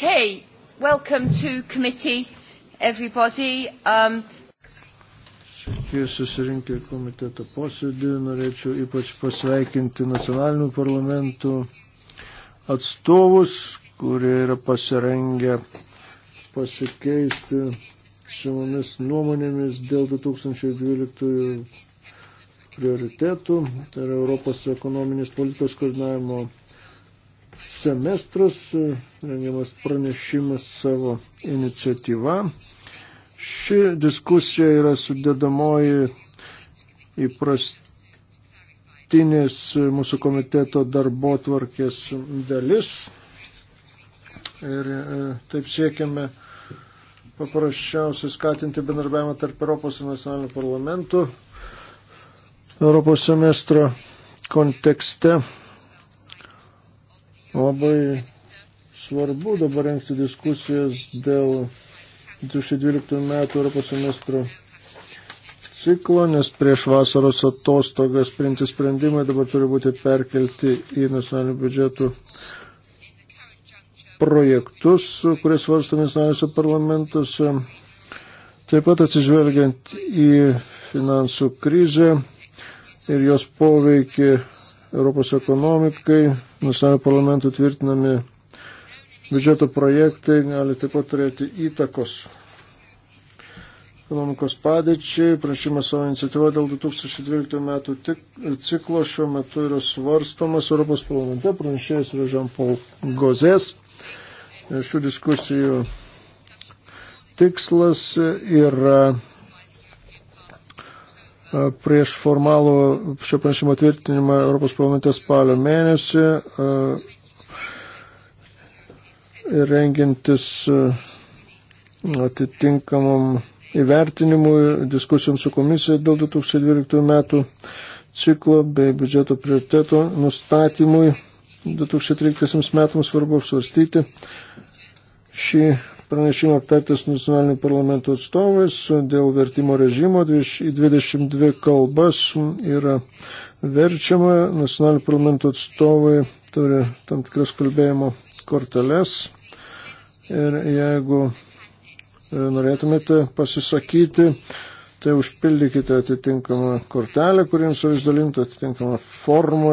Okay, welcome to committee, everybody. Um, Sveiki susirinkę komiteto posėdį. Norėčiau ypač pasveikinti nacionalinių parlamentų atstovus, kurie yra pasirengę pasikeisti su mumis nuomonėmis dėl 2012 prioritetų. Tai yra Europos ekonominės politikos koordinavimo semestras, e, rengiamas pranešimas savo iniciatyva. Ši diskusija yra sudėdamoji įprastinės mūsų komiteto darbo tvarkės dalis. Ir e, taip siekiame paprasčiausiai skatinti bendarbiavimą tarp Europos ir nacionalinių parlamentų Europos semestro kontekste. Labai svarbu dabar rengti diskusijas dėl 2012 metų Europos semestro ciklo, nes prieš vasaros atostogas priimti sprendimai dabar turi būti perkelti į nacionalinių biudžetų projektus, kurie svarstami nacionaliniuose parlamentuose. Taip pat atsižvelgiant į finansų krizę ir jos poveikį Europos ekonomikai, nusavio parlamentų tvirtinami biudžeto projektai gali taip pat turėti įtakos ekonomikos padėčiai. Prašymas savo iniciatyvą dėl 2012 metų ciklo šiuo metu yra svarstomas Europos parlamente, pranešėjas yra Žampol Gozės. Šių diskusijų tikslas yra prieš formalų šio pranešimo tvirtinimą Europos parlamente spalio mėnesį ir rengintis atitinkamam įvertinimui, diskusijoms su komisija dėl 2012 metų ciklo bei biudžeto prioriteto nustatymui 2013 metams svarbu apsvarstyti šį pranešimą aptarti su nacionaliniu parlamento atstovais dėl vertimo režimo. Į 22 kalbas yra verčiama. Nacionalinių parlamento atstovai turi tam tikras kalbėjimo korteles. Ir jeigu e, norėtumėte pasisakyti, tai užpildykite atitinkamą kortelę, kuriems yra išdalinta atitinkamą formą,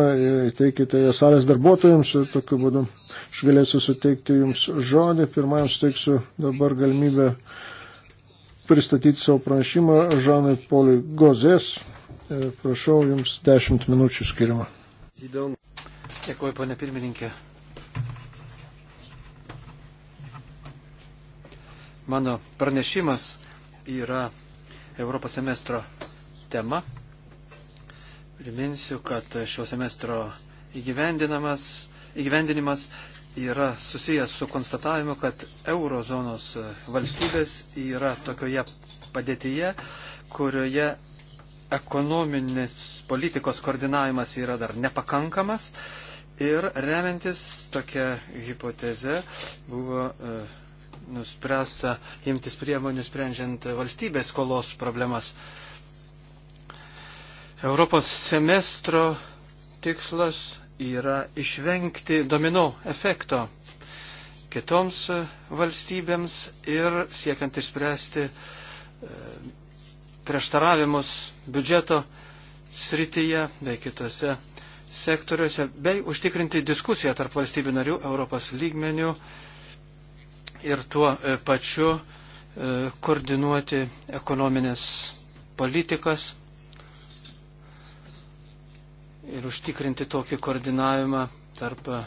įteikite ją salės darbuotojams ir tokiu būdu aš galėsiu suteikti jums žodį. Pirmajam suteiksiu dabar galimybę pristatyti savo pranešimą Žanai Poliui Gozės. E, prašau, jums 10 minučių skirima. Dėkuoju, ponė pirmininkė. Mano pranešimas yra Europos semestro tema. Priminsiu, kad šio semestro įgyvendinimas yra susijęs su konstatavimu, kad eurozonos valstybės yra tokioje padėtyje, kurioje ekonominis politikos koordinavimas yra dar nepakankamas ir remiantis tokia hipoteze buvo e, nuspręsta imtis priemonių sprendžiant valstybės skolos problemas. Europos semestro tikslas yra išvengti domino efekto kitoms valstybėms ir siekiant išspręsti e, prieštaravimus biudžeto srityje bei kitose sektoriuose, bei užtikrinti diskusiją tarp valstybių narių Europos lygmenių ir tuo e, pačiu e, koordinuoti ekonominės politikas ir užtikrinti tokį koordinavimą tarp e,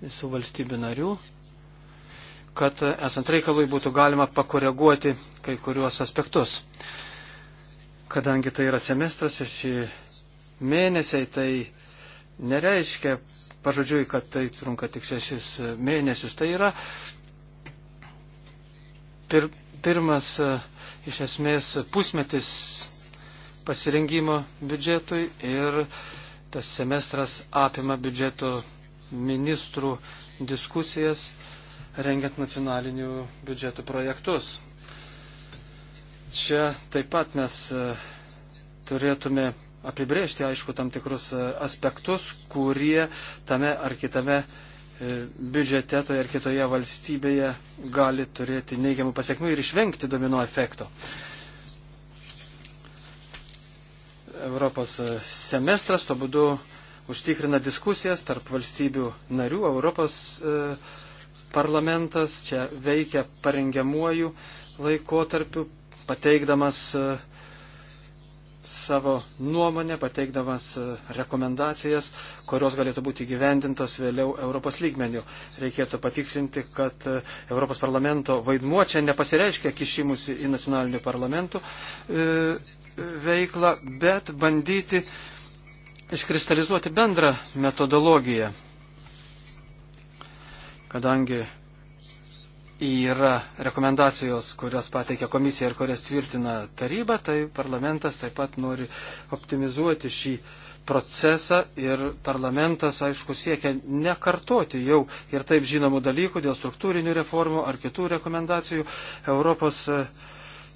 visų valstybių narių, kad esant reikalui būtų galima pakoreguoti kai kuriuos aspektus. Kadangi tai yra semestras ir šį mėnesiai, tai nereiškia pažodžiui, kad tai trunka tik šešis mėnesius. Tai yra pir, pirmas e, iš esmės pusmetis pasirengimo biudžetui ir tas semestras apima biudžeto ministrų diskusijas, rengiant nacionalinių biudžetų projektus. Čia taip pat mes e, turėtume apibrėžti, aišku, tam tikrus e, aspektus, kurie tame ar kitame uh, E, biudžete toje ar kitoje valstybėje gali turėti neigiamų pasiekmių ir išvengti domino efekto. Europos semestras to būdu užtikrina diskusijas tarp valstybių narių. Europos e, parlamentas čia veikia parengiamuoju laikotarpiu, pateikdamas e, savo nuomonę, pateikdamas e, rekomendacijas, kurios galėtų būti gyvendintos vėliau Europos lygmenių. Reikėtų patiksinti, kad e, Europos parlamento vaidmuo čia nepasireiškia kišimusi į nacionalinių parlamentų e, veiklą, bet bandyti iškristalizuoti bendrą metodologiją. Kadangi yra rekomendacijos, kurios pateikia komisija ir kurias tvirtina taryba, tai parlamentas taip pat nori optimizuoti šį procesą ir parlamentas, aišku, siekia nekartoti jau ir taip žinomų dalykų dėl struktūrinių reformų ar kitų rekomendacijų. Europos e,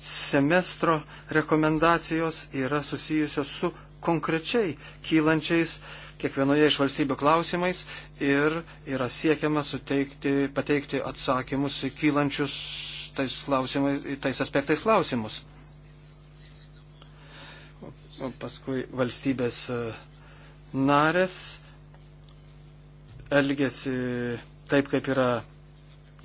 semestro rekomendacijos yra susijusios su konkrečiai kylančiais kiekvienoje iš valstybių klausimais ir yra siekiama suteikti, pateikti atsakymus į kylančius tais, tais aspektais klausimus. O paskui valstybės e, narės elgesi taip, kaip yra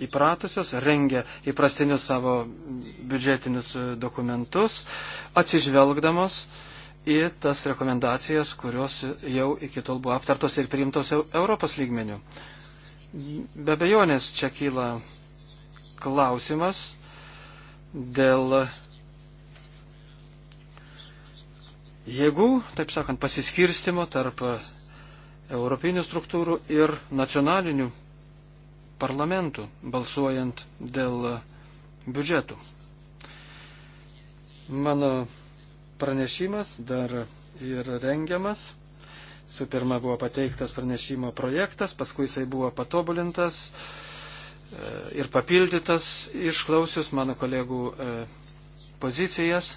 įpratusios, rengia įprastinius savo biudžetinius e, dokumentus, atsižvelgdamos uh, į tas rekomendacijas, kurios jau iki tol buvo aptartos ir priimtos Europos lygmenių. Be bejonės čia kyla klausimas dėl jėgų, taip sakant, pasiskirstimo tarp europinių struktūrų ir nacionalinių parlamentų, balsuojant dėl biudžetų. Mano pranešimas dar ir rengiamas. Su pirma buvo pateiktas pranešimo projektas, paskui jisai buvo patobulintas e, ir papildytas išklausius mano kolegų e, pozicijas.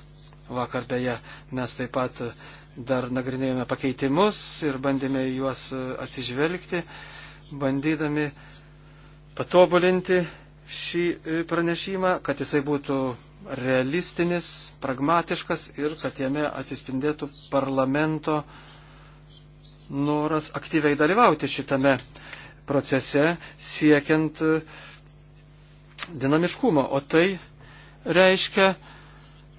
Vakar beje mes taip pat dar nagrinėjome pakeitimus ir bandėme juos e, atsižvelgti, bandydami patobulinti šį pranešimą, kad jisai būtų realistinis, pragmatiškas ir kad jame atsispindėtų parlamento noras aktyviai dalyvauti šitame procese, siekiant e, dinamiškumo. O tai reiškia,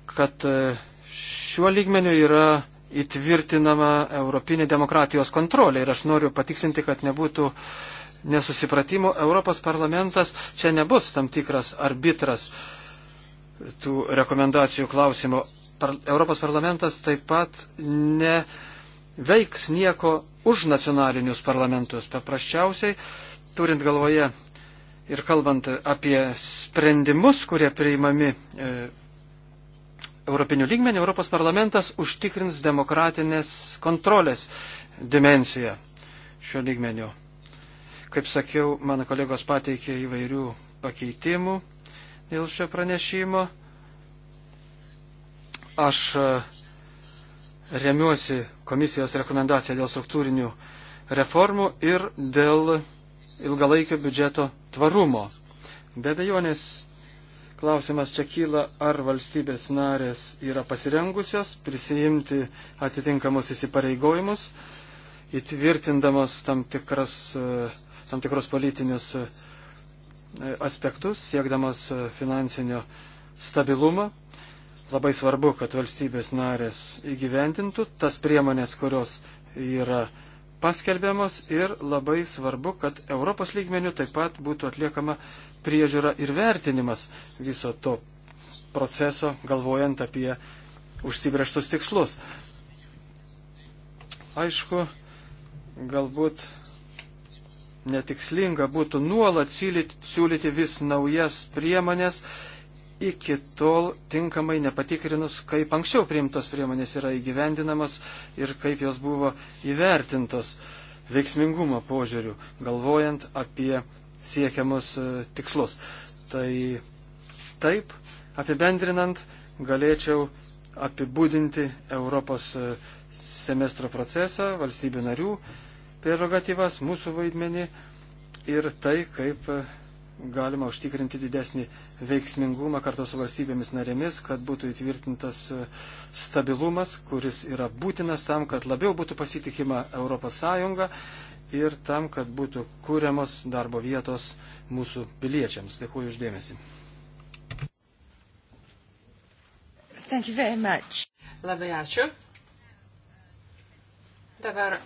kad e, šiuo lygmeniu yra įtvirtinama Europinė demokratijos kontrolė. Ir aš noriu patiksinti, kad nebūtų nesusipratimų. Europos parlamentas čia nebus tam tikras arbitras tų rekomendacijų klausimo. Par, Europos parlamentas taip pat neveiks nieko už nacionalinius parlamentus. Paprasčiausiai, turint galvoje ir kalbant apie sprendimus, kurie priimami e, Europinių lygmenį, Europos parlamentas užtikrins demokratinės kontrolės dimenciją šio lygmenio. Kaip sakiau, mano kolegos pateikė įvairių pakeitimų dėl šio pranešimo. Aš e, remiuosi komisijos rekomendaciją dėl struktūrinių reformų ir dėl ilgalaikio biudžeto tvarumo. Be bejonės Klausimas čia kyla, ar valstybės narės yra pasirengusios prisijimti atitinkamus įsipareigojimus, įtvirtindamos tam, tikras, e, tam tikrus politinius e, aspektus, siekdamas e, finansinio stabilumo. Labai svarbu, kad valstybės narės įgyventintų tas priemonės, kurios yra paskelbiamos ir labai svarbu, kad Europos lygmenių taip pat būtų atliekama priežiūra ir vertinimas viso to proceso, galvojant apie užsibrieštus tikslus. Aišku, galbūt netikslinga būtų nuolat siūlyti vis naujas priemonės, iki tol tinkamai nepatikrinus, kaip anksčiau priimtos priemonės yra įgyvendinamas ir kaip jos buvo įvertintos veiksmingumo požiūrių, galvojant apie siekiamus e, tikslus. Tai taip, apibendrinant, galėčiau apibūdinti Europos e, semestro procesą valstybių narių prerogatyvas, mūsų vaidmenį ir tai, kaip galima užtikrinti didesnį veiksmingumą kartu su valstybėmis narėmis, kad būtų įtvirtintas stabilumas, kuris yra būtinas tam, kad labiau būtų pasitikima ES ir tam, kad būtų kūriamos darbo vietos mūsų piliečiams. Dėkuoju uždėmesi. Labai ačiū. Dabar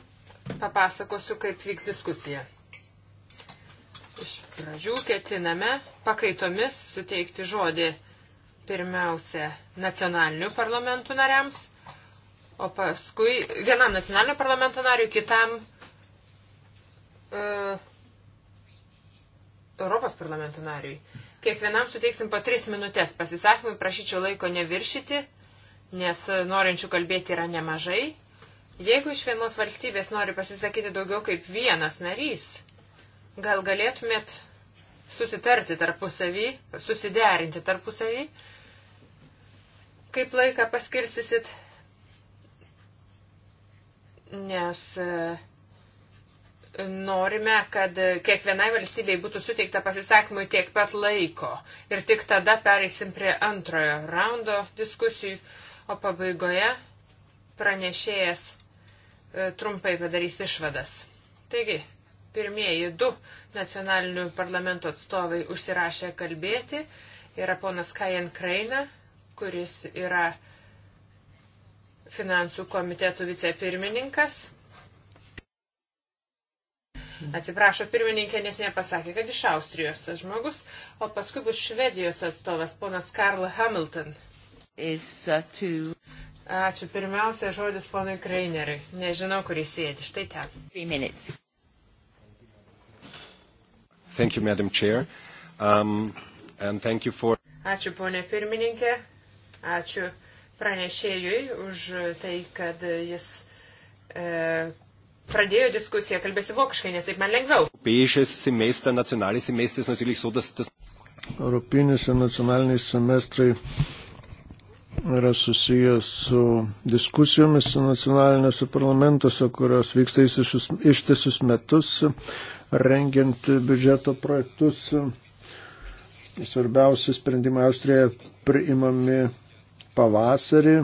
papasakosiu, kaip vyks diskusija. Iš pradžių ketiname pakaitomis suteikti žodį pirmiausia nacionalinių parlamentų nariams, o paskui vienam nacionalinių parlamento nariui, kitam uh, Europos parlamento nariui. Kiekvienam suteiksim po tris minutės pasisakymui, prašyčiau laiko neviršyti, nes norinčių kalbėti yra nemažai. Jeigu iš vienos valstybės nori pasisakyti daugiau kaip vienas narys, gal galėtumėt susitarti tarpusavį, susiderinti tarpusavį, kaip laiką paskirsisit, nes e, norime, kad kiekvienai valstybei būtų suteikta pasisakymui tiek pat laiko. Ir tik tada pereisim prie antrojo raundo diskusijų, o pabaigoje pranešėjas E, trumpai padarys išvadas. Taigi, pirmieji du nacionalinių parlamento atstovai užsirašė kalbėti. Yra ponas Kajan Kraina, kuris yra finansų komitetų vicepirmininkas. Atsiprašo pirmininkė, nes nepasakė, kad iš Austrijos tas žmogus, o paskui bus Švedijos atstovas ponas Karl Hamilton. Is, uh, to... Ačiū. Pirmiausia, žodis ponui Kreineriui. Nežinau, kur įsijėti. Štai ten. Thank you, Madam Chair. Um, and thank you for... Ačiū, ponė pirmininkė. Ačiū pranešėjui už tai, kad jis e, pradėjo diskusiją. Kalbėsiu vokiškai, nes taip man lengviau. Europinis ir nacionaliniai semestrai yra susijęs su diskusijomis nacionaliniuose parlamentuose, kurios vyksta ištisus metus, rengiant biudžeto projektus. Svarbiausi sprendimai Austrijoje priimami pavasarį,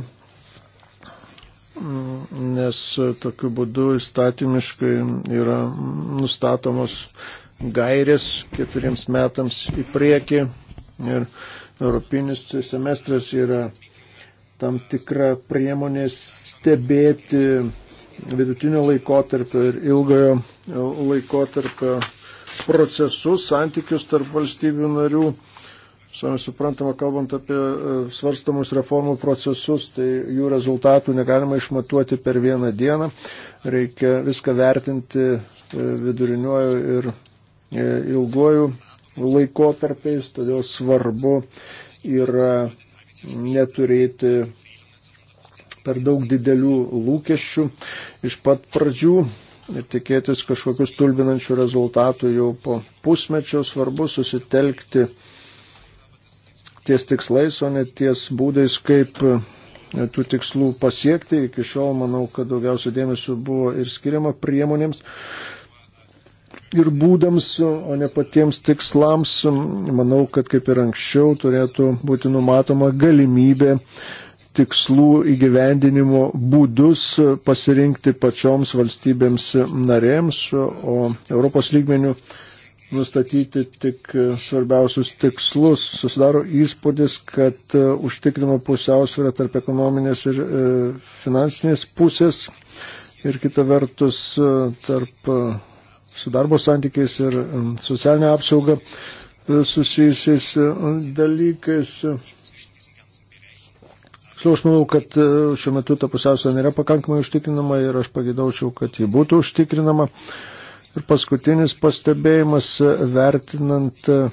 nes tokiu būdu įstatymiškai yra nustatomos gairės keturiems metams į priekį ir europinis semestras yra tam tikra priemonė stebėti vidutinio laikotarpio ir ilgojo laikotarpio procesus, santykius tarp valstybių narių. Suomi suprantama, kalbant apie e, svarstamus reformų procesus, tai jų rezultatų negalima išmatuoti per vieną dieną. Reikia viską vertinti e, viduriniuoju ir e, ilguoju laikotarpiais, todėl svarbu yra neturėti per daug didelių lūkesčių iš pat pradžių ir tikėtis kažkokius tulbinančių rezultatų jau po pusmečio svarbu susitelkti ties tikslais, o ne ties būdais, kaip e, tų tikslų pasiekti. Iki šiol manau, kad daugiausia dėmesio buvo ir skiriama priemonėms, ir būdams, o ne patiems tikslams, manau, kad kaip ir anksčiau turėtų būti numatoma galimybė tikslų įgyvendinimo būdus pasirinkti pačioms valstybėms narėms, o Europos lygmenių nustatyti tik svarbiausius tikslus. Susidaro įspūdis, kad užtikrimo pusiausvėra tarp ekonominės ir e, finansinės pusės ir kita vertus e, tarp su darbo santykiais ir um, socialinė apsauga e, susijusiais e, dalykais. Tiksliau, aš manau, kad e, šiuo metu ta pusiausvė nėra pakankamai užtikrinama ir aš pagidaučiau, kad ji būtų užtikrinama. Ir paskutinis pastebėjimas vertinant uh,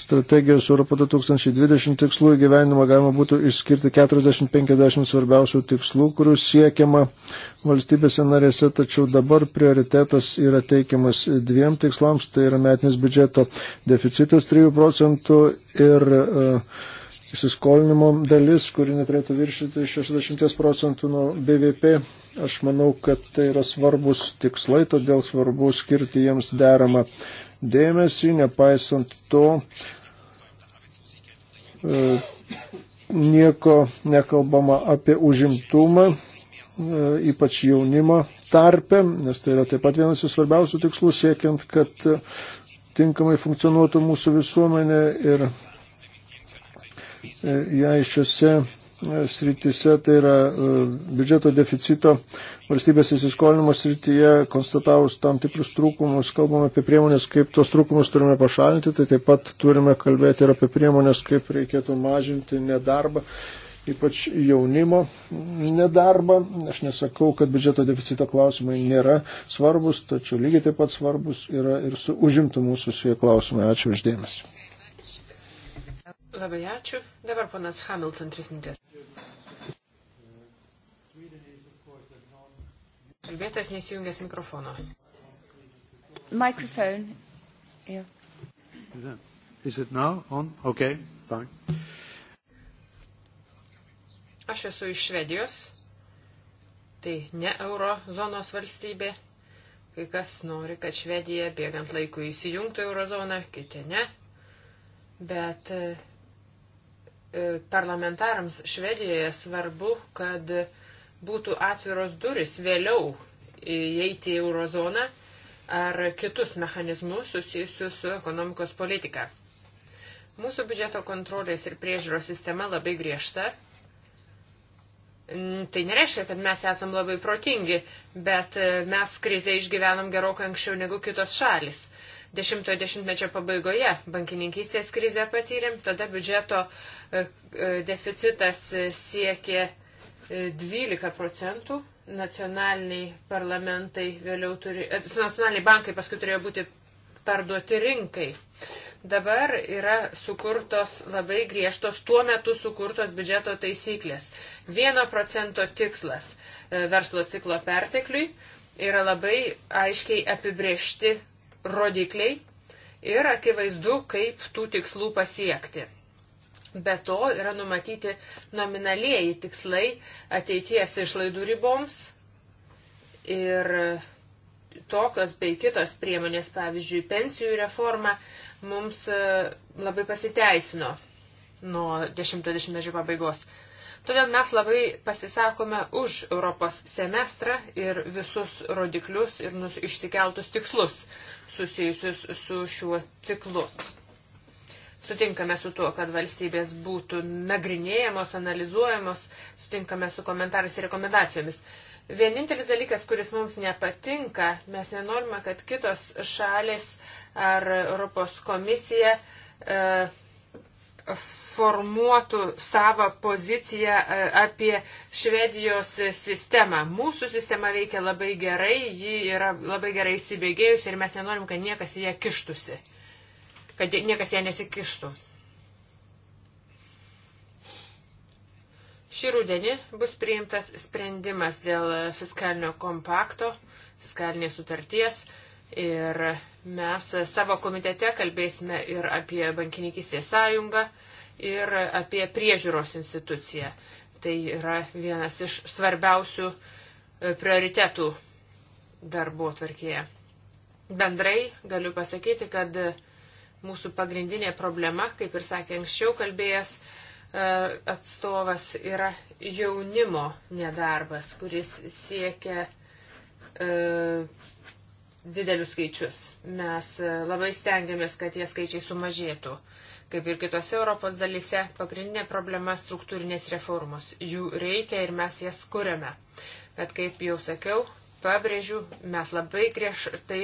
strategijos Europo 2020 tikslų įgyvenimą galima būtų išskirti 40-50 svarbiausių tikslų, kurių siekiama valstybėse narėse, tačiau dabar prioritetas yra teikiamas dviem tikslams, tai yra metinis biudžeto deficitas 3 procentų ir uh, įsiskolinimo dalis, kuri neturėtų viršyti 60 procentų nuo BVP. Aš manau, kad tai yra svarbus tikslai, todėl svarbu skirti jiems deramą uh, dėmesį, nepaisant to e, nieko nekalbama apie užimtumą, e, ypač jaunimo tarpe, nes tai yra taip pat vienas iš svarbiausių tikslų siekiant, kad e, tinkamai funkcionuotų mūsų visuomenė ir jei šiuose E, srityse, tai yra e, biudžeto deficito valstybės įsiskolinimo srityje, konstatavus tam tikrus trūkumus, kalbame apie priemonės, kaip tos trūkumus turime pašalinti, tai taip pat turime kalbėti ir apie priemonės, kaip reikėtų mažinti nedarbą, ypač jaunimo nedarbą. Aš nesakau, kad biudžeto deficito klausimai nėra svarbus, tačiau lygiai taip pat svarbus yra ir su užimtumu susiję klausimai. Ačiū uždėmesi. Labai ačiū. Dabar ponas Hamilton, tris minutės. Kalbėtojas nesijungęs mikrofono. Microphone. Yeah. Is it now on? Okay, fine. Aš esu iš Švedijos. Tai ne euro zonos valstybė. Kai kas nori, kad Švedija bėgant laiku įsijungtų euro zoną, kiti ne. Bet E, parlamentarams Švedijoje svarbu, kad būtų atviros duris vėliau įeiti į eurozoną ar kitus mechanizmus susijusius su ekonomikos politika. Mūsų biudžeto kontrolės ir priežiūros sistema labai griežta Mm, tai nereiškia, kad mes esam labai protingi, bet e, mes krizę išgyvenam gerokai anksčiau negu kitos šalis. Dešimtojo dešimtmečio pabaigoje bankininkystės krizę patyrėm, tada biudžeto e, e, deficitas siekė 12 procentų, nacionaliniai parlamentai vėliau turi, nacionaliniai bankai paskui turėjo būti parduoti rinkai. Dabar yra sukurtos labai griežtos tuo metu sukurtos biudžeto taisyklės. Vieno procento tikslas e, verslo ciklo pertekliui yra labai aiškiai apibriešti rodikliai ir akivaizdu, kaip tų tikslų pasiekti. Be to yra numatyti nominalieji tikslai ateities išlaidų riboms ir tokios bei kitos priemonės, pavyzdžiui, pensijų reforma, mums e, labai pasiteisino nuo 10-20 pabaigos. Todėl mes labai pasisakome už Europos semestrą ir visus rodiklius ir išsikeltus tikslus susijusius su šiuo ciklu. Sutinkame su tuo, kad valstybės būtų nagrinėjamos, analizuojamos, sutinkame su komentarais ir rekomendacijomis. Vienintelis dalykas, kuris mums nepatinka, mes nenorime, kad kitos šalės uh, ar Europos komisija e, formuotų savo poziciją e, apie Švedijos sistemą. Mūsų sistema veikia labai gerai, ji yra labai gerai įsibėgėjusi ir mes nenorim, kad niekas į ją kištusi, kad niekas ją nesikištų. Šį rudenį bus priimtas sprendimas dėl fiskalinio kompakto, fiskalinės sutarties. Ir mes savo komitete kalbėsime ir apie bankininkistės sąjungą, ir apie priežiūros instituciją. Tai yra vienas iš svarbiausių e, prioritetų darbo tvarkėje. Bendrai galiu pasakyti, kad e, mūsų pagrindinė problema, kaip ir sakė anksčiau kalbėjęs e, atstovas, yra jaunimo nedarbas, kuris siekia didelius skaičius. Mes e, labai stengiamės, kad tie skaičiai sumažėtų. Kaip ir kitose Europos dalise, pagrindinė problema struktūrinės reformos. Jų reikia ir mes jas kuriame. Bet kaip jau sakiau, pabrėžiu, mes labai griežtai,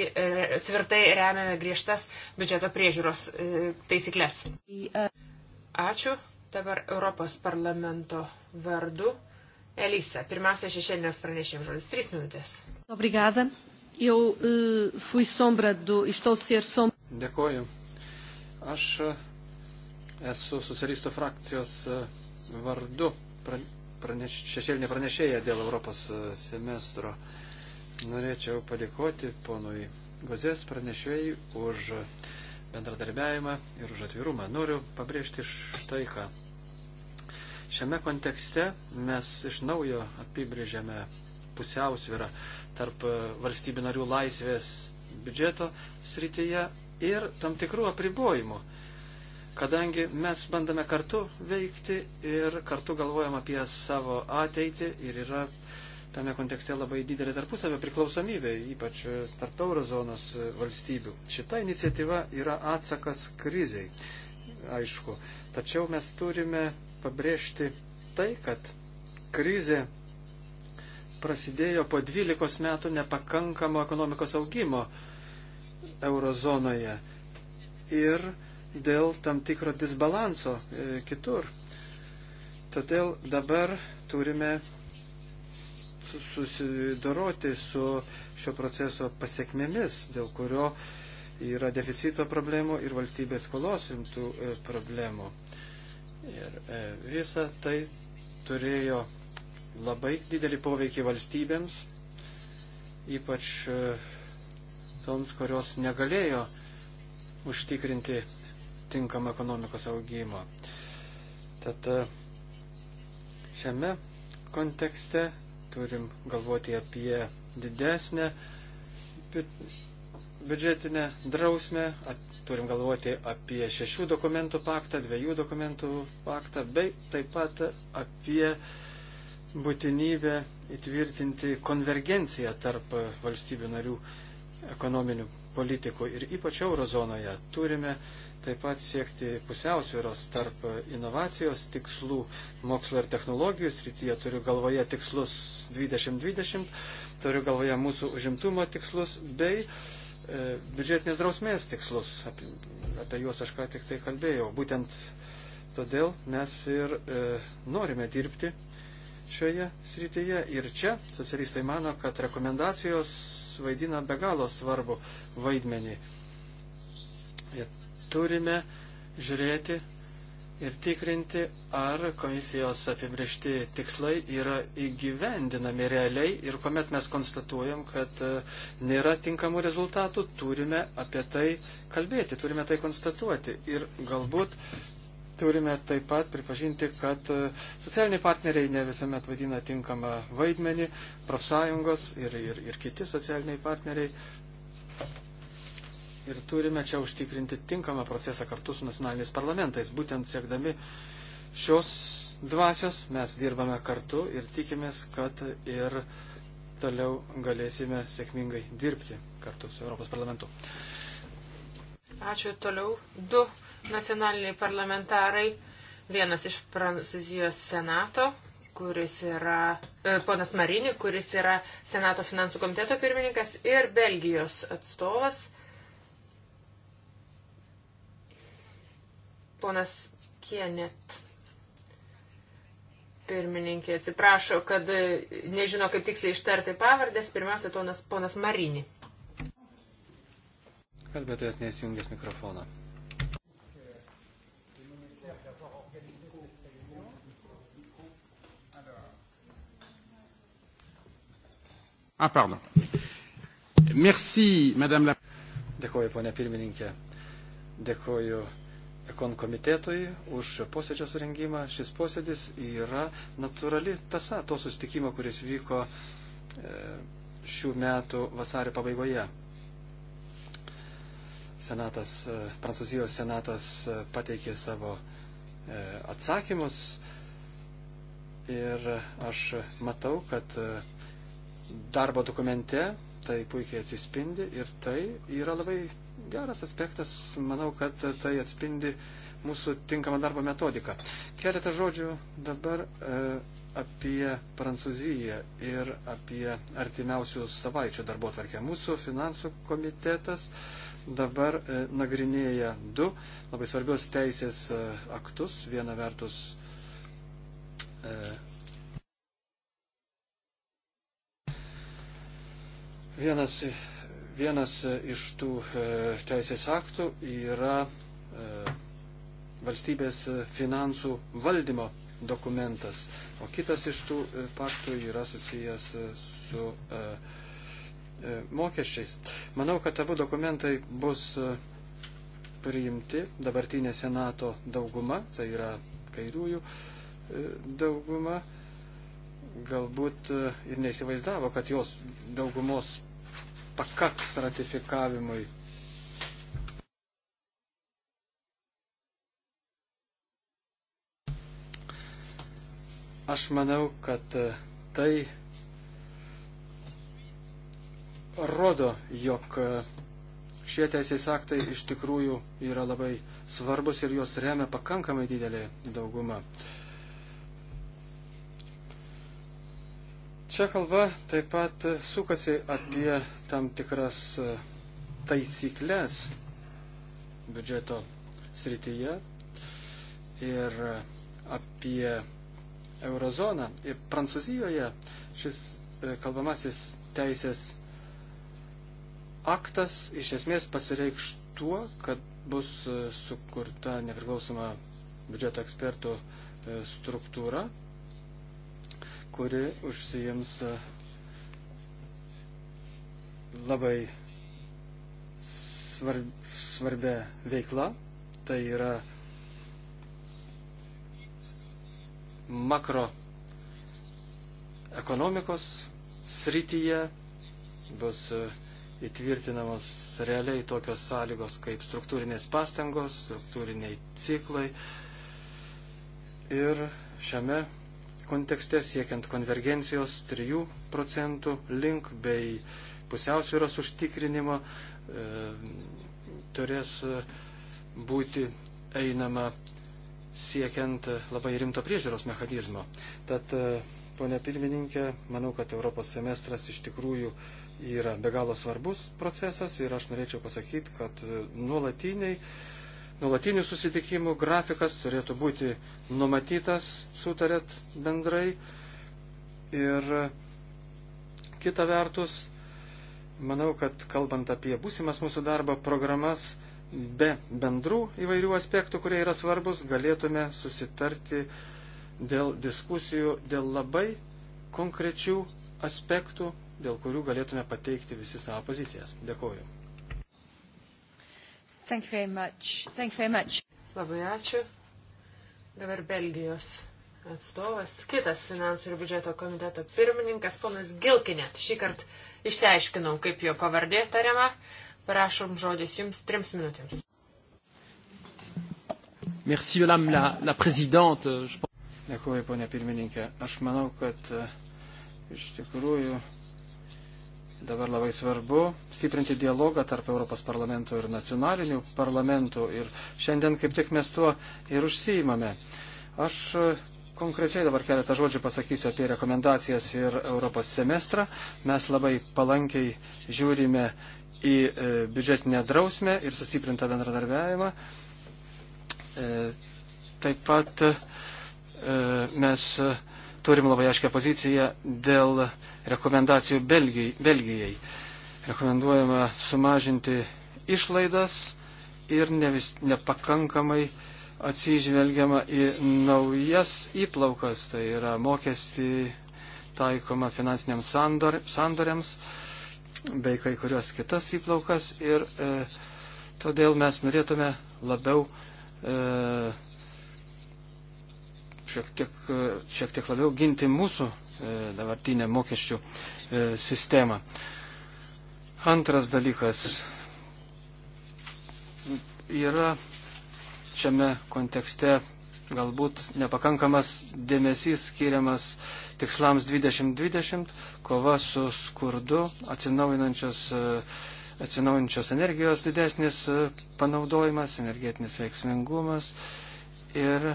tvirtai remiame griežtas biudžeto priežiūros e, taisyklės. Ačiū. Dabar Europos parlamento vardu. Elisa, pirmiausia, šešienės pranešėm žodis. Trys minutės. Obrigada. Eu uh, fui sombra do, estou ser sombra. Dėkoju. Aš eh, esu socialistų frakcijos eh, vardu praneš, šešėlinė pranešėja dėl Europos semestro. Norėčiau padėkoti ponui Gozės pranešėjai už bendradarbiavimą ir už atvirumą. Noriu pabrėžti štai ką. Šiame kontekste mes iš naujo apibrėžėme pusiausvyrą tarp e, valstybių narių laisvės biudžeto srityje ir tam tikrų apribojimų. Kadangi mes bandome kartu veikti ir kartu galvojam apie savo ateitį ir yra tame kontekste labai didelė tarpusavio priklausomybė, ypač e, tarp eurozonos e, valstybių. Šita iniciatyva yra atsakas kriziai, aišku. Tačiau mes turime pabrėžti tai, kad krizė prasidėjo po 12 metų nepakankamo ekonomikos augimo eurozonoje ir dėl tam tikro disbalanso e, kitur. Todėl dabar turime susidoroti su šio proceso pasiekmėmis, dėl kurio yra deficito problemų ir valstybės skolos rimtų e, problemų. Ir e, visa tai turėjo labai didelį poveikį valstybėms, ypač e, toms, kurios negalėjo užtikrinti tinkamą ekonomikos augimą. Tad e, šiame kontekste turim galvoti apie didesnę biudžetinę drausmę, turim galvoti apie šešių dokumentų paktą, dviejų dokumentų paktą, bei taip pat apie būtinybę įtvirtinti konvergenciją tarp valstybių narių ekonominių politikų ir ypač eurozonoje turime taip pat siekti pusiausvėros tarp inovacijos tikslų mokslo ir technologijų srityje. Turiu galvoje tikslus 2020, turiu galvoje mūsų užimtumo tikslus bei e, biudžetinės drausmės tikslus. Apie, apie juos aš ką tik tai kalbėjau. Būtent todėl mes ir e, norime dirbti šioje srityje. Ir čia socialistai mano, kad rekomendacijos vaidina be galo svarbu vaidmenį. Ir turime žiūrėti ir tikrinti, ar komisijos apibriešti tikslai yra įgyvendinami realiai ir kuomet mes konstatuojam, kad e, nėra tinkamų rezultatų, turime apie tai kalbėti, turime tai konstatuoti. Ir galbūt Turime taip pat pripažinti, kad e, socialiniai partneriai ne visuomet vadina tinkamą vaidmenį, profsąjungos ir, ir, ir kiti socialiniai partneriai. Ir turime čia užtikrinti tinkamą procesą kartu su nacionaliniais parlamentais. Būtent siekdami šios dvasios mes dirbame kartu ir tikimės, kad ir toliau galėsime sėkmingai dirbti kartu su Europos parlamentu. Ačiū toliau. Du nacionaliniai parlamentarai, vienas iš Prancūzijos senato, kuris yra e, ponas Marini, kuris yra senato finansų komiteto pirmininkas ir Belgijos atstovas. Ponas Kienet pirmininkė atsiprašo, kad e, nežino, kaip tiksliai ištarti pavardės. Pirmiausia, tonas ponas Marini. Kalbėtojas nesijungęs mikrofoną. Ah, pardon. Merci, madame la. Dėkuoju, ponia pirmininkė. Dėkuoju Ekon komitetui už posėdžio surengimą. Šis posėdis yra natūrali tasa to sustikimo, kuris vyko e, šių metų vasario pabaigoje. Senatas, e, Prancūzijos senatas e, pateikė savo atsakymus ir aš matau, kad darbo dokumente tai puikiai atsispindi ir tai yra labai geras aspektas. Manau, kad tai atspindi mūsų tinkamą darbo metodiką. Keletą žodžių dabar e, apie Prancūziją ir apie artimiausių savaičių darbo tvarkę. Mūsų finansų komitetas dabar e, nagrinėja du labai svarbios teisės e, aktus. Viena vertus e, Vienas, vienas iš tų e, teisės aktų yra e, valstybės finansų valdymo dokumentas, o kitas iš tų e, paktų yra susijęs su mokesčiais. Manau, kad abu dokumentai bus priimti dabartinė Senato dauguma, tai yra kairiųjų dauguma, galbūt ir neįsivaizdavo, kad jos daugumos pakaks ratifikavimui. Aš manau, kad e, tai rodo, jog e, šie teisės aktai iš tikrųjų yra labai svarbus ir juos remia pakankamai didelė dauguma. Uh, Čia kalba taip pat sukasi apie tam tikras e, taisyklės biudžeto srityje ir apie eurozoną. Ir Prancūzijoje šis e, kalbamasis teisės aktas iš esmės pasireikš tuo, kad bus e, sukurta nepriklausoma biudžeto ekspertų struktūra, kuri užsijams e, labai svarbia veikla. Tai yra makro ekonomikos srityje bus e, įtvirtinamos realiai tokios sąlygos kaip struktūrinės pastangos, struktūriniai ciklai. Ir šiame kontekste, siekiant konvergencijos 3 procentų link bei pusiausvėros užtikrinimo, e, turės būti einama siekiant labai rimto priežiūros mechanizmo. Tad, e, ponė pirmininkė, manau, kad Europos semestras iš tikrųjų yra be galo svarbus procesas ir aš norėčiau pasakyti, kad e, nuolatiniai nuolatinių susitikimų grafikas turėtų būti numatytas, sutarėt bendrai. Ir kita vertus, manau, kad kalbant apie būsimas mūsų darbo programas, be bendrų įvairių aspektų, kurie yra svarbus, galėtume susitarti dėl diskusijų, dėl labai konkrečių aspektų, dėl kurių galėtume pateikti visi savo pozicijas. Dėkuoju. Thank you very much. Thank you very much. Labai ačiū. Dabar Belgijos atstovas, kitas finansų ir biudžeto komiteto pirmininkas, ponas Gilkinėt. Šį kartą išsiaiškinau, kaip jo pavardė tariama. Prašom žodis jums trims minutėms. Merci, madame la, la présidente. Dėkuoju, ponė pirmininkė. Aš manau, kad e, iš tikrųjų Dabar labai svarbu stiprinti dialogą tarp Europos parlamento ir nacionalinių parlamentų ir šiandien kaip tik mes tuo ir užsiimame. Aš e, konkrečiai dabar keletą žodžių pasakysiu apie rekomendacijas ir Europos semestrą. Mes labai palankiai žiūrime į e, biudžetinę drausmę ir sustiprintą bendradarbiavimą. E, taip pat mes turim labai aiškę poziciją dėl rekomendacijų Belgijai. Belgijai. Rekomenduojama sumažinti išlaidas ir ne vis, nepakankamai atsižvelgiama į naujas įplaukas, tai yra mokestį taikoma finansiniams sandor, sandoriams bei kai kurios kitas įplaukas ir e, todėl mes norėtume labiau e, šiek tiek, šiek tiek labiau ginti mūsų e, dabartinę mokesčių e, sistemą. Antras dalykas yra šiame kontekste galbūt nepakankamas dėmesys skiriamas tikslams 2020, kova su skurdu, atsinaujinančios, e, atsinaujinančios energijos didesnis panaudojimas, energetinis veiksmingumas ir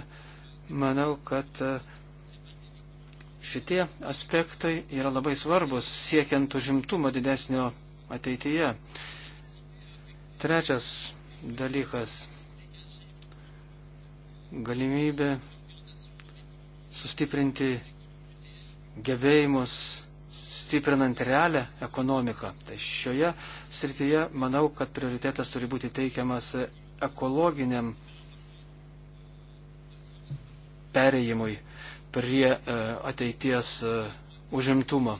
manau, kad e, šitie aspektai yra labai svarbus siekiant užimtumo didesnio ateityje. Trečias dalykas - galimybė sustiprinti gebėjimus stiprinant realią ekonomiką. Tai šioje srityje manau, kad prioritetas turi būti teikiamas ekologiniam pereimui prie e, ateities e, užimtumo.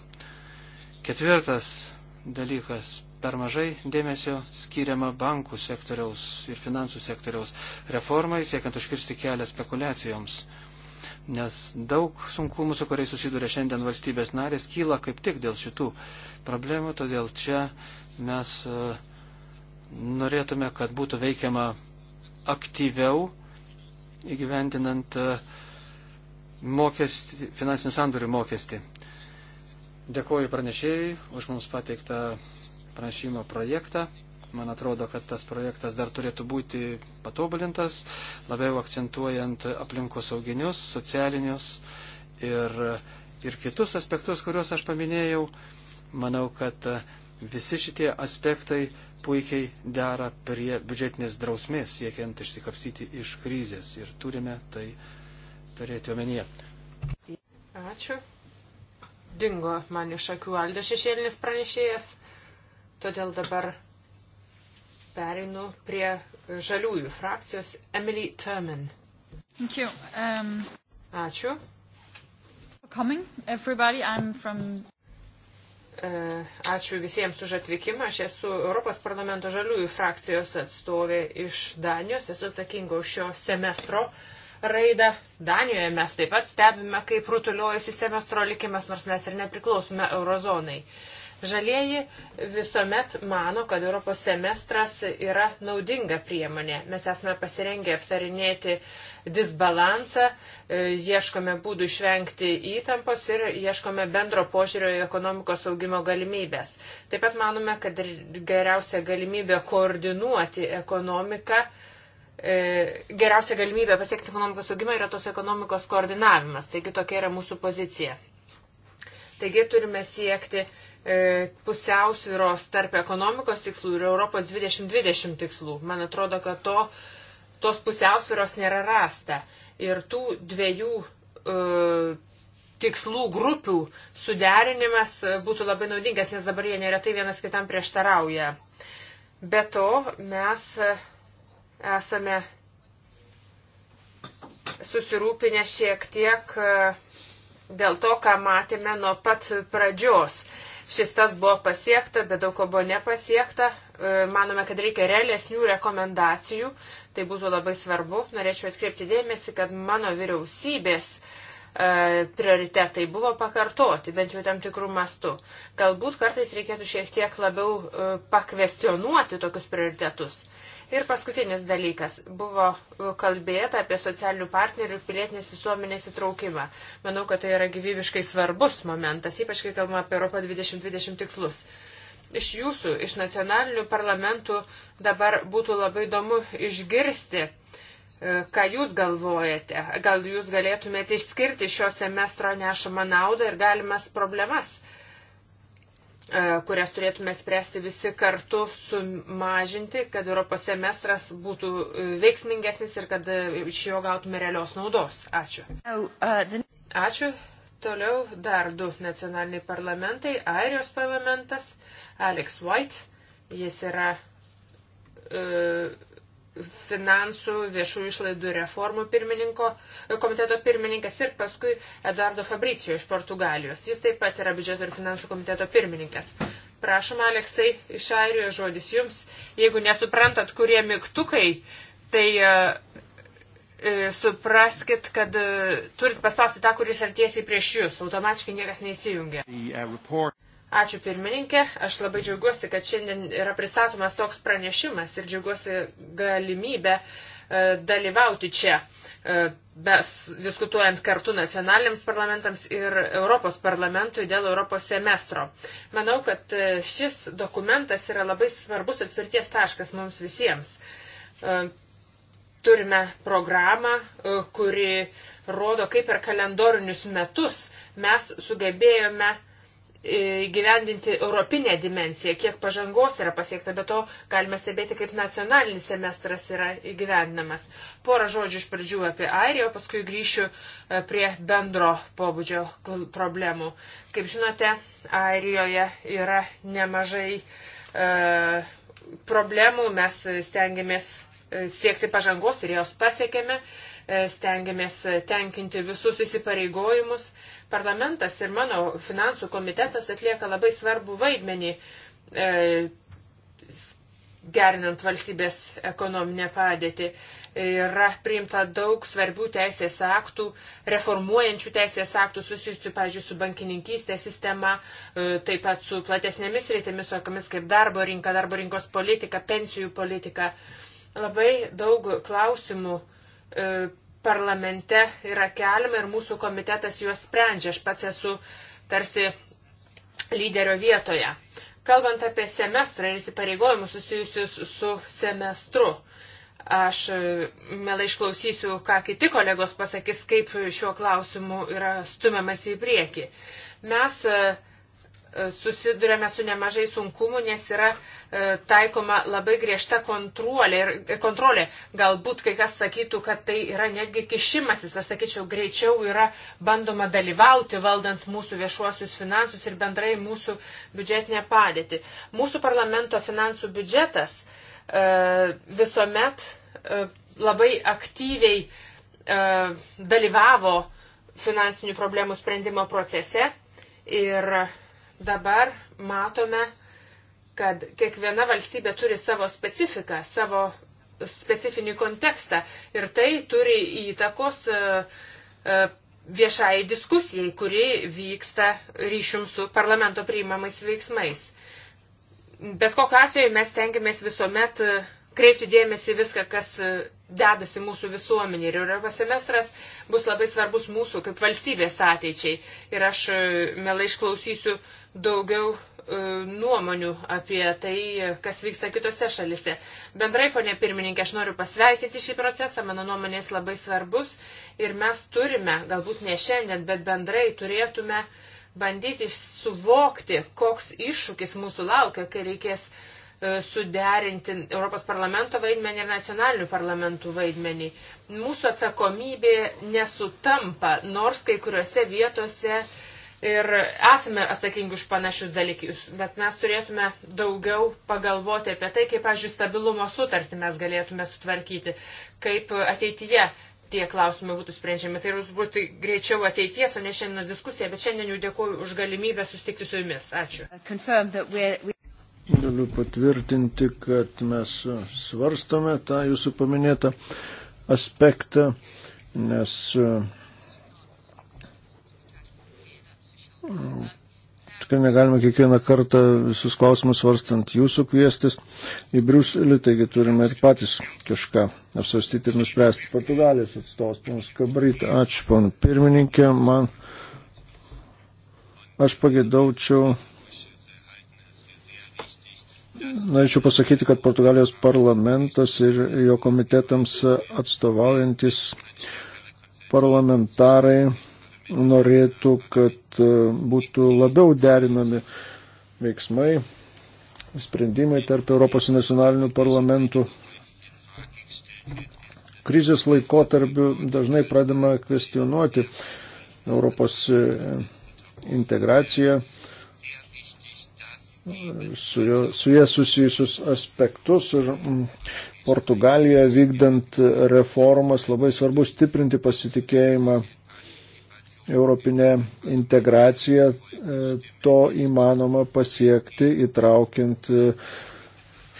Ketvirtas dalykas - per mažai dėmesio skiriama bankų sektoriaus ir finansų sektoriaus reformai, siekiant užkirsti kelią spekulacijoms. Nes daug sunkumų, su kuriais susiduria šiandien valstybės narės, kyla kaip tik dėl šitų problemų, todėl čia mes e, norėtume, kad būtų veikiama aktyviau įgyvendinant e, mokestį, finansinių sandorių mokestį. Dėkuoju pranešėjai už mums pateiktą pranešimo projektą. Man atrodo, kad tas projektas dar turėtų būti patobulintas, labiau akcentuojant aplinkos sauginius, socialinius ir, ir kitus aspektus, kuriuos aš paminėjau. Manau, kad visi šitie aspektai puikiai dera prie biudžetinės drausmės, siekiant išsikapstyti iš krizės ir turime tai turėti omenyje. Ačiū. Dingo man iš akių Aldo šešėlinis pranešėjas, todėl dabar pereinu prie žaliųjų frakcijos Emily Turman. Um... Ačiū. Coming, everybody, I'm from E, ačiū visiems už atvykimą. Aš esu Europos parlamento žaliųjų frakcijos atstovė iš Danijos. Esu atsakinga už šio semestro raidą. Danijoje mes taip pat stebime, kaip rutuliuojasi semestro likimas, nors mes ir nepriklausome eurozonai. Uh, Žalieji visuomet mano, kad Europos semestras yra naudinga priemonė. Mes esame pasirengę aptarinėti disbalansą, e, ieškome būdų išvengti įtampos ir ieškome bendro požiūrio į ekonomikos augimo galimybės. Taip pat manome, kad geriausia galimybė koordinuoti ekonomiką e, geriausia galimybė pasiekti ekonomikos augimą yra tos ekonomikos koordinavimas. Taigi tokia yra mūsų pozicija. Taigi turime siekti E, pusiausvyros tarp ekonomikos tikslų ir Europos 2020 tikslų. Man atrodo, kad to, tos pusiausvyros nėra rasta. Ir tų dviejų e, tikslų grupių suderinimas būtų labai naudingas, nes dabar jie neretai vienas kitam prieštarauja. Be to, mes esame susirūpinę šiek tiek e, dėl to, ką matėme nuo pat pradžios. E, Šis tas buvo pasiekta, bet daug ko buvo nepasiekta. E, manome, kad reikia realesnių rekomendacijų. Tai būtų labai svarbu. Norėčiau atkreipti dėmesį, kad mano vyriausybės e, prioritetai buvo pakartoti, bent jau tam tikrų mastų. Galbūt kartais reikėtų šiek tiek labiau e, pakvestionuoti tokius prioritetus. Ir paskutinis dalykas. Buvo kalbėta apie socialinių partnerių ir pilietinės visuomenės įtraukimą. Manau, kad tai yra gyvybiškai svarbus momentas, ypač kai kalbama apie Europą 2020 tikslus. Iš jūsų, iš nacionalinių parlamentų dabar būtų labai įdomu išgirsti, e, ką jūs galvojate. Gal jūs galėtumėte išskirti šio semestro nešamą naudą ir galimas problemas E, kurias turėtume spręsti visi kartu, sumažinti, kad Europos semestras būtų e, veiksmingesnis ir kad e, iš jo gautume realios naudos. Ačiū. Oh, uh, Ačiū. Toliau dar du nacionaliniai parlamentai. Airijos parlamentas, Alex White, jis yra. Uh, finansų viešų išlaidų reformų pirmininko, komiteto pirmininkas ir paskui Eduardo Fabricio iš Portugalijos. Jis taip pat yra biudžeto ir finansų komiteto pirmininkas. Prašom, Aleksai, iš Airijos žodis jums. Jeigu nesuprantat, kurie mygtukai, tai e, e supraskit, kad e, turit paspausti tą, kuris artiesiai prieš jūs. Automatiškai niekas neįsijungia. The, uh, report... Ačiū pirmininkė, aš labai džiaugiuosi, kad šiandien yra pristatomas toks pranešimas ir džiaugiuosi galimybę e, dalyvauti čia, mes diskutuojant kartu nacionaliniams parlamentams ir Europos parlamentui dėl Europos semestro. Manau, kad e, šis dokumentas yra labai svarbus atspirties taškas mums visiems. E, turime programą, kuri rodo, kaip per kalendorinius metus mes sugebėjome uh, E, gyvendinti europinę dimenciją, kiek pažangos yra pasiekta, bet to galime stebėti, kaip nacionalinis semestras yra įgyvendinamas. Porą žodžių iš pradžių apie Airiją, paskui grįšiu e, prie bendro pobūdžio problemų. Kaip žinote, Airijoje yra nemažai e, problemų, mes stengiamės e, siekti pažangos ir jos pasiekėme, stengiamės tenkinti visus įsipareigojimus. E, Parlamentas ir mano finansų komitetas atlieka labai svarbų vaidmenį e, gerinant valstybės ekonominę padėtį. Yra priimta daug svarbių teisės aktų, reformuojančių teisės aktų susijusių, pavyzdžiui, su bankininkystės sistema, e, taip pat su platesnėmis rytėmis, tokiamis kaip darbo rinka, darbo rinkos politika, pensijų politika. Labai daug klausimų e, parlamente yra keliama ir mūsų komitetas juos sprendžia. Aš pats esu tarsi lyderio vietoje. Kalbant apie semestrą ir įsipareigojimus susijusius su semestru, aš e, melai išklausysiu, ką kiti kolegos pasakys, kaip šiuo klausimu yra stumiamas į priekį. Mes e, e, susidurėme su nemažai sunkumu, nes yra uh, E, taikoma labai griežta kontrolė. Ir e, kontrolė. Galbūt kai kas sakytų, kad tai yra netgi kišimasis. Aš sakyčiau, greičiau yra bandoma dalyvauti valdant mūsų viešuosius finansus ir bendrai mūsų biudžetinę padėtį. Mūsų parlamento finansų biudžetas e, visuomet labai aktyviai dalyvavo finansinių problemų sprendimo procese ir dabar matome, kad kiekviena valstybė turi savo specifiką, savo specifinį kontekstą ir tai turi įtakos e, e, viešai diskusijai, kuri vyksta ryšium su parlamento priimamais veiksmais. Bet kokiu atveju mes tengiamės visuomet e, kreipti dėmesį viską, kas dedasi mūsų visuomenė. Ir Europos semestras bus labai svarbus mūsų kaip valstybės ateičiai. Ir aš melai išklausysiu daugiau E, nuomonių apie tai, kas vyksta kitose šalise. Bendrai, ponė pirmininkė, aš noriu pasveikinti šį procesą, mano nuomonė jis labai svarbus ir mes turime, galbūt ne šiandien, bet bendrai turėtume bandyti suvokti, koks iššūkis mūsų laukia, kai reikės e, suderinti Europos parlamento vaidmenį ir nacionalinių parlamentų vaidmenį. Mūsų atsakomybė nesutampa, nors kai kuriuose vietose uh, ir esame atsakingi už panašius dalykius, bet mes turėtume daugiau pagalvoti apie tai, kaip, pažiūrėjau, stabilumo sutartį mes galėtume sutvarkyti, kaip ateityje tie klausimai būtų sprendžiami. Tai būtų greičiau ateities, o ne šiandienos diskusija, bet šiandien jau dėkuoju už galimybę susitikti su jumis. Ačiū. Uh, Galiu patvirtinti, kad mes svarstome tą jūsų paminėtą aspektą, nes uh, Tikrai negalime kiekvieną kartą visus klausimus svarstant jūsų kviestis į Briuselį, taigi turime ir patys kažką apsvarstyti ir nuspręsti. Portugalijos atstovas, ponas Kabrytė, ačiū, pon pirmininkė, man aš pagėdaučiau norėčiau pasakyti, kad Portugalijos parlamentas ir jo komitetams atstovaujantis parlamentarai norėtų, kad e, būtų labiau derinami veiksmai, sprendimai tarp Europos nacionalinių parlamentų. Krizės laikotarpiu dažnai pradama kvestionuoti Europos e, integraciją, su, jo, su jie susijusius aspektus ir mm, Portugalijoje vykdant reformas labai svarbu stiprinti pasitikėjimą europinę integraciją, e, to įmanoma pasiekti įtraukiant e,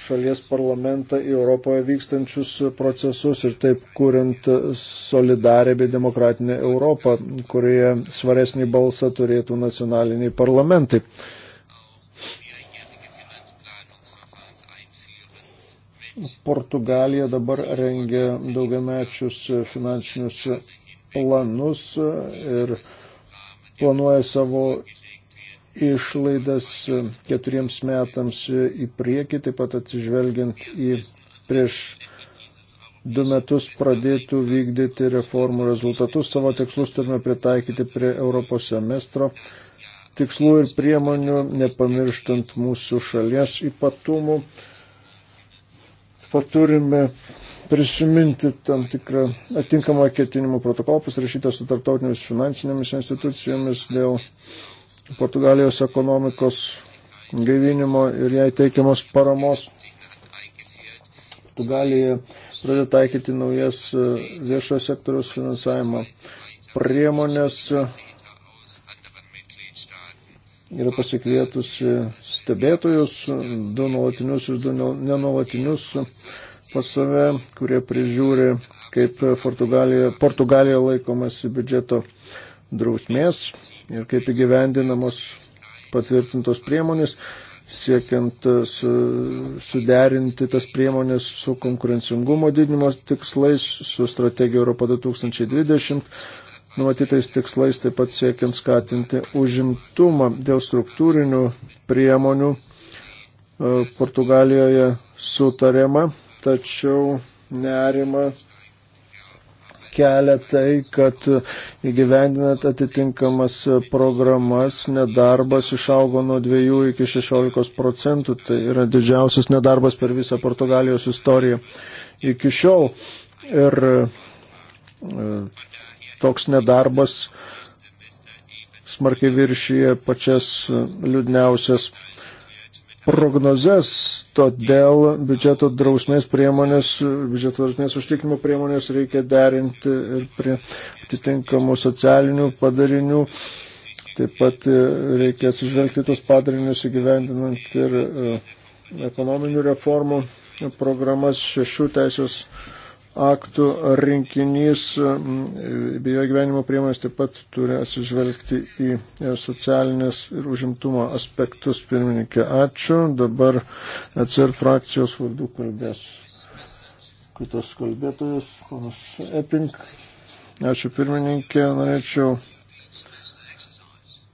šalies parlamentą į Europoje vykstančius procesus ir taip kuriant solidarę bei demokratinę Europą, kurioje svaresnį balsą turėtų nacionaliniai parlamentai. Portugalija dabar rengia daugiamečius finansinius planus e, ir planuoja savo išlaidas e, keturiems metams e, į priekį, taip pat atsižvelgiant į prieš du metus pradėtų vykdyti reformų rezultatus. Savo tikslus turime pritaikyti prie Europos semestro tikslų ir priemonių, nepamirštant mūsų šalies ypatumų. Paturime prisiminti tam tikrą atinkamą ketinimų protokolą pasirašytą su tarptautinėmis finansinėmis institucijomis dėl Portugalijos ekonomikos gaivinimo ir jai teikiamos paramos. Portugalija pradeda taikyti naujas e, viešojo sektoriaus finansavimo priemonės. Yra pasikvietusi stebėtojus, du nuolatinius ir du nenuolatinius pas save, kurie prižiūri, kaip Portugalijoje, Portugalijoje laikomasi biudžeto drausmės ir kaip įgyvendinamos patvirtintos priemonės, siekiant su, suderinti tas priemonės su konkurencingumo didinimo tikslais, su strategija Europa 2020 numatytais tikslais, taip pat siekiant skatinti užimtumą dėl struktūrinių priemonių e, Portugalijoje sutarėma tačiau nerima kelia tai, kad įgyvendinant atitinkamas programas nedarbas išaugo nuo 2 iki 16 procentų. Tai yra didžiausias nedarbas per visą Portugalijos istoriją iki šiol. Ir e, toks nedarbas smarkiai viršyje pačias liūdniausias prognozes, todėl biudžeto drausmės priemonės, biudžeto drausmės užtikimo priemonės reikia derinti ir prie atitinkamų socialinių padarinių. Taip pat e, reikia atsižvelgti tos padarinius įgyvendinant ir e, ekonominių reformų programas šešių teisės aktų rinkinys, bei jo gyvenimo priemonės taip pat turi atsižvelgti į e, socialinės ir užimtumo aspektus. Pirmininkė, ačiū. Dabar atsir frakcijos vardu kalbės kitas kalbėtojas, panas Epink. Ačiū pirmininkė, norėčiau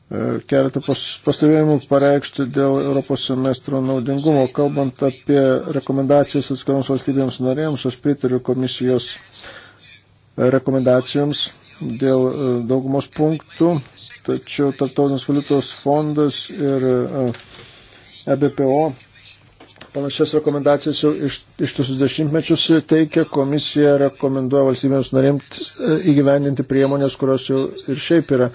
E, keletą pas, pastebėjimų pareikšti dėl Europos semestro naudingumo. Kalbant apie rekomendacijas atskiroms valstybėms narėms, aš pritariu komisijos rekomendacijoms dėl e, daugumos punktų, tačiau Tartautinis valiutos fondas ir EBPO e panašias rekomendacijas jau iš, ištisus dešimtmečius teikia, komisija rekomenduoja valstybėms narėms e, įgyvendinti priemonės, kurios jau ir šiaip yra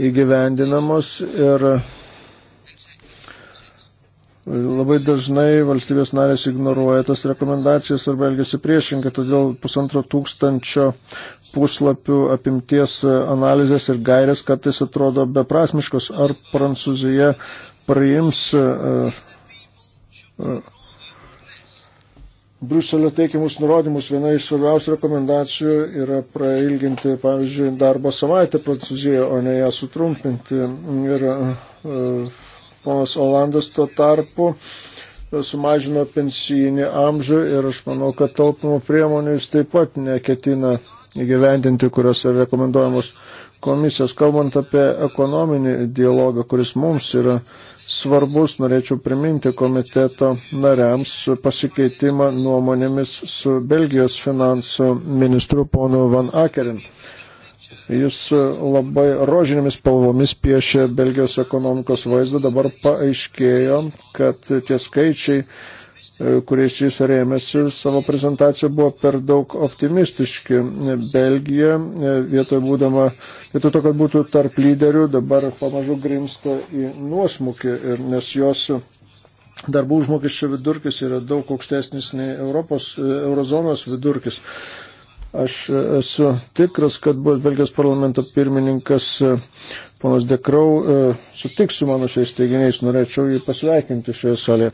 įgyvendinamos. Ir labai dažnai valstybės narės ignoruoja tas rekomendacijas arba elgesi priešingai, todėl pusantro tūkstančio puslapių apimties analizės ir gairės kartais atrodo beprasmiškos. Ar Prancūzija priims uh, uh, Bruselio teikiamus nurodymus viena iš svarbiausių rekomendacijų yra prailginti, pavyzdžiui, darbo savaitę Prancūzijoje, o ne ją sutrumpinti. Ir uh, ponas Olandas tuo tarpu sumažino pensijinį amžių ir aš manau, kad taupimo priemonių jis taip pat neketina įgyvendinti, kurios yra rekomenduojamos komisijos. Kalbant apie ekonominį dialogą, kuris mums yra uh, svarbus, norėčiau priminti komiteto nariams pasikeitimą nuomonėmis su Belgijos finansų ministru ponu Van Akerin. Jis labai rožinėmis spalvomis piešė Belgijos ekonomikos vaizdą, dabar paaiškėjo, kad tie skaičiai E, kuriais jis rėmėsi savo prezentaciją, buvo per daug optimistiški. Belgija e, vietoje būdama, vietoj to, kad būtų tarp lyderių, dabar pamažu grimsta į nuosmukį, nes jos darbų užmokesčio vidurkis yra daug aukštesnis nei Europos, e, eurozonos vidurkis. Aš esu tikras, kad buvęs Belgijos parlamento pirmininkas ponas Dekrau sutiks su mano šiais teiginiais, norėčiau jį pasveikinti šioje salėje.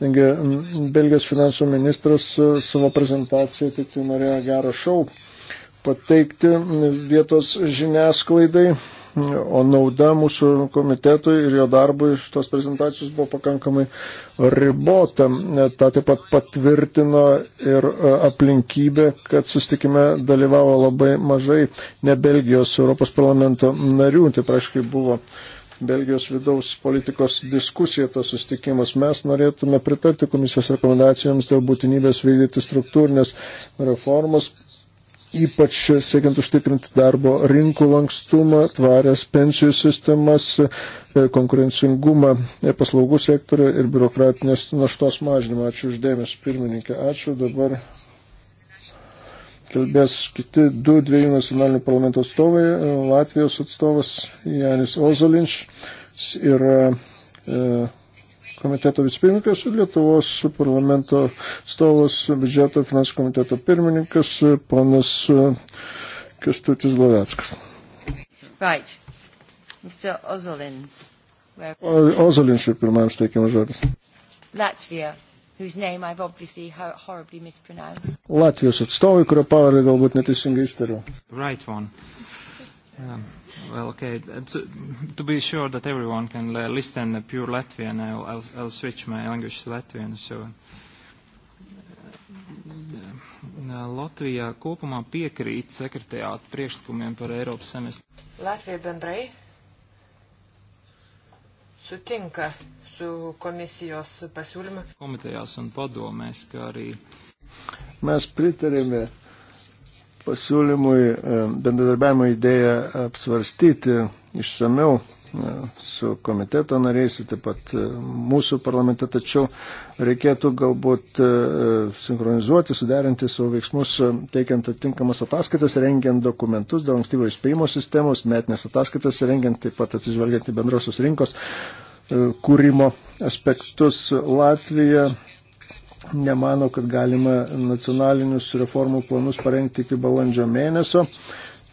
Taigi mm, Belgijos finansų ministras e, savo prezentaciją tik tai norėjo gerą šau pateikti mm, vietos žiniasklaidai, mm, o nauda mūsų komitetui ir jo darbui iš tos prezentacijos buvo pakankamai ribota. E, Ta taip pat patvirtino ir e, aplinkybė, kad sustikime dalyvavo labai mažai ne Belgijos Europos parlamento narių, tai praškai buvo uh, Belgijos vidaus politikos diskusija tas sustikimas. Mes norėtume pritarti komisijos rekomendacijoms dėl būtinybės vykdyti struktūrinės reformas, ypač siekiant užtikrinti darbo rinkų lankstumą, tvarias pensijų sistemas, e, konkurencingumą e, paslaugų sektorių ir biurokratinės naštos mažinimą. Ačiū uždėmės, pirmininkė. Ačiū dabar kalbės kiti du dviejų nacionalinių parlamento atstovai. E, Latvijos atstovas Janis Ozolinš ir e, komiteto vicepirmininkas ir Lietuvos parlamento atstovas biudžeto finansų komiteto pirmininkas e, ponas Kestutis Gloveckas. Right. Mr. Ozolins. Where... Ozolinšui pirmajam steikiamas žodis. Latvija whose name I've obviously horribly mispronounced. Latvijos atstovai, kurio pavardę galbūt neteisingai ištariau. Right one. Um, well, okay. To, to be sure that everyone can uh, listen uh, pure Latvian, I'll, I'll, I'll switch my language to Latvian. So. Uh, uh, Latvijā kopumā piekrīt sekretariātu priekšlikumiem par Eiropas semestru. Latvija bendrai sutinka su komisijos pasiūlymu. Komitejās un padomēs, kā arī. Mes pritarėme pasiūlymui e, bendradarbiavimo idėją apsvarstyti išsameu e, su komiteto nariais, taip pat e, mūsų parlamente, tačiau reikėtų galbūt sinchronizuoti, suderinti savo veiksmus, teikiant atitinkamas ataskaitas, rengiant dokumentus dėl ankstyvo įspėjimo sistemos, metinės ataskaitas, rengiant taip pat atsižvelgiant į bendrosios rinkos E, kūrimo aspektus. Latvija nemano, kad galima nacionalinius reformų planus parengti iki balandžio mėnesio.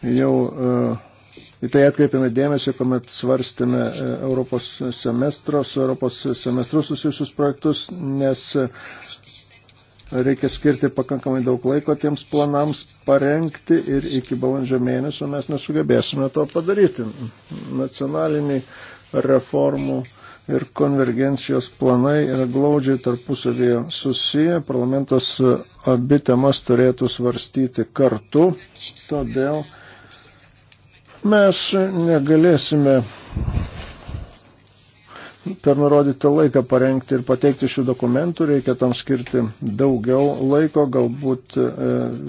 Jau e, į tai atkreipėme dėmesį, kuomet svarstėme e, Europos semestro, su Europos semestru susijusius projektus, nes reikia skirti pakankamai daug laiko tiems planams parengti ir iki balandžio mėnesio mes nesugebėsime to padaryti. Nacionaliniai reformų uh, ir konvergencijos planai yra glaudžiai tarpusavėje susiję. Parlamentas e, abi temas turėtų svarstyti kartu, todėl mes negalėsime per nurodytą laiką parengti ir pateikti šių dokumentų, reikia tam skirti daugiau laiko, galbūt e,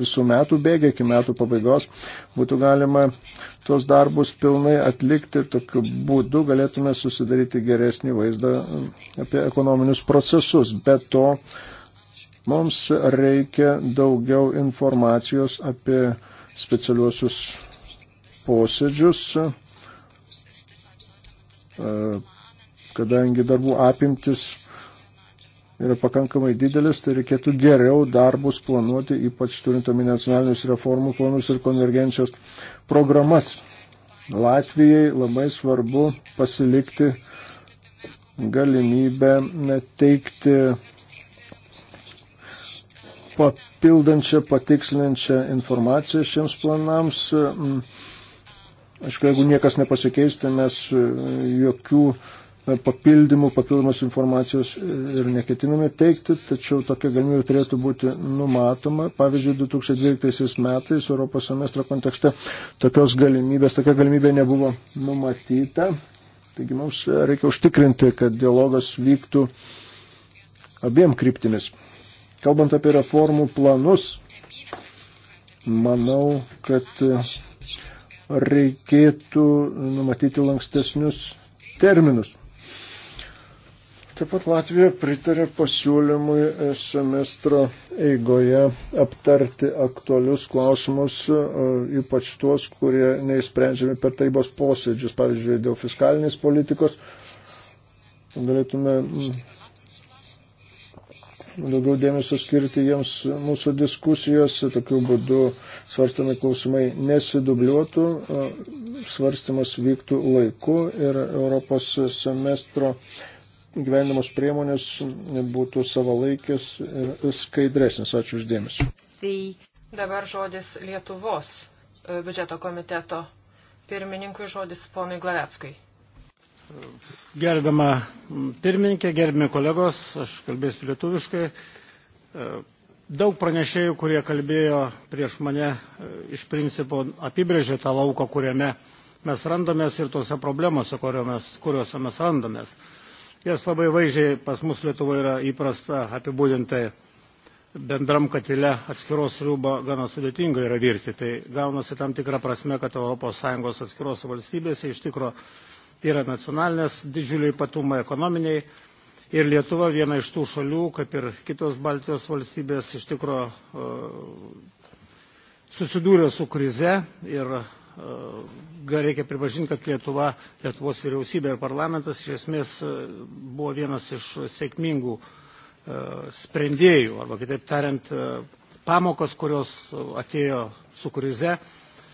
visų metų bėgė iki metų pabaigos būtų galima tuos darbus pilnai atlikti ir tokiu būdu galėtume susidaryti geresnį vaizdą e, apie ekonominius procesus. Be to, mums reikia daugiau informacijos apie specialiuosius posėdžius e, kadangi darbų apimtis yra pakankamai didelis, tai reikėtų geriau darbus planuoti, ypač turint omeny nacionalinius reformų planus ir konvergencijos programas. Latvijai labai svarbu pasilikti galimybę teikti papildančią, patikslinančią informaciją šiems planams. Aišku, jeigu niekas nepasikeis, tai mes jokių uh, E, papildymų, papildomos informacijos e, ir neketiname teikti, tačiau tokia galimybė turėtų būti numatoma. Pavyzdžiui, 2012 metais Europos semestro kontekste tokios galimybės, tokia galimybė nebuvo numatyta. Taigi mums reikia užtikrinti, kad dialogas vyktų abiem kryptimis. Kalbant apie reformų planus, manau, kad reikėtų numatyti lankstesnius terminus. Taip pat Latvija pritarė pasiūlymui semestro eigoje aptarti aktualius klausimus, e, ypač tuos, kurie neįsprendžiami per tarybos posėdžius, pavyzdžiui, dėl fiskalinės politikos. Galėtume mm, daugiau dėmesio skirti jiems mūsų diskusijose, tokiu būdu svarstami klausimai nesidubliuotų, e, svarstymas vyktų laiku ir Europos semestro gyvenimos priemonės būtų savalaikis ir skaidresnis. Ačiū uždėmesi. Tai dabar žodis Lietuvos e, biudžeto komiteto pirmininkui, žodis ponui Glaveckui. Gerbama pirmininkė, gerbimi kolegos, aš kalbėsiu lietuviškai. E, daug pranešėjų, kurie kalbėjo prieš mane, e, iš principo apibrėžė tą lauką, kuriame mes randomės ir tose problemose, kuriuose mes randomės. Jas labai vaizdžiai pas mus Lietuvoje yra įprasta apibūdinti bendram katile atskiros sriubą gana sudėtinga yra virti. Tai gaunasi tam tikrą prasme, kad ES atskiros valstybėse iš tikro yra nacionalinės didžiuliai ypatumai ekonominiai. Ir Lietuva viena iš tų šalių, kaip ir kitos Baltijos valstybės, iš tikro e, susidūrė su krize ir reikia pripažinti, kad Lietuva, Lietuvos vyriausybė ir parlamentas iš esmės e, buvo vienas iš sėkmingų e, sprendėjų, arba kitaip tariant, e, pamokos, kurios atėjo su krize,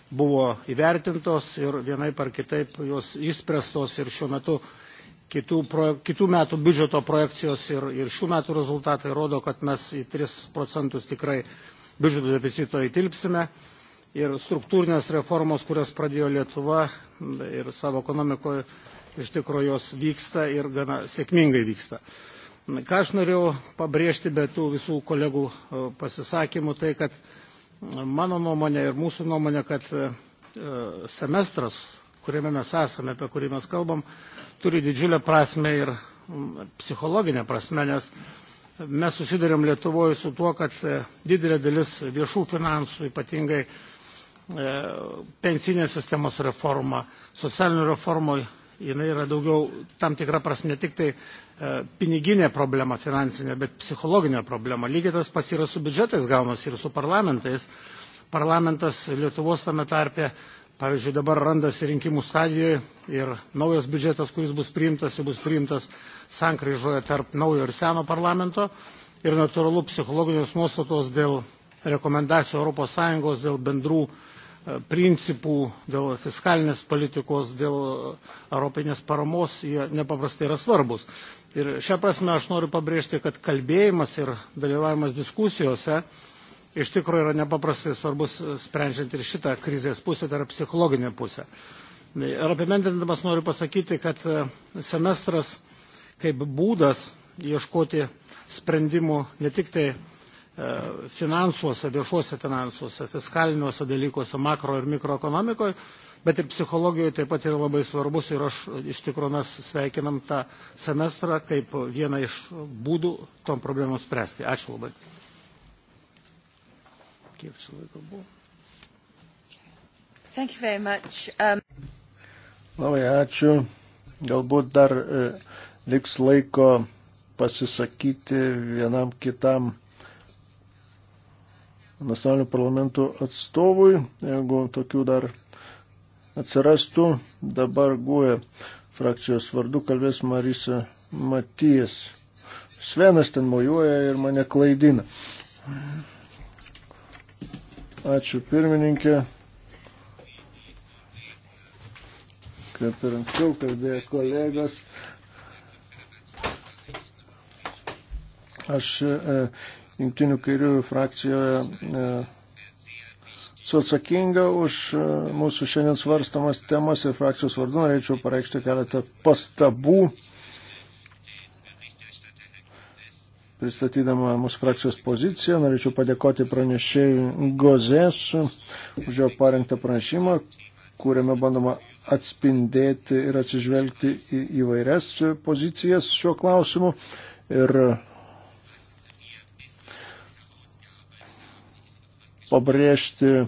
buvo įvertintos ir vienai par kitaip jos išspręstos ir šiuo metu kitų, projek, kitų metų biudžeto projekcijos ir, ir šių metų rezultatai rodo, kad mes į 3 procentus tikrai biudžeto deficito įtilpsime. Uh, ir struktūrinės reformos, kurias pradėjo Lietuva ir savo ekonomikoje iš tikrųjų jos vyksta ir gana sėkmingai vyksta. Ką aš norėjau pabrėžti be tų visų kolegų e, pasisakymų, tai kad e, mano nuomonė ir mūsų nuomonė, kad e, semestras, kuriame mes esame, apie kurį mes kalbam, turi didžiulę prasme ir psichologinę prasme, nes mes susidurėm Lietuvoje su tuo, kad didelė dalis viešų finansų, ypatingai E, pensinės sistemos reforma, socialinių reformų, jinai yra daugiau tam tikra prasme ne tik tai e, piniginė problema finansinė, bet psichologinė problema. Lygiai tas pats yra su biudžetais gaunas ir su parlamentais. Parlamentas Lietuvos tame tarpe, pavyzdžiui, dabar randasi rinkimų stadijoje ir naujas biudžetas, kuris bus priimtas, jau bus priimtas sankraižoje tarp naujo ir seno parlamento ir natūralu psichologinės nuostatos dėl rekomendacijų ES dėl bendrų uh, principų, dėl fiskalinės politikos, dėl e, europinės paramos, jie nepaprastai yra svarbus. Ir šią prasme aš noriu pabrėžti, kad kalbėjimas ir dalyvavimas diskusijose iš tikrųjų yra nepaprastai svarbus, e, sprendžiant ir šitą krizės pusę, tai yra psichologinė pusė. Ir apimendindamas noriu pasakyti, kad e, semestras kaip būdas ieškoti sprendimų ne tik tai E, finansuose, viešuose finansuose, fiskaliniuose dalykuose, makro ir mikroekonomikoje, bet ir psichologijoje taip pat yra labai svarbus ir aš iš tikrųjų mes sveikinam tą semestrą kaip vieną iš būdų tom problemom spręsti. Ačiū labai. Kiek čia laiko buvo? Thank you very much. Um... Labai ačiū. Galbūt dar e, liks laiko pasisakyti vienam kitam nacionalinių parlamentų atstovui, jeigu tokių dar atsirastų. Dabar guoja frakcijos vardu kalbės Marisa Matijas. Svenas ten mojuoja ir mane klaidina. Ačiū pirmininkė. Kaip ir anksčiau kalbėjo kolegas. Aš e, jungtinių kairiųjų frakcijoje e, su atsakinga už e, mūsų šiandien svarstamas temas ir frakcijos vardu norėčiau pareikšti keletą pastabų, pristatydama mūsų frakcijos poziciją. Norėčiau padėkoti pranešėjui Gozės už jo parengtą pranešimą, kuriame bandoma atspindėti ir atsižvelgti į įvairias pozicijas šiuo klausimu. Ir pabrėžti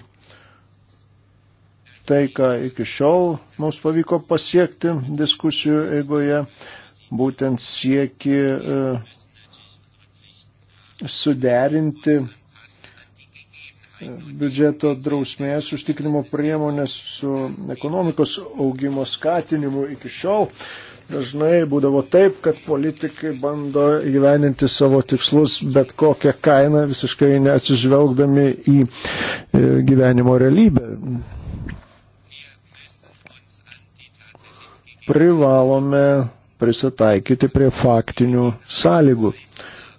tai, ką iki šiol mums pavyko pasiekti diskusijų eigoje, būtent sieki e, suderinti e, biudžeto drausmės užtikrimo priemonės su ekonomikos augimo skatinimu iki šiol. Uh, Dažnai būdavo taip, kad politikai bando gyveninti savo tikslus bet kokią kainą, visiškai neatsižvelgdami į e, gyvenimo realybę. Privalome prisitaikyti prie faktinių sąlygų.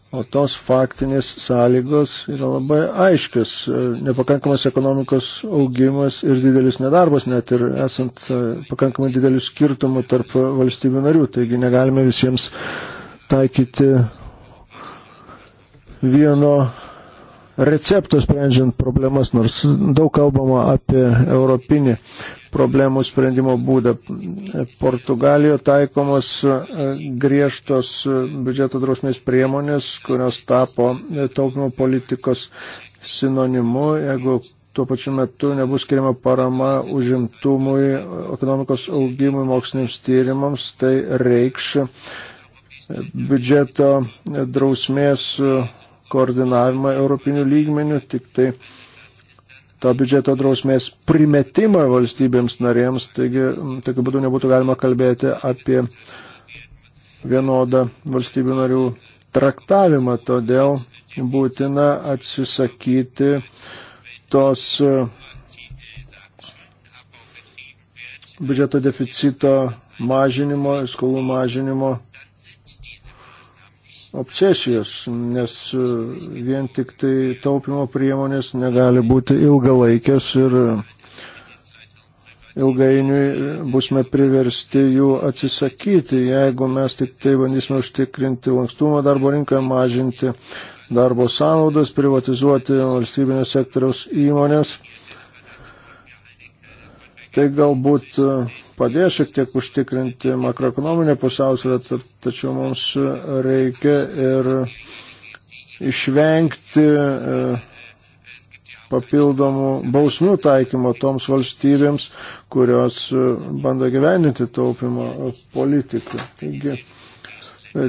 O tos faktinės sąlygos yra labai aiškios. E, nepakankamas ekonomikos augimas ir didelis nedarbas, net ir esant e, pakankamai didelių skirtumų tarp valstybių narių. Taigi negalime visiems taikyti vieno recepto sprendžiant problemas, nors daug kalbama apie europinį problemų sprendimo būdą. Portugalijoje taikomos e, griežtos e, biudžeto drausmės priemonės, kurios tapo e, taupimo politikos sinonimu, jeigu tuo pačiu metu nebus skiriama parama užimtumui, ekonomikos augimui, moksliniams tyrimams, tai reikš biudžeto drausmės koordinavimą europinių lygmenių, tik tai uh, to biudžeto drausmės primetimą valstybėms narėms, taigi tokiu būdu nebūtų galima kalbėti apie vienodą valstybių narių traktavimą, todėl būtina atsisakyti tos e, biudžeto deficito mažinimo, skolų mažinimo obsesijos, nes e, vien tik tai taupimo priemonės negali būti ilgalaikės ir e, ilgainiui busime priversti jų atsisakyti, jeigu mes tik tai bandysime užtikrinti lankstumą darbo rinkoje, mažinti darbo sąnaudas, privatizuoti valstybinio sektoriaus įmonės. Tai galbūt uh, padėjo šiek tiek užtikrinti makroekonominę pusiausvyrą, tačiau mums reikia ir išvengti e, papildomų bausmių taikymo toms valstybėms, kurios e, bando gyveninti taupimo politiką. Taigi e,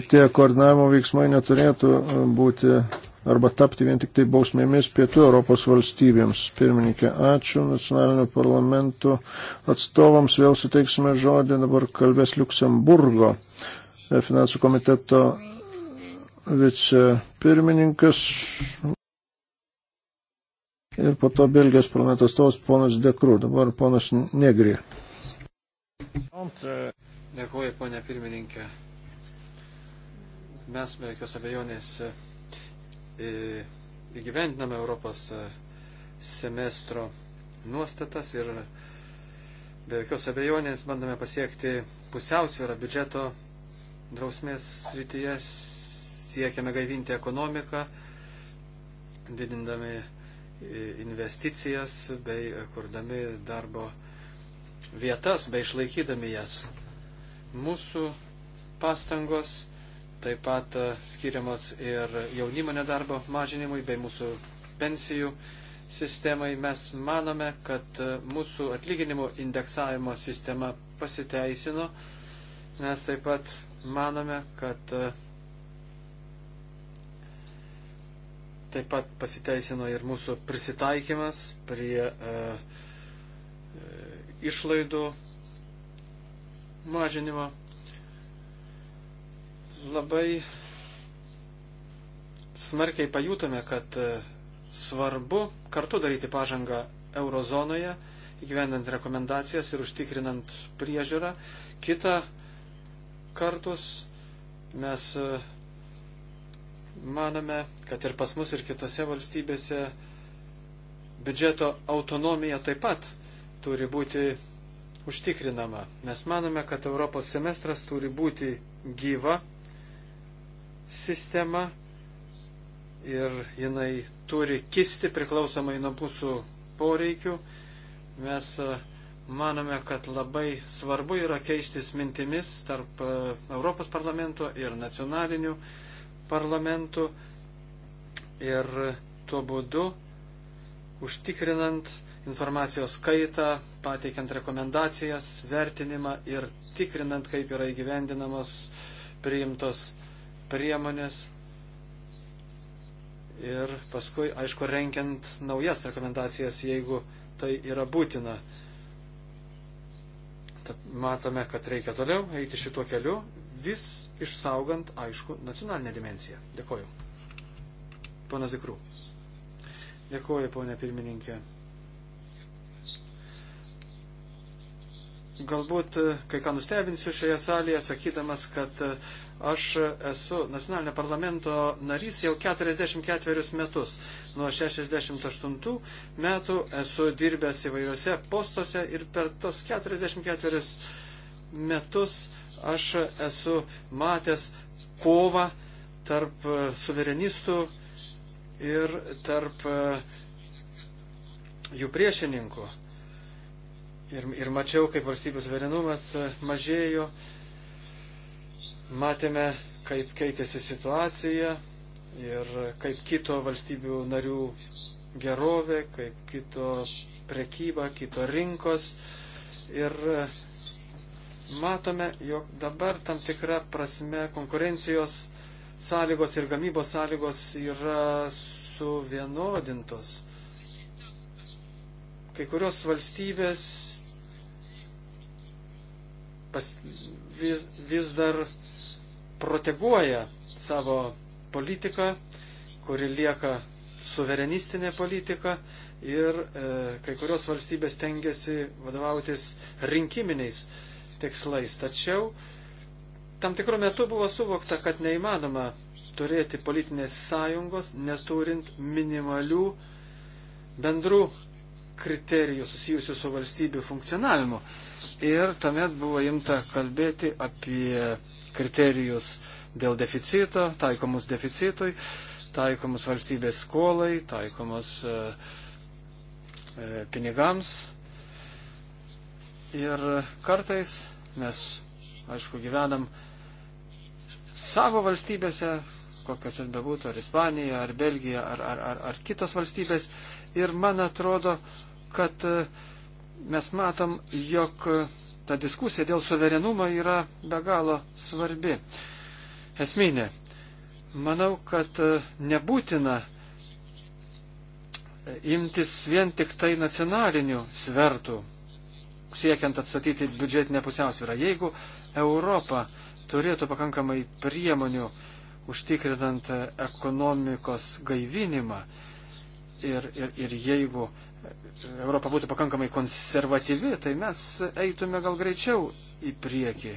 tie koordinavimo veiksmai neturėtų būti arba tapti vien tik tai bausmėmis pietų Europos valstybėms. Pirmininkė, ačiū nacionalinio parlamento atstovams, vėl suteiksime žodį, dabar kalbės Luksemburgo e, finansų komiteto vicepirmininkas ir po to Belgijos parlamento atstovas ponas Dekru, dabar ponas Negri. Dėkuoju, ponė pirmininkė. Mes be jokios abejonės įgyvendiname Europos e, semestro nuostatas ir be jokios abejonės bandome pasiekti pusiausvyrą biudžeto drausmės srityje, siekiame gaivinti ekonomiką, didindami e, investicijas bei kurdami darbo vietas bei išlaikydami jas. Mūsų pastangos taip pat e, skiriamos ir jaunimo nedarbo mažinimui bei mūsų pensijų sistemai. Mes manome, kad e, mūsų atlyginimų indeksavimo sistema pasiteisino. Mes taip pat manome, kad e, taip pat pasiteisino ir mūsų prisitaikymas prie e, išlaidų mažinimo labai smarkiai pajutome, kad e, svarbu kartu daryti pažangą eurozonoje, įgyvendant rekomendacijas ir užtikrinant priežiūrą. Kita kartus mes e, manome, kad ir pas mus ir kitose valstybėse biudžeto autonomija taip pat turi būti užtikrinama. Mes manome, kad Europos semestras turi būti gyva sistema ir jinai turi kisti priklausomai nuo mūsų poreikių. Mes e, manome, kad labai svarbu yra keistis mintimis tarp e, Europos parlamento ir nacionalinių parlamentų ir tuo būdu užtikrinant informacijos kaitą, pateikiant rekomendacijas, vertinimą ir tikrinant, kaip yra įgyvendinamos priimtos priemonės ir paskui, aišku, renkiant naujas rekomendacijas, jeigu tai yra būtina. Tad matome, kad reikia toliau eiti šituo keliu, vis išsaugant, aišku, nacionalinę dimenciją. Dėkoju. Ponas Zikrų. Dėkoju, ponė pirmininkė. galbūt e, kai ką nustebinsiu šioje salėje, sakydamas, kad e, aš esu nacionalinio parlamento narys jau 44 metus. Nuo 68 metų esu dirbęs įvairiose postuose ir per tos 44 metus aš esu matęs kovą tarp e, suverenistų ir tarp jų priešininkų. Ir, ir mačiau, kaip valstybių suverenumas e, mažėjo, matėme, kaip keitėsi situacija ir kaip kito valstybių narių gerovė, kaip kito prekyba, kito rinkos. Ir e, matome, jog dabar tam tikra prasme konkurencijos sąlygos ir gamybos sąlygos yra suvienodintos. Kai kurios valstybės pas, vis, vis dar proteguoja savo politiką, kuri lieka suverenistinė politika ir e, kai kurios valstybės tengiasi vadovautis rinkiminiais tikslais. Tačiau tam tikrų metų buvo suvokta, kad neįmanoma turėti politinės sąjungos, neturint minimalių bendrų kriterijų susijusių su valstybių funkcionavimu. E, ir tuomet buvo imta kalbėti apie kriterijus dėl deficito, taikomus deficitui, taikomus valstybės skolai, taikomus e, e, pinigams. Ir kartais mes, aišku, gyvenam savo valstybėse, kokios ten bebūtų, ar Ispanija, ar Belgija, ar, ar, ar, ar kitos valstybės. Ir man atrodo, kad uh, mes matom, jog ta diskusija dėl suverenumo yra be galo svarbi. Esminė. Manau, kad e, nebūtina e, imtis vien tik tai nacionalinių svertų, siekiant atstatyti biudžetinę pusiausvyrą. Jeigu Europa turėtų pakankamai priemonių užtikrinant e, ekonomikos gaivinimą ir, ir, ir jeigu Europa būtų pakankamai konservatyvi, tai mes eitume gal greičiau į priekį.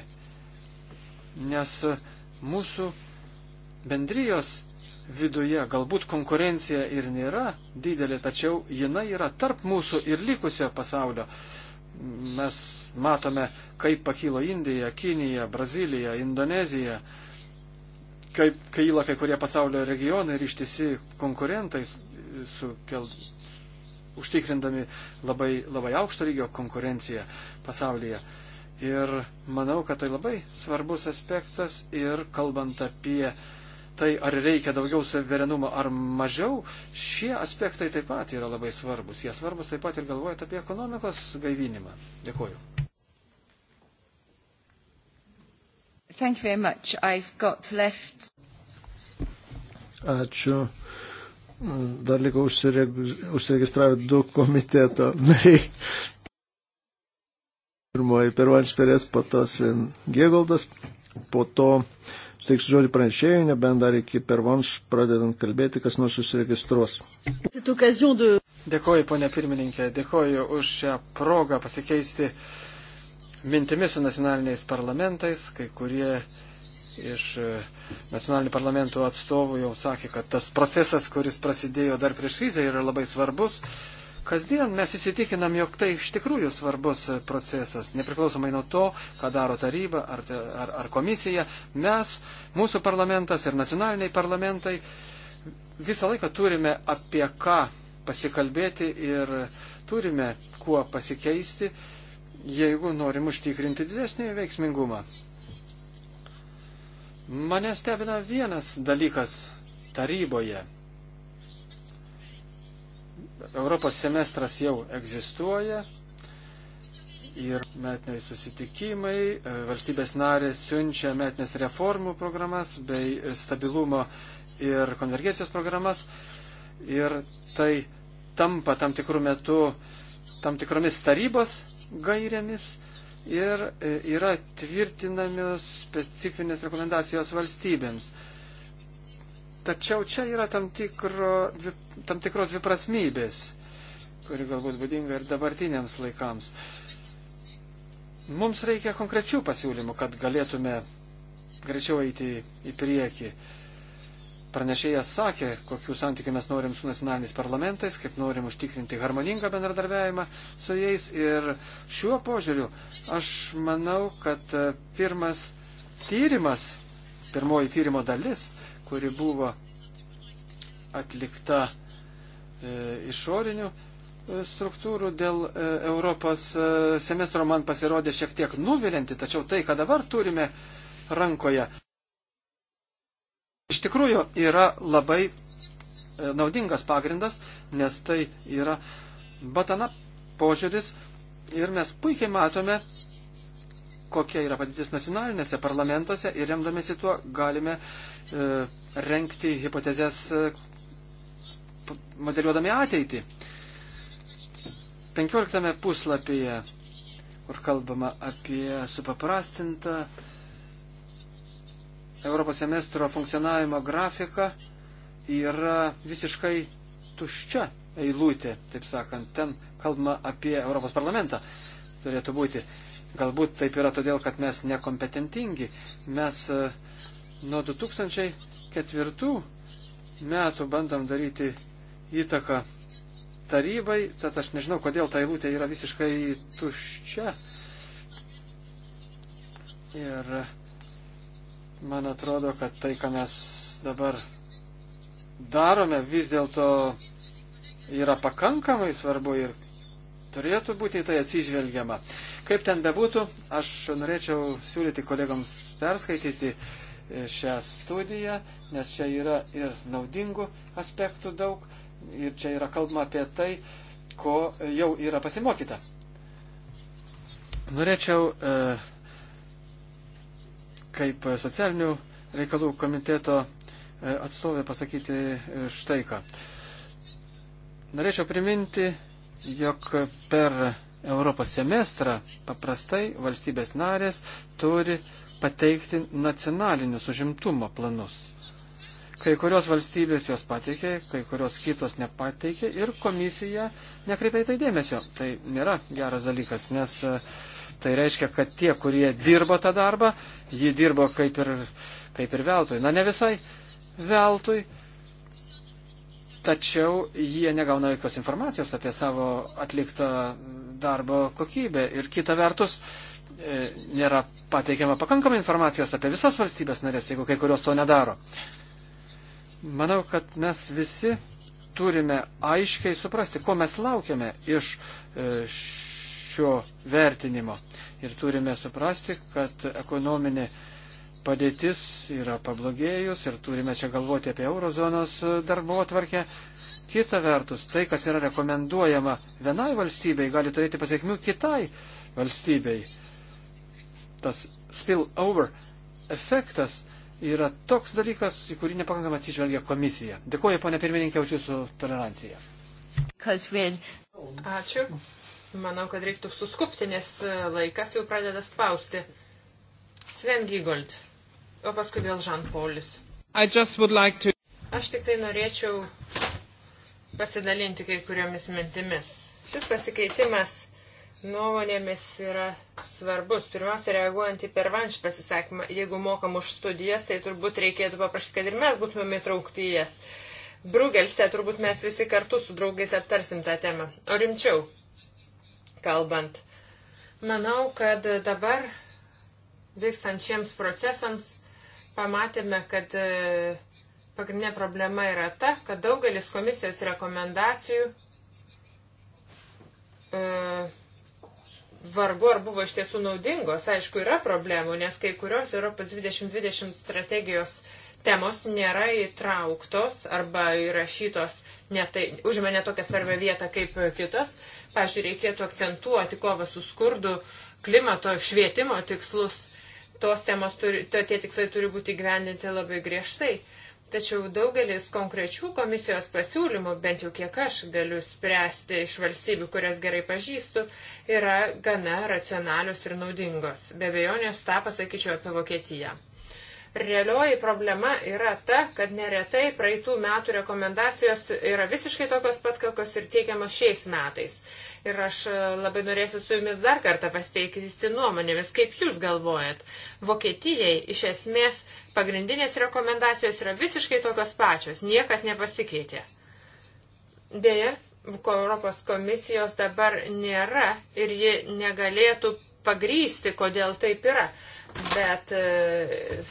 Nes mūsų bendrijos viduje galbūt konkurencija ir nėra didelė, tačiau jinai yra tarp mūsų ir likusio pasaulio. Mes matome, kaip pakilo Indija, Kinija, Brazilija, Indonezija, kaip kaila kai kurie pasaulio regionai ir ištisi konkurentai su, kel, užtikrindami labai, labai aukšto lygio konkurenciją pasaulyje. Ir manau, kad tai labai svarbus aspektas ir kalbant apie tai, ar reikia daugiau suverenumo ar mažiau, šie aspektai taip pat yra labai svarbus. Jie svarbus taip pat ir galvojant apie ekonomikos gaivinimą. Dėkuoju. Ačiū. Dar liko užsiregistravę du komiteto nariai. Pirmoji Peruanis Perės, po to Sven Gėgoldas, po to suteiksiu žodį pranešėjai, nebent dar iki Pervonš pradedant kalbėti, kas nors užsiregistruos. Dėkoju, ponė pirmininkė, dėkoju už šią progą pasikeisti mintimis su nacionaliniais parlamentais, kai kurie iš e, nacionalinių parlamentų atstovų jau sakė, kad tas procesas, kuris prasidėjo dar prieš krizę, yra labai svarbus. Kasdien mes įsitikinam, jog tai iš tikrųjų svarbus e, procesas, nepriklausomai nuo to, ką daro taryba ar, ar, ar komisija. Mes, mūsų parlamentas ir nacionaliniai parlamentai visą laiką turime apie ką pasikalbėti ir turime kuo pasikeisti, jeigu norim užtikrinti didesnį veiksmingumą. Mane stebina vienas dalykas taryboje. Europos semestras jau egzistuoja ir metiniai susitikimai, e, valstybės narės siunčia metinės reformų programas bei stabilumo ir konvergencijos programas ir tai tampa tam tikrų metų tam tikromis tarybos gairėmis ir e, yra tvirtinamios specifinės rekomendacijos valstybėms. Tačiau čia yra tam, tikro, tam tikros dviprasmybės, kuri galbūt būdinga ir dabartiniams laikams. Mums reikia konkrečių pasiūlymų, kad galėtume greičiau eiti į priekį pranešėjas sakė, kokių santykių mes norim su nacionaliniais parlamentais, kaip norim užtikrinti harmoningą bendradarbiavimą su jais. Ir šiuo požiūriu aš manau, kad e, pirmas tyrimas, pirmoji tyrimo dalis, kuri buvo atlikta e, išorinių e, struktūrų dėl e, Europos e, semestro man pasirodė šiek tiek nuvilinti, tačiau tai, ką dabar turime rankoje, iš tikrųjų yra labai e, naudingas pagrindas, nes tai yra batana požiūris ir mes puikiai matome, kokia yra padėtis nacionalinėse parlamentuose ir remdamėsi tuo galime e, renkti hipotezės e, modeliuodami ateitį. 15 puslapyje, kur kalbama apie supaprastintą Europos semestro funkcionavimo grafiką yra visiškai tuščia eilutė, taip sakant. Ten kalbama apie Europos parlamentą. Turėtų būti. Galbūt taip yra todėl, kad mes nekompetentingi. Mes e, nuo 2004 metų bandom daryti įtaką tarybai, tad aš nežinau, kodėl ta eilutė yra visiškai tuščia. Ir uh, Man atrodo, kad tai, ką mes dabar darome, vis dėlto yra pakankamai svarbu ir turėtų būti į tai atsižvelgiama. Kaip ten bebūtų, aš norėčiau siūlyti kolegams perskaityti e, šią studiją, nes čia yra ir naudingų aspektų daug ir čia yra kalbama apie tai, ko jau yra pasimokyta. Norėčiau e, kaip socialinių reikalų komiteto e, atstovė pasakyti e, štai ką. Norėčiau priminti, jog per Europos semestrą paprastai valstybės narės turi pateikti nacionalinius užimtumo planus. Kai kurios valstybės juos pateikė, kai kurios kitos nepateikė ir komisija nekreipia į tai dėmesio. Tai nėra geras dalykas, nes e, tai reiškia, kad tie, kurie dirba tą darbą, ji dirbo kaip ir, kaip ir veltui. Na, ne visai veltui, tačiau jie negauna jokios informacijos apie savo atliktą darbo kokybę. Ir kita vertus, e, nėra pateikiama pakankamai informacijos apie visas valstybės narės, jeigu kai kurios to nedaro. Manau, kad mes visi turime aiškiai suprasti, ko mes laukiame iš e, š šio vertinimo. Ir turime suprasti, kad ekonominė padėtis yra pablogėjus ir turime čia galvoti apie eurozonos darbo atvarkę. Kita vertus, tai, kas yra rekomenduojama vienai valstybei, gali turėti pasiekmių kitai valstybei. Tas spillover efektas yra toks dalykas, į kurį nepakankamai atsižvelgia komisija. Dėkuoju, ponė pirmininkė, už jūsų toleranciją. Ačiū. Manau, kad reiktų suskupti, nes e, laikas jau pradeda spausti. Sven Gigold, o paskui vėl Žan Paulis. Like to... Aš tik tai norėčiau pasidalinti kai kuriomis mintimis. Šis pasikeitimas nuomonėmis yra svarbus. Pirmiausia, reaguojant į pervanš pasisakymą, jeigu mokam už studijas, tai turbūt reikėtų paprašyti, kad ir mes būtumėm įtraukti į jas. Brugelse turbūt mes visi kartu su draugais aptarsim tą temą. O rimčiau, kalbant. Manau, kad dabar vykstant šiems procesams pamatėme, kad e, pagrindinė problema yra ta, kad daugelis komisijos rekomendacijų e, vargu ar buvo iš tiesų naudingos. Aišku, yra problemų, nes kai kurios Europos 2020 strategijos temos nėra įtrauktos arba įrašytos, netai, užima netokią svarbę vietą kaip kitos. Pavyzdžiui, reikėtų akcentuoti kovą su skurdu, klimato, švietimo tikslus. Tos temos, turi, to, tie tikslai turi būti gyvendinti labai griežtai. Tačiau daugelis konkrečių komisijos pasiūlymų, bent jau kiek aš galiu spręsti iš valstybių, kurias gerai pažįstu, yra gana racionalius ir naudingos. Be abejonės tą pasakyčiau apie Vokietiją. Realioji problema yra ta, kad neretai praeitų metų rekomendacijos yra visiškai tokios pat, kokios ir teikiamos šiais metais. Ir aš e, labai norėsiu su jumis dar kartą pasteikisti nuomonėmis, kaip jūs galvojat. Vokietijai iš esmės pagrindinės rekomendacijos yra visiškai tokios pačios, niekas nepasikeitė. Deja, Europos komisijos dabar nėra ir ji negalėtų pagrysti, kodėl taip yra. Bet e,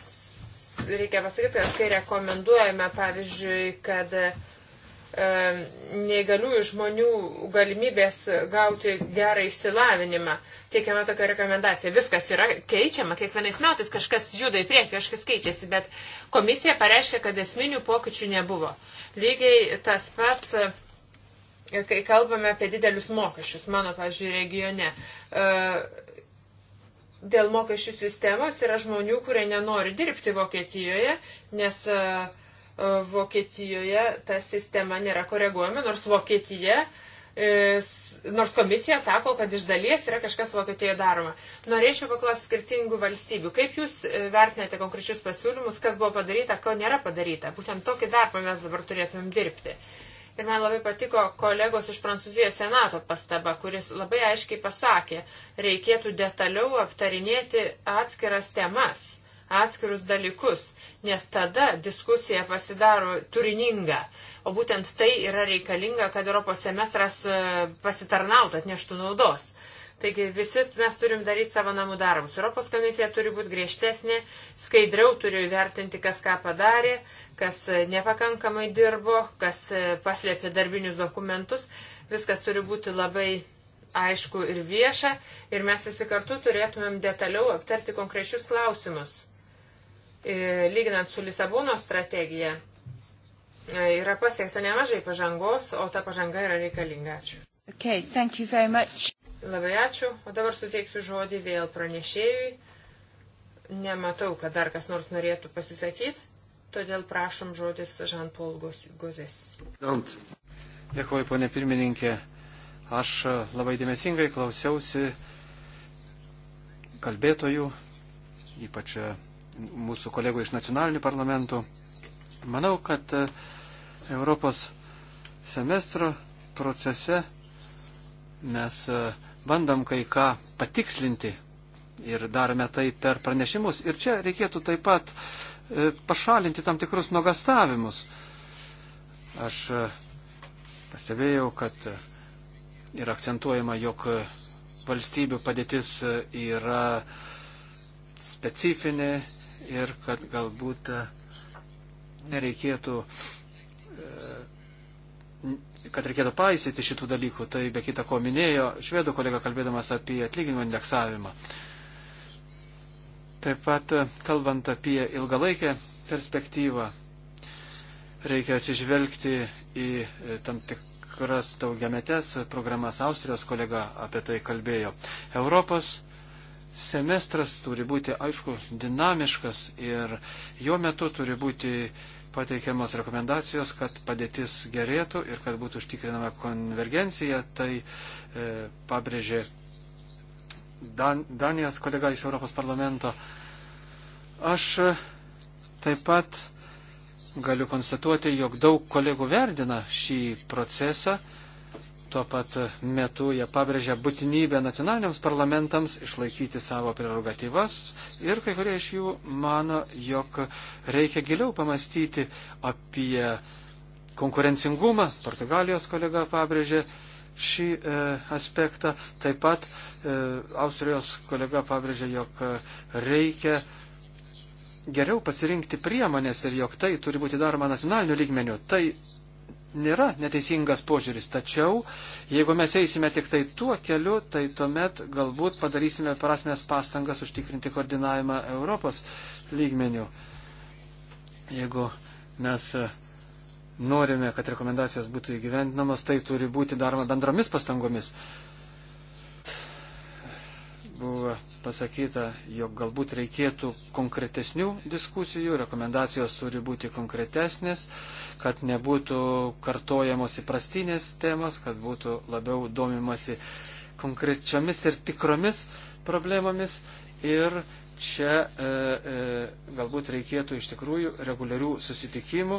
reikia pasakyti, kad kai rekomenduojame, pavyzdžiui, kad e, neįgaliųjų žmonių galimybės gauti gerą išsilavinimą, teikiama tokia rekomendacija. Viskas yra keičiama, kiekvienais metais kažkas juda į priekį, kažkas keičiasi, bet komisija pareiškia, kad esminių pokyčių nebuvo. Lygiai tas pats. E, kai kalbame apie didelius mokesčius, mano, pažiūrėjau, regione, e, dėl mokesčių sistemos yra žmonių, kurie nenori dirbti Vokietijoje, nes e, e, Vokietijoje ta sistema nėra koreguojama, nors Vokietija, e, nors komisija sako, kad iš dalies yra kažkas Vokietijoje daroma. Norėčiau paklausti skirtingų valstybių. Kaip Jūs vertinate konkrečius pasiūlymus, kas buvo padaryta, ko nėra padaryta? Būtent tokį darbą mes dabar turėtumėm dirbti. Ir man labai patiko kolegos iš Prancūzijos Senato pastaba, kuris labai aiškiai pasakė, reikėtų detaliau aptarinėti atskiras temas, atskirus dalykus, nes tada diskusija pasidaro turininga. O būtent tai yra reikalinga, kad Europos semestras e, pasitarnautų, atneštų naudos. Taigi visi mes turim daryti savo namų darbus. Europos komisija turi būti griežtesnė, skaidriau turi vertinti, kas ką padarė, kas e, nepakankamai dirbo, kas e, paslėpė darbinius dokumentus. Viskas turi būti labai aišku ir vieša ir mes visi kartu turėtumėm detaliau aptarti konkrečius klausimus. E, lyginant su Lisabono strategija, yra pasiekta nemažai pažangos, o ta pažanga yra reikalinga. Ačiū. Okay, thank you very much. Labai ačiū. O dabar suteiksiu žodį vėl pranešėjui. Nematau, kad dar kas nors norėtų pasisakyti. Todėl prašom žodis Žan-Paul Gozės. Dėkuoju, ponė pirmininkė. Aš e, labai dėmesingai klausiausi kalbėtojų, ypač e, mūsų kolegų iš nacionalinių parlamentų. Manau, kad e, Europos semestro procese mes uh, bandom kai ką patikslinti ir darome tai per pranešimus. Ir čia reikėtų taip pat e, pašalinti tam tikrus nuogastavimus. Aš e, pastebėjau, kad yra e, akcentuojama, jog valstybių padėtis yra specifinė ir kad galbūt nereikėtų kad reikėtų paisyti šitų dalykų. Tai be kita ko minėjo švedų kolega kalbėdamas apie atlyginimo indeksavimą. Taip pat e, kalbant apie ilgalaikę perspektyvą, reikia atsižvelgti į e, tam tikras daugiametes programas. Austrijos kolega apie tai kalbėjo. Europos semestras turi būti, aišku, dinamiškas ir jo metu turi būti pateikiamos rekomendacijos, kad padėtis gerėtų ir kad būtų užtikrinama konvergencija, tai e, pabrėžė Dan, Danijos kolega iš Europos parlamento. Aš e, taip pat galiu konstatuoti, jog daug kolegų verdina šį procesą Tuo pat metu jie pabrėžia būtinybę nacionaliniams parlamentams išlaikyti savo prerogatyvas ir kai kurie iš jų mano, jog reikia giliau pamastyti apie konkurencingumą. Portugalijos kolega pabrėžė šį e, aspektą. Taip pat e, Austrijos kolega pabrėžė, jog reikia geriau pasirinkti priemonės ir jog tai turi būti daroma nacionaliniu lygmeniu. Tai nėra neteisingas požiūris. Tačiau, jeigu mes eisime tik tai tuo keliu, tai tuomet galbūt padarysime prasmės pastangas užtikrinti koordinavimą Europos lygmenių. Jeigu mes e, norime, kad rekomendacijos būtų įgyvendinamos, tai turi būti daroma bendromis pastangomis. Buvo pasakyta, jog galbūt reikėtų konkretesnių diskusijų, rekomendacijos turi būti konkretesnės, kad nebūtų kartojamos įprastinės temos, kad būtų labiau domimasi konkrečiomis ir tikromis problemomis. Ir čia e, e, galbūt reikėtų iš tikrųjų reguliarių susitikimų,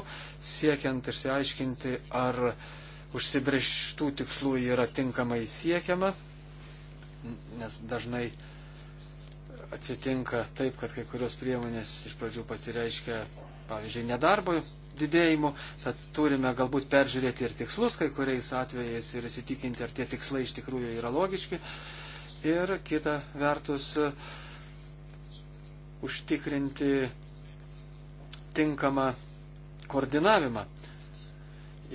siekiant išsiaiškinti, ar užsibrieštų tikslų yra tinkamai siekiama, nes dažnai e, atsitinka taip, kad kai kurios priemonės iš pradžių pasireiškia, pavyzdžiui, nedarbo didėjimu, tad turime galbūt peržiūrėti ir tikslus kai kuriais atvejais ir įsitikinti, ar tie tikslai iš tikrųjų yra logiški. Ir kita vertus, užtikrinti tinkamą koordinavimą.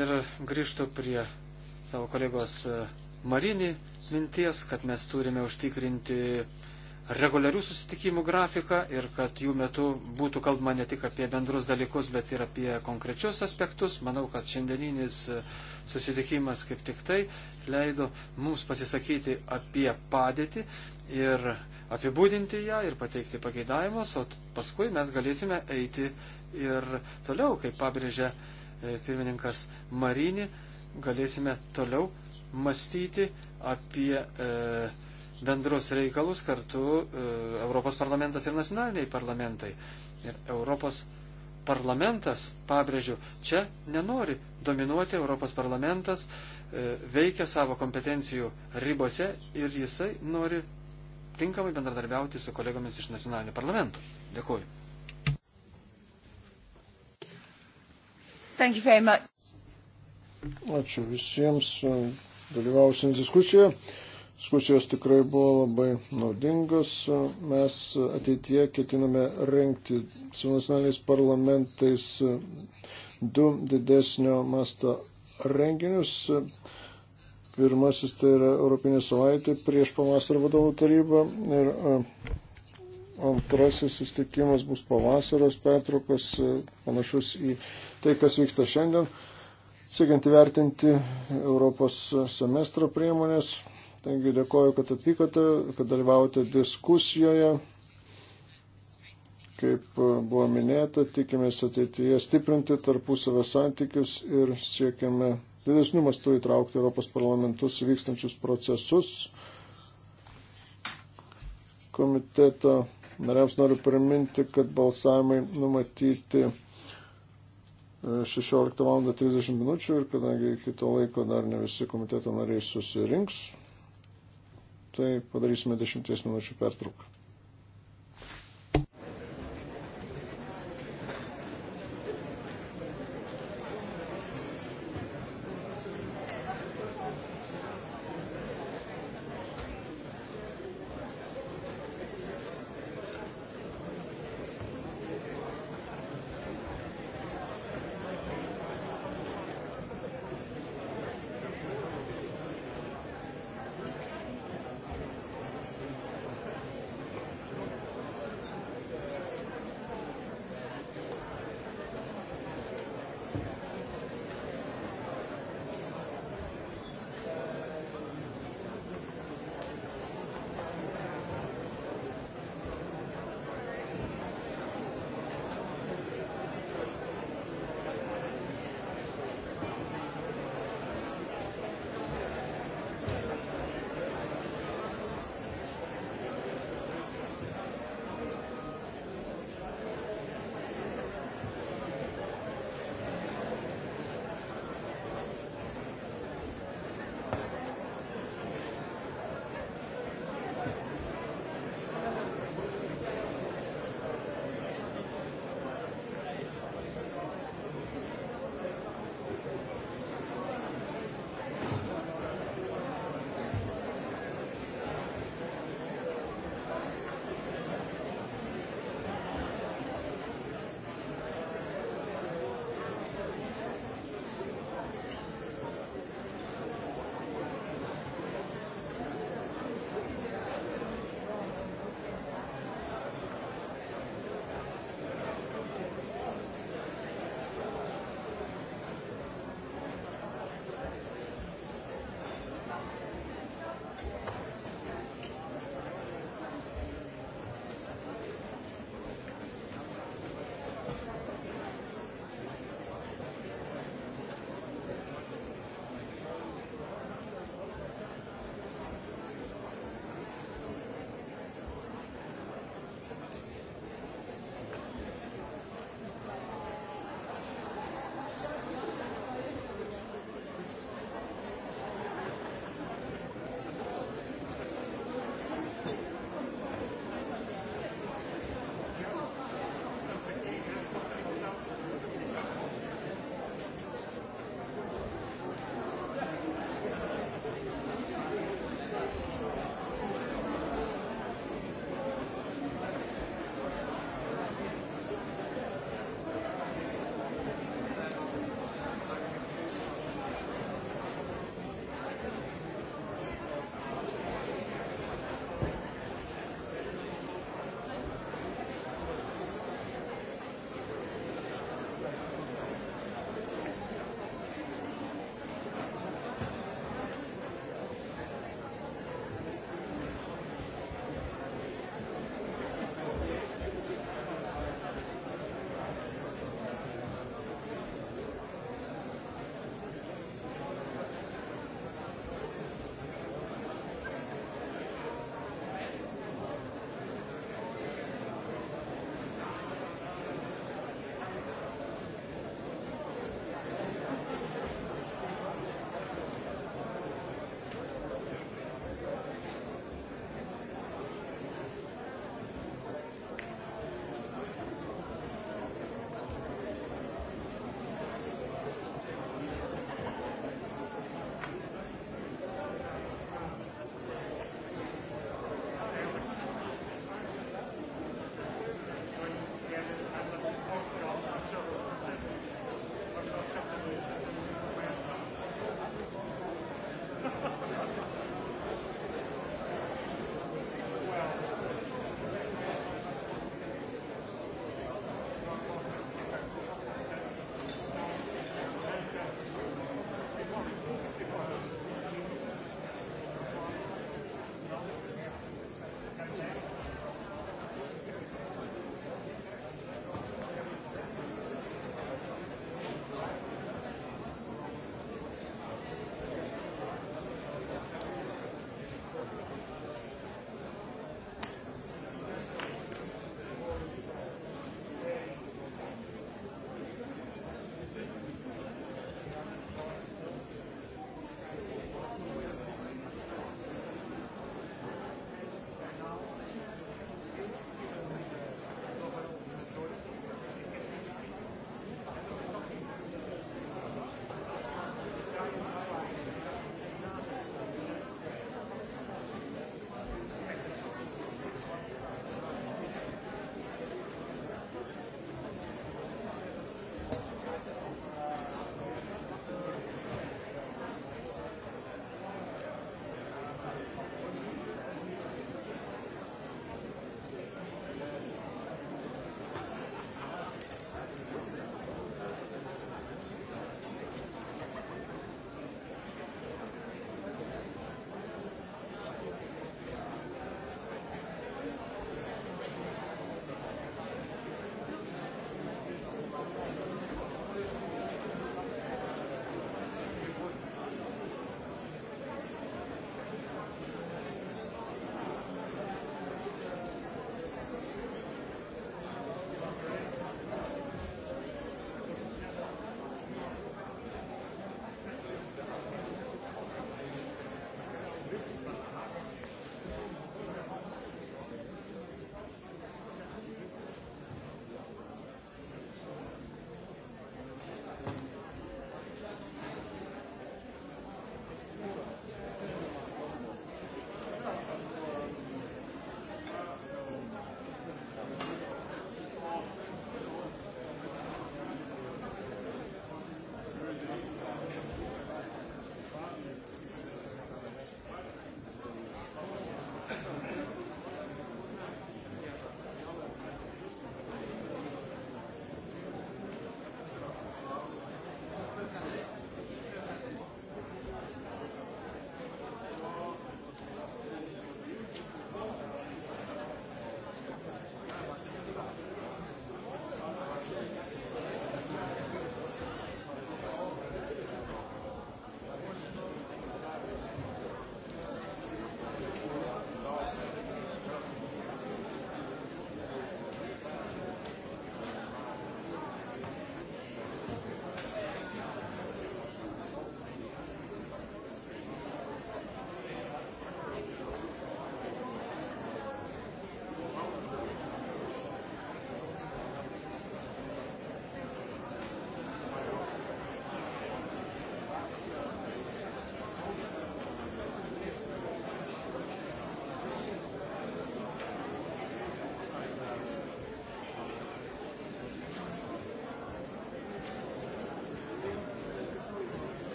Ir grįžtu prie savo kolegos Marinį minties, kad mes turime užtikrinti uh, reguliarių susitikimų grafiką ir kad jų metu būtų kalbama ne tik apie bendrus dalykus, bet ir apie konkrečius aspektus. Manau, kad šiandieninis e, susitikimas kaip tik tai leido mums pasisakyti apie padėtį ir apibūdinti ją ir pateikti pageidavimus, o paskui mes galėsime eiti ir toliau, kaip pabrėžia e, pirmininkas Marinį, galėsime toliau mąstyti apie e, bendrus reikalus kartu e, Europos parlamentas ir nacionaliniai parlamentai. Ir Europos parlamentas, pabrėžiu, čia nenori dominuoti, Europos parlamentas e, veikia savo kompetencijų ribose ir jisai nori tinkamai bendradarbiauti su kolegomis iš nacionalinių parlamentų. Dėkuoju. Thank you very much. Ačiū visiems e, dalyvausiems diskusijoje. Diskusijos tikrai buvo labai naudingos. Mes ateitie ketiname renkti su nacionaliniais parlamentais du didesnio masto renginius. Pirmasis tai yra Europinė savaitė prieš pavasarį vadovų tarybą ir e, antrasis sustikimas bus pavasaros pertraukos, e, panašus į tai, kas vyksta šiandien, siekiant įvertinti Europos semestro priemonės Taigi dėkoju, kad atvykote, kad dalyvaujate diskusijoje. Kaip e, buvo minėta, tikimės ateityje stiprinti tarpusavę santykius ir siekiame didesnių mastų įtraukti Europos parlamentus vykstančius procesus. Komiteto nariams noriu priminti, kad balsavimai numatyti 16 val. 30 min. ir kadangi iki to laiko dar ne visi komiteto nariai susirinks, tai padarysime dešimties minučių pertrauką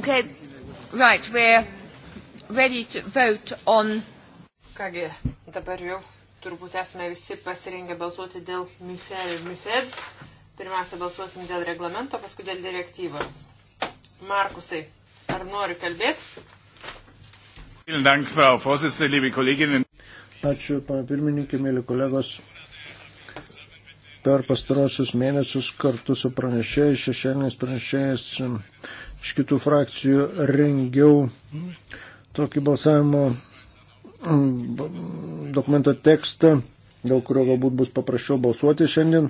Okay, right, we're ready to vote on. Kągi, dabar jau turbūt esame visi pasirengę balsuoti dėl MIFER ir MIFED. Pirmiausia, balsuosim dėl reglamento, paskui dėl direktyvos. Markusai, ar nori kalbėti? Ačiū, pana pirmininkė, mėly kolegos. Per pastarosius mėnesius kartu su pranešėjais, šešėliniais pranešėjais iš kitų frakcijų rengiau tokį balsavimo mm, dokumento tekstą, dėl kurio galbūt bus paprasčiau balsuoti šiandien.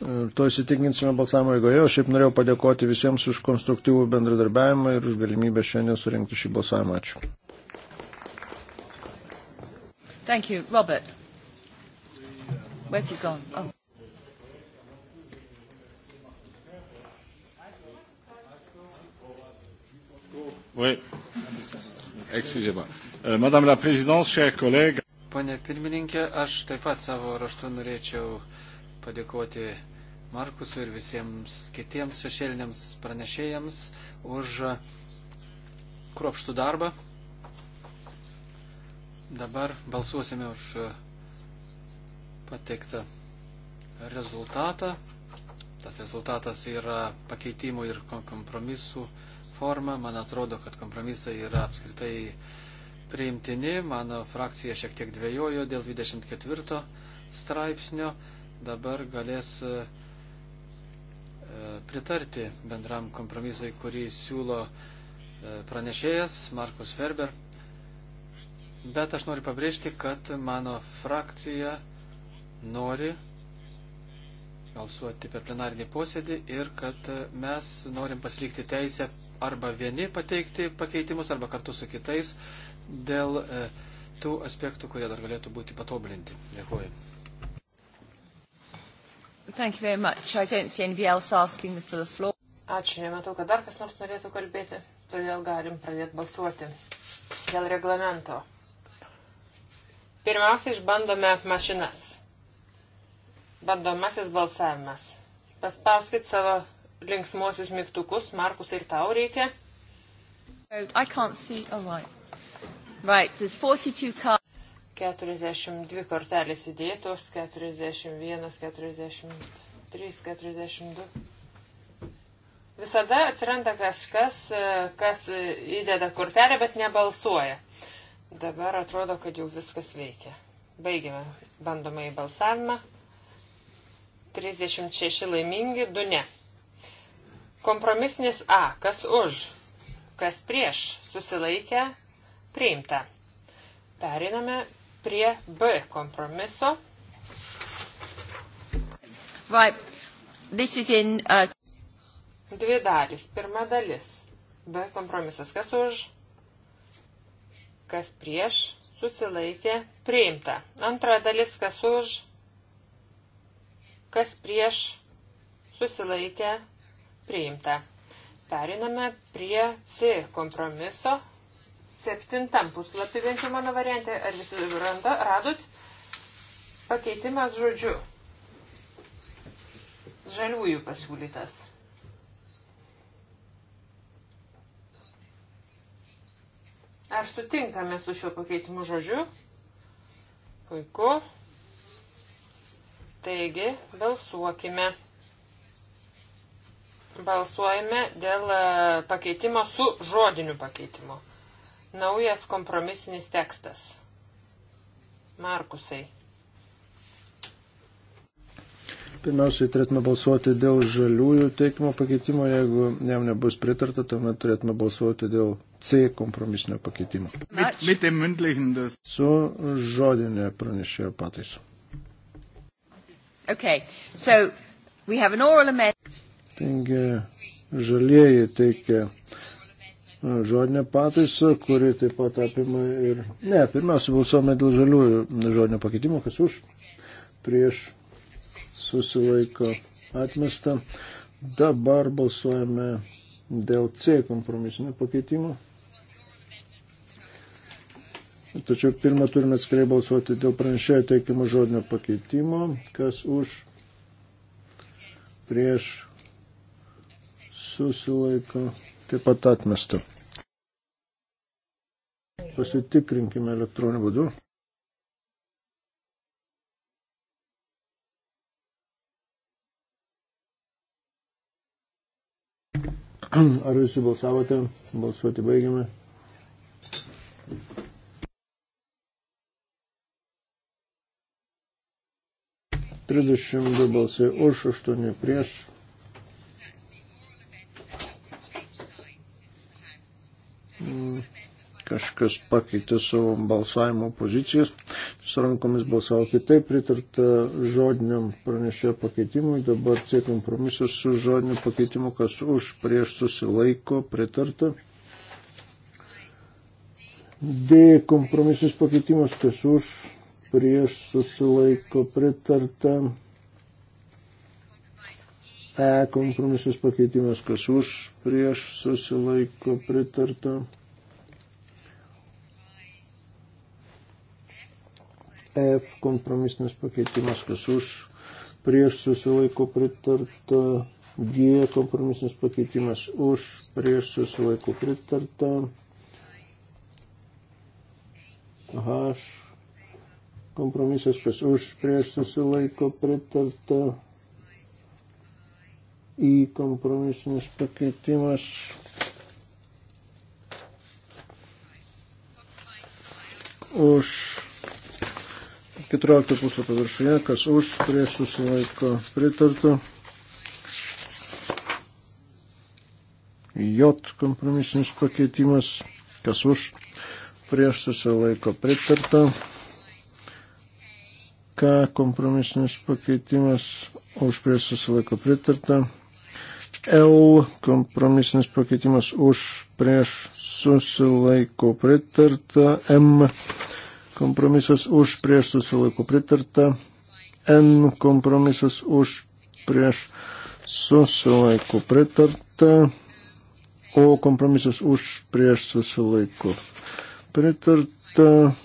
To įsitikinsime balsavimo eigoje. Aš šiaip norėjau padėkoti visiems už konstruktyvų bendradarbiavimą ir už galimybę šiandien surinkti šį balsavimą. Ačiū. Thank you. Robert, where have you gone? Oh. Oui. Excusez-moi. Euh, Madame la Présidente, chers collègues. Pone pirmininkė, aš taip pat savo raštu norėčiau padėkoti Markusui ir visiems kitiems šešėliniams pranešėjams už kruopštų darbą. Dabar balsuosime už pateiktą rezultatą. Tas rezultatas yra pakeitimų ir kompromisų forma. Man atrodo, kad kompromisai yra apskritai priimtini. Mano frakcija šiek tiek dvėjojo dėl 24 straipsnio. Dabar galės e, pritarti bendram kompromisui, kurį siūlo e, pranešėjas Markus Ferber. Bet aš noriu pabrėžti, kad mano frakcija nori balsuoti per plenarinį posėdį ir kad mes norim pasilikti teisę arba vieni pateikti pakeitimus, arba kartu su kitais dėl e, tų aspektų, kurie dar galėtų būti patobulinti. Dėkuoju. Ačiū, nematau, kad dar kas nors norėtų kalbėti, todėl galim pradėti balsuoti dėl reglamento. Pirmiausia, išbandome mašinas. Bandomasis balsavimas. Paspauskit savo linksmuosius mygtukus, Markus ir tau reikia. I can't see. All oh, right. Right, there's 42 cards. 42 kortelės įdėtos, 41, 43, 42. Visada atsiranda kažkas, kas įdeda kortelę, bet nebalsuoja. Dabar atrodo, kad jau viskas veikia. Baigime bandomąjį balsavimą. 36 laimingi, 2 ne. Kompromisnis A. Kas už? Kas prieš? Susilaikę? Priimta. Periname prie B kompromiso. Right. This is in, uh... Dvi dalys. Pirma dalis. B kompromisas. Kas už? Kas prieš? Susilaikė? Priimta. Antra dalis. Kas už? kas prieš susilaikę priimta. Periname prie C kompromiso. Septintam puslapį bent jau mano variantė. Ar visi randa, radot? Pakeitimas žodžiu. Žaliųjų pasiūlytas. Ar sutinkame su šiuo pakeitimu žodžiu? Puiku. Taigi, balsuokime. Balsuojame dėl e, pakeitimo su žodiniu pakeitimu. Naujas kompromisinis tekstas. Markusai. Pirmiausiai turėtume balsuoti dėl žaliųjų teikimo pakeitimo, jeigu jam nebus pritarta, tuomet turėtume balsuoti dėl C kompromisinio pakeitimo. Mit, mit Su žodinė pranešėjo pataisu. Okay. So we have an oral amendment. Taigi, žalieji teikia žodinę pataisą, kuri taip pat apima ir... Ne, pirmiausia, balsuome dėl žaliųjų žodinio pakeitimo, kas už, prieš susilaiko atmestą. Dabar balsuojame dėl C kompromisinio pakeitimo. Tačiau pirmą turime atskirai balsuoti dėl pranešėjo teikimo žodinio pakeitimo, kas už prieš susilaiko taip pat atmesta. Pasitikrinkime elektroniniu būdu. Ar visi balsavote? Balsuoti baigiame. 32 balsai už, 8 prieš. Mm, kažkas pakeitė savo balsavimo pozicijas. Su rankomis balsavo kitaip, pritarta žodiniam pranešėjo pakeitimui. Dabar tiek kompromisas su žodiniu pakeitimu, kas už, prieš susilaiko, pritarta. D kompromisus pakeitimas, kas už, prieš susilaiko pritarta. E kompromisas pakeitimas, kas už prieš susilaiko pritarta. F kompromisinis pakeitimas, kas už prieš susilaiko pritarta. G kompromisinis pakeitimas už prieš susilaiko pritarta. H kompromisas, kas už prieš susilaiko pritarta į kompromisinis pakeitimas. Už 14 puslapio viršuje, kas už prieš susilaiko pritarta. J kompromisinis pakeitimas, kas už prieš susilaiko pritarta. K kompromisinis pakeitimas už prieš susilaiko pritarta. L kompromisinis pakeitimas už prieš susilaiko pritarta. M kompromisas už prieš susilaiko pritarta. N kompromisas už prieš susilaiko pritarta. O kompromisas už prieš susilaiko pritarta.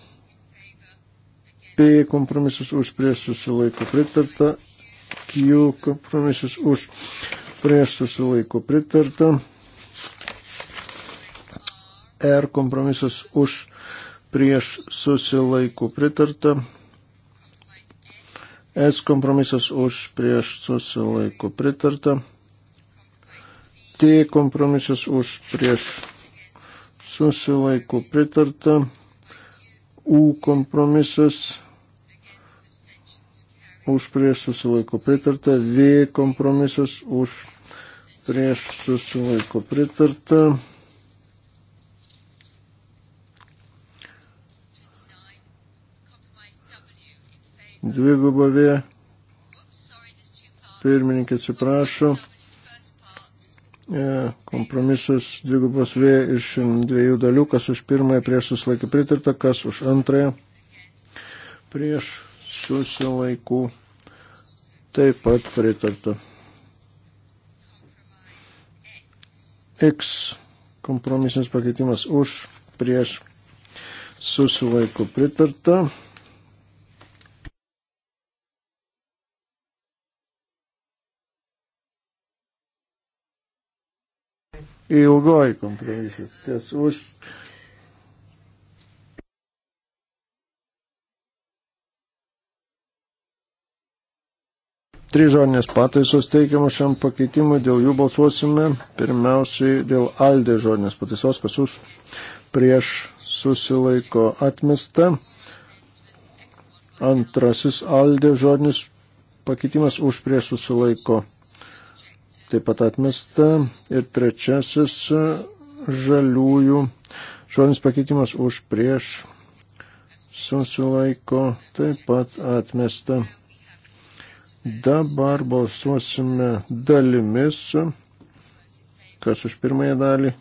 P kompromisas už prieš susilaiko pritarta. Q kompromisas už prieš susilaiko pritarta. R kompromisas už prieš susilaiko pritarta. S kompromisas už prieš susilaiko pritarta. T kompromisas už prieš susilaiko pritarta. U kompromisas už prieš susilaiko pritarta, V kompromisas už prieš susilaiko pritarta. Dvigubą V. Pirmininkė atsiprašo. E, kompromisas dvigubos V iš dviejų dalių, kas už pirmąją prieš susilaikė pritarta, kas už antrąją prieš susilaikų taip pat pritarta. X kompromisinis pakeitimas už prieš susilaikų pritarta. Ilgoji kompromisas, kas už Trys žodinės pataisos teikiamos šiam pakeitimui, dėl jų balsuosime. Pirmiausiai dėl Aldė žodinės pataisos, kas už prieš susilaiko atmesta. Antrasis Aldė žodinis pakeitimas už prieš susilaiko taip pat atmesta. Ir trečiasis žaliųjų žodinis pakeitimas už prieš susilaiko taip pat atmesta. Dabar balsuosime dalimis, kas už pirmąją dalį,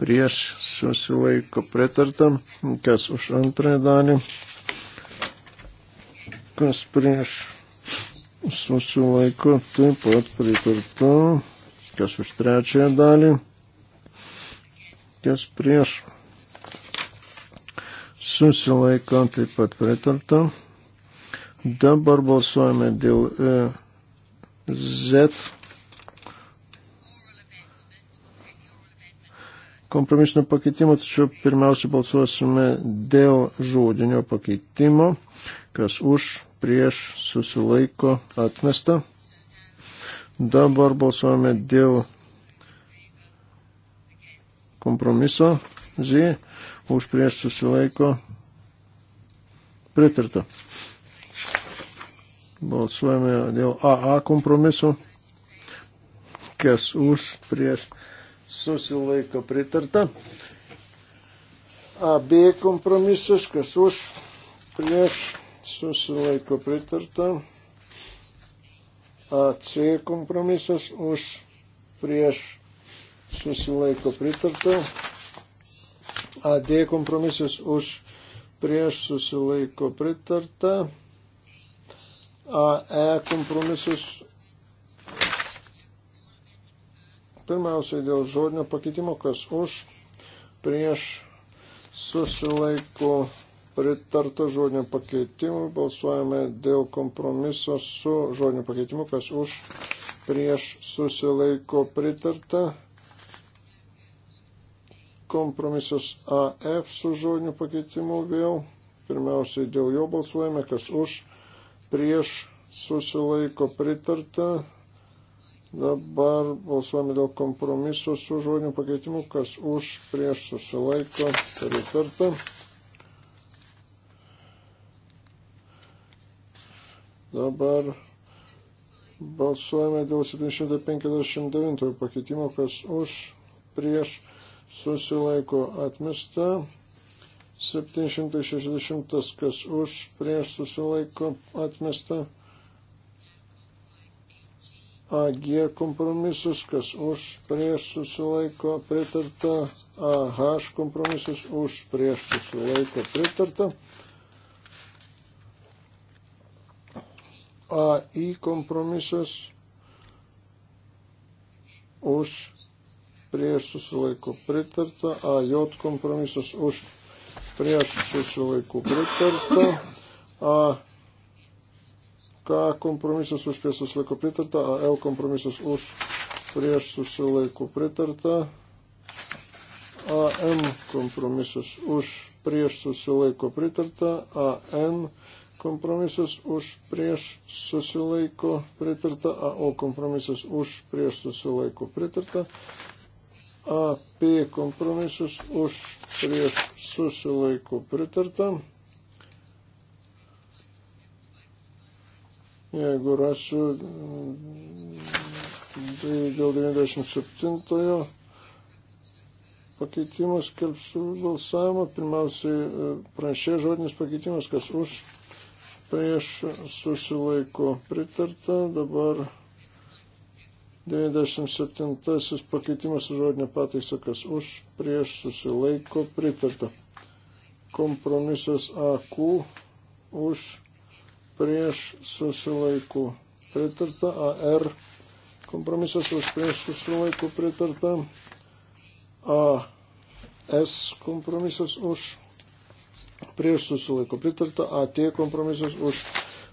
prieš susilaiko pritarta, kas už antrąją dalį, kas prieš susilaiko taip pat pritarta, kas už trečiąją dalį, kas prieš susilaiko taip pat pritarta. Dabar balsuojame dėl e, Z kompromisinio pakeitimo, tačiau pirmiausia balsuosime dėl žodinio pakeitimo, kas už, prieš, susilaiko, atmesta. Dabar balsuojame dėl kompromiso Z, už, prieš, susilaiko, pritarta. Balsuojame dėl AA kompromiso. Kas už prieš susilaiko pritarta. AB kompromisas, kas už prieš susilaiko pritarta. AC kompromisas už prieš susilaiko pritarta. AD kompromisas už prieš susilaiko pritarta. AE kompromisus. Pirmiausiai dėl žodinio pakeitimo, kas už, prieš susilaiko pritarta žodinio pakeitimu, balsuojame dėl kompromiso su žodiniu pakeitimu, kas už, prieš susilaiko pritarta. Kompromisas AF su žodiniu pakeitimu vėl. Pirmiausiai dėl jo balsuojame, kas už prieš susilaiko pritarta. Dabar balsuojame dėl kompromiso su žodiniu pakeitimu, kas už prieš susilaiko pritarta. Dabar balsuojame dėl 759 pakeitimo, kas už prieš susilaiko atmesta. 760, kas už, prieš susilaiko atmesta. AG kompromisas, kas už, prieš susilaiko pritarta. AH kompromisas, už, prieš susilaiko pritarta. AI kompromisas, už, prieš susilaiko pritarta. AJ kompromisas, už, prieš susilaikų pritarta. A, K kompromisas už prieš susilaikų pritarta. A, L kompromisas už prieš susilaikų pritarta. A, M kompromisas už prieš susilaiko pritarta. A, N kompromisas už prieš susilaiko pritarta. A, O kompromisas už prieš susilaiko pritarta. AP kompromisus už prieš susilaiko pritarta. Jeigu rasiu, tai dėl 97-ojo pakeitimo skelbsiu balsavimą. Pirmiausiai e, pranešė žodinis pakeitimas, kas už prieš susilaiko pritarta. Dabar 97 pakeitimas žodinė pataisa, kas už, prieš susilaiko pritarta. Kompromisas AQ už, prieš susilaiko pritarta. AR kompromisas už, prieš susilaiko pritarta. AS kompromisas už, prieš susilaiko pritarta. AT kompromisas už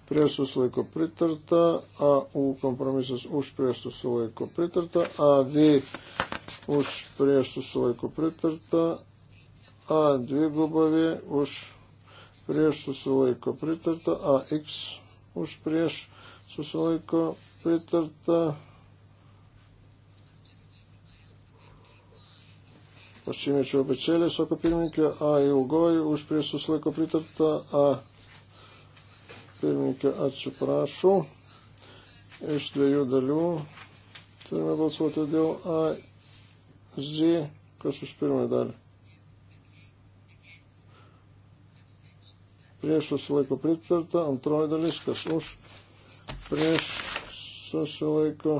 prieš susilaiko pritarta, AU kompromisas už prieš susilaiko pritarta, AV už prieš susilaiko pritarta, A2 globavė už prieš susilaiko pritarta, AX už prieš susilaiko pritarta. Pasimečiau abecelės, sako pirmininkė, A ilgoji už prieš susilaiko pritarta, A pirmininkė, atsiprašau. Iš dviejų dalių turime balsuoti dėl A, Z, kas už pirmąją dalį. Prieš susilaiko pritarta, antroji dalis, kas už. Prieš susilaiko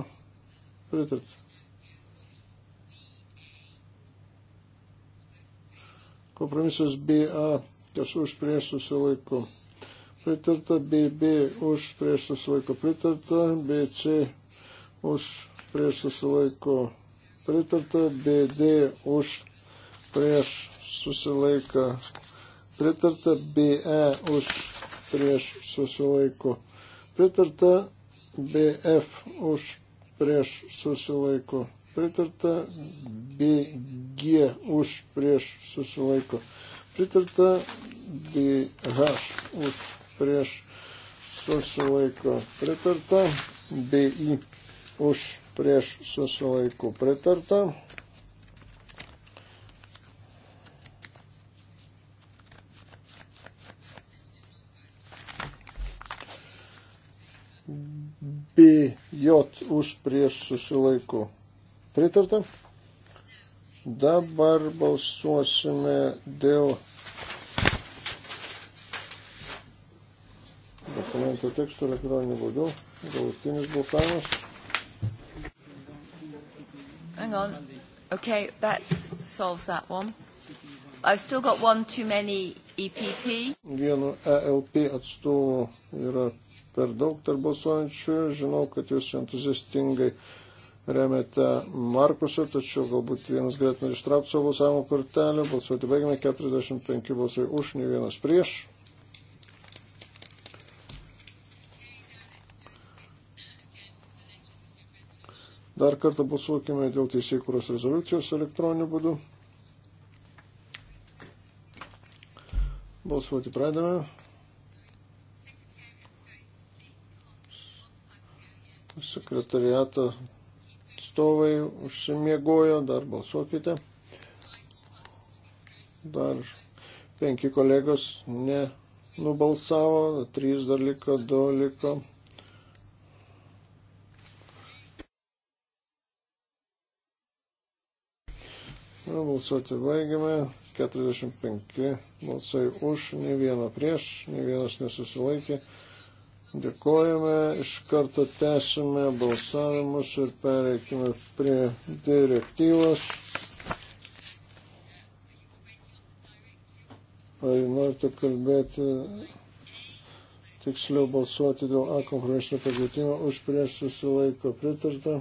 pritarta. Kompromisas BA, kas už prieš susilaiko pritarta pritarta, BB už prieš susilaiko pritarta, BC už prieš susilaiko pritarta, BD už prieš susilaiką pritarta, BE už prieš susilaiko pritarta, BF e už prieš susilaiko pritarta, BG už prieš susilaiko pritarta, BH už prieš susilaiko pritarta, BI už prieš susilaiko pritarta. BJ už prieš susilaiko pritarta. Dabar balsuosime dėl dokumento teksto elektroniniu būdu. Galutinis balsavimas. Hang on. Okay, that solves that one. I've still got one too many EPP. Vienu ELP atstovu yra per daug tarp balsuojančių. Žinau, kad jūs entuziastingai remiate Markusą, tačiau galbūt vienas galėtume ištraukti savo balsavimo kortelę. Balsuoti baigime 45 balsai už, ne vienas prieš. Dar kartą balsuokime dėl teisėkūros rezoliucijos elektroniniu būdu. Balsuoti pradame. Sekretariato atstovai užsimiegojo, dar balsuokite. Dar penki kolegos nenubalsavo, trys dar liko, du liko. balsuoti baigiame. 45 balsai už, nei vieno prieš, nei vienas nesusilaikė. Dėkojame, iš karto tęsime balsavimus ir pereikime prie direktyvos. Ar norite kalbėti, tiksliau balsuoti dėl A kompromisinio pakeitimo už prieš susilaiko pritarta?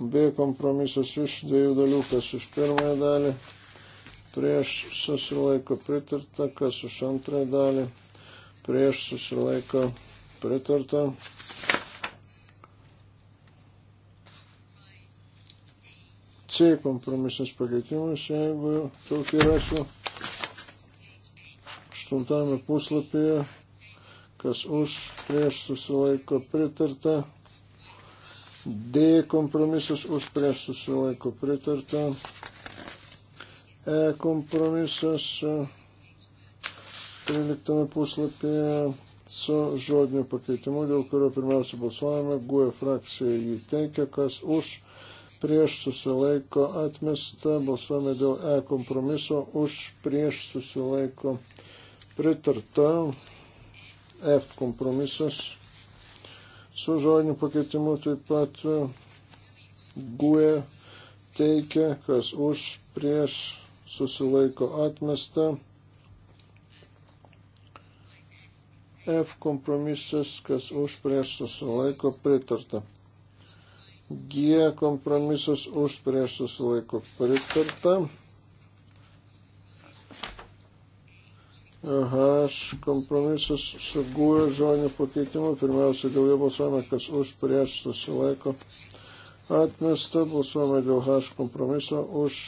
B kompromisas iš dviejų dalių, kas už pirmąją dalį, prieš susilaiko pritarta, kas už antrąją dalį, prieš susilaiko pritarta. C kompromisas pakeitimas, jeigu tokį rašau, aštuntame puslapyje, kas už prieš susilaiko pritarta. D kompromisas už prieš susilaiko pritarta. E kompromisas 13 e, puslapyje su žodiniu pakeitimu, dėl kurio pirmiausia balsuojame. GUE frakcija jį teikia, kas už prieš susilaiko atmesta. Balsuojame dėl E kompromiso už prieš susilaiko pritarta. F kompromisas su žodiniu pakeitimu taip pat e, GUE teikia, kas už, prieš, susilaiko atmesta. F kompromisas, kas už, prieš, susilaiko pritarta. G kompromisas už, prieš, susilaiko pritarta. H kompromisas su GUE žodiniu pakeitimu. Pirmiausia, dėl jo balsuojame, kas už prieš susilaiko. Atmesta, balsuojame dėl H kompromiso už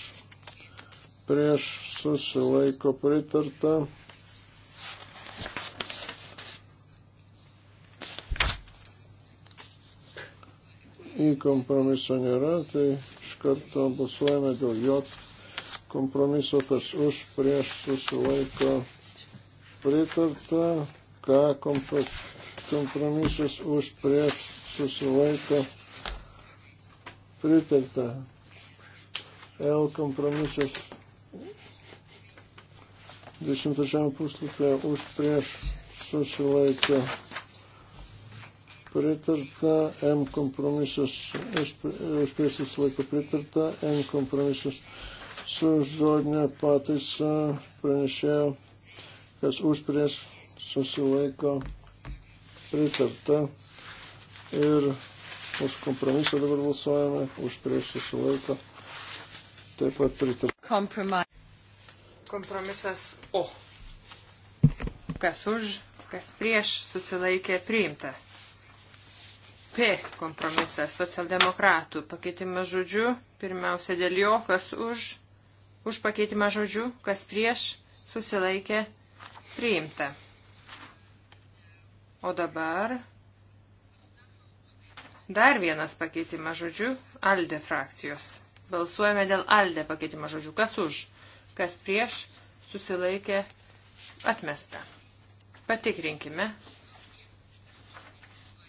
prieš susilaiko pritarta. į kompromiso nėra, tai iš karto balsuojame dėl jo kompromiso, kas už prieš susilaiko pritarta, ką kompromisas už prieš susilaiko pritarta. L kompromisas 26 puslapė už prieš susilaiko pritarta, M kompromisas už prieš susilaiko pritarta, N kompromisas su žodinė pataisa pranešėjo kas už prieš susilaiko pritarta. Ir už kompromisą dabar balsuojame, už prieš susilaiko taip pat pritarta. Kompromis. Kompromisas O. Kas už, kas prieš susilaikė priimta. P kompromisas socialdemokratų pakeitimą žodžiu, pirmiausia dėl jo, kas už, už pakeitimą žodžiu, kas prieš, susilaikė, Priimta. O dabar dar vienas pakeitimas žodžiu Alde frakcijos. Balsuojame dėl Alde pakeitimo žodžių. Kas už, kas prieš, susilaikė, atmesta. Patikrinkime.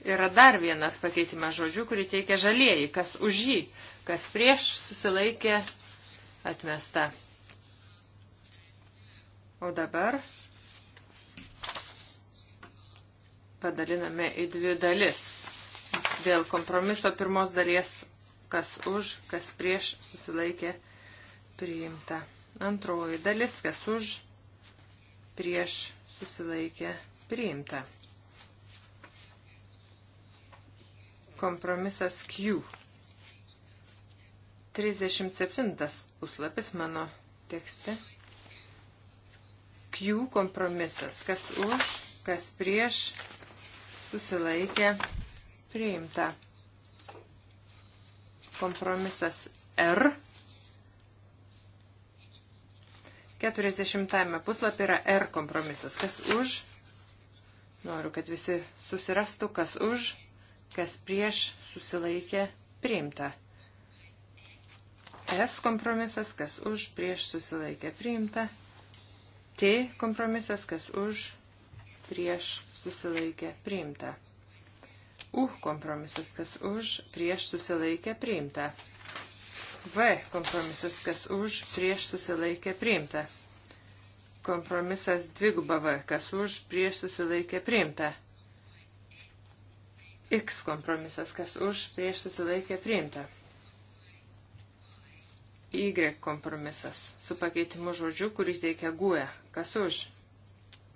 Yra dar vienas pakeitimas žodžių, kurį teikia žalieji. Kas už jį, kas prieš, susilaikė, atmesta. O dabar padaliname į dvi dalis. Dėl kompromiso pirmos dalies, kas už, kas prieš susilaikė priimta. Antroji dalis, kas už, prieš susilaikė priimta. Kompromisas Q. 37 puslapis mano tekste. Q kompromisas. Kas už, kas prieš susilaikė priimta. Kompromisas R. 40 puslapį yra R kompromisas. Kas už? Noriu, kad visi susirastų, kas už, kas prieš susilaikė priimta. S kompromisas, kas už, prieš susilaikė priimta. T kompromisas, kas už, prieš susilaikė priimta. U kompromisas, kas už, prieš susilaikė priimta. V kompromisas, kas už, prieš susilaikė priimta. Kompromisas dviguba V, kas už, prieš susilaikė priimta. X kompromisas, kas už, prieš susilaikė priimta. Y kompromisas su pakeitimu žodžiu, kuris teikia guė, e, kas už,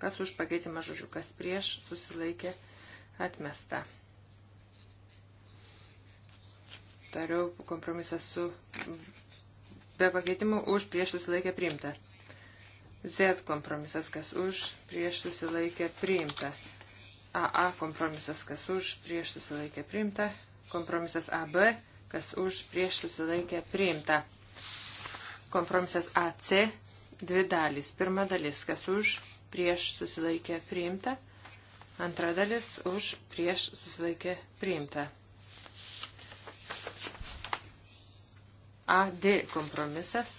Kas už pakeitimą žodžiu, kas prieš susilaikė atmesta. Tariau kompromisas su be pakeitimų už prieš susilaikę priimta. Z kompromisas, kas už prieš susilaikę priimta. AA kompromisas, kas už prieš susilaikę priimta. Kompromisas AB, kas už prieš susilaikę priimta. Kompromisas AC, dvi dalys. Pirma dalis, kas už prieš susilaikė priimta. Antra dalis už prieš susilaikė priimta. AD kompromisas.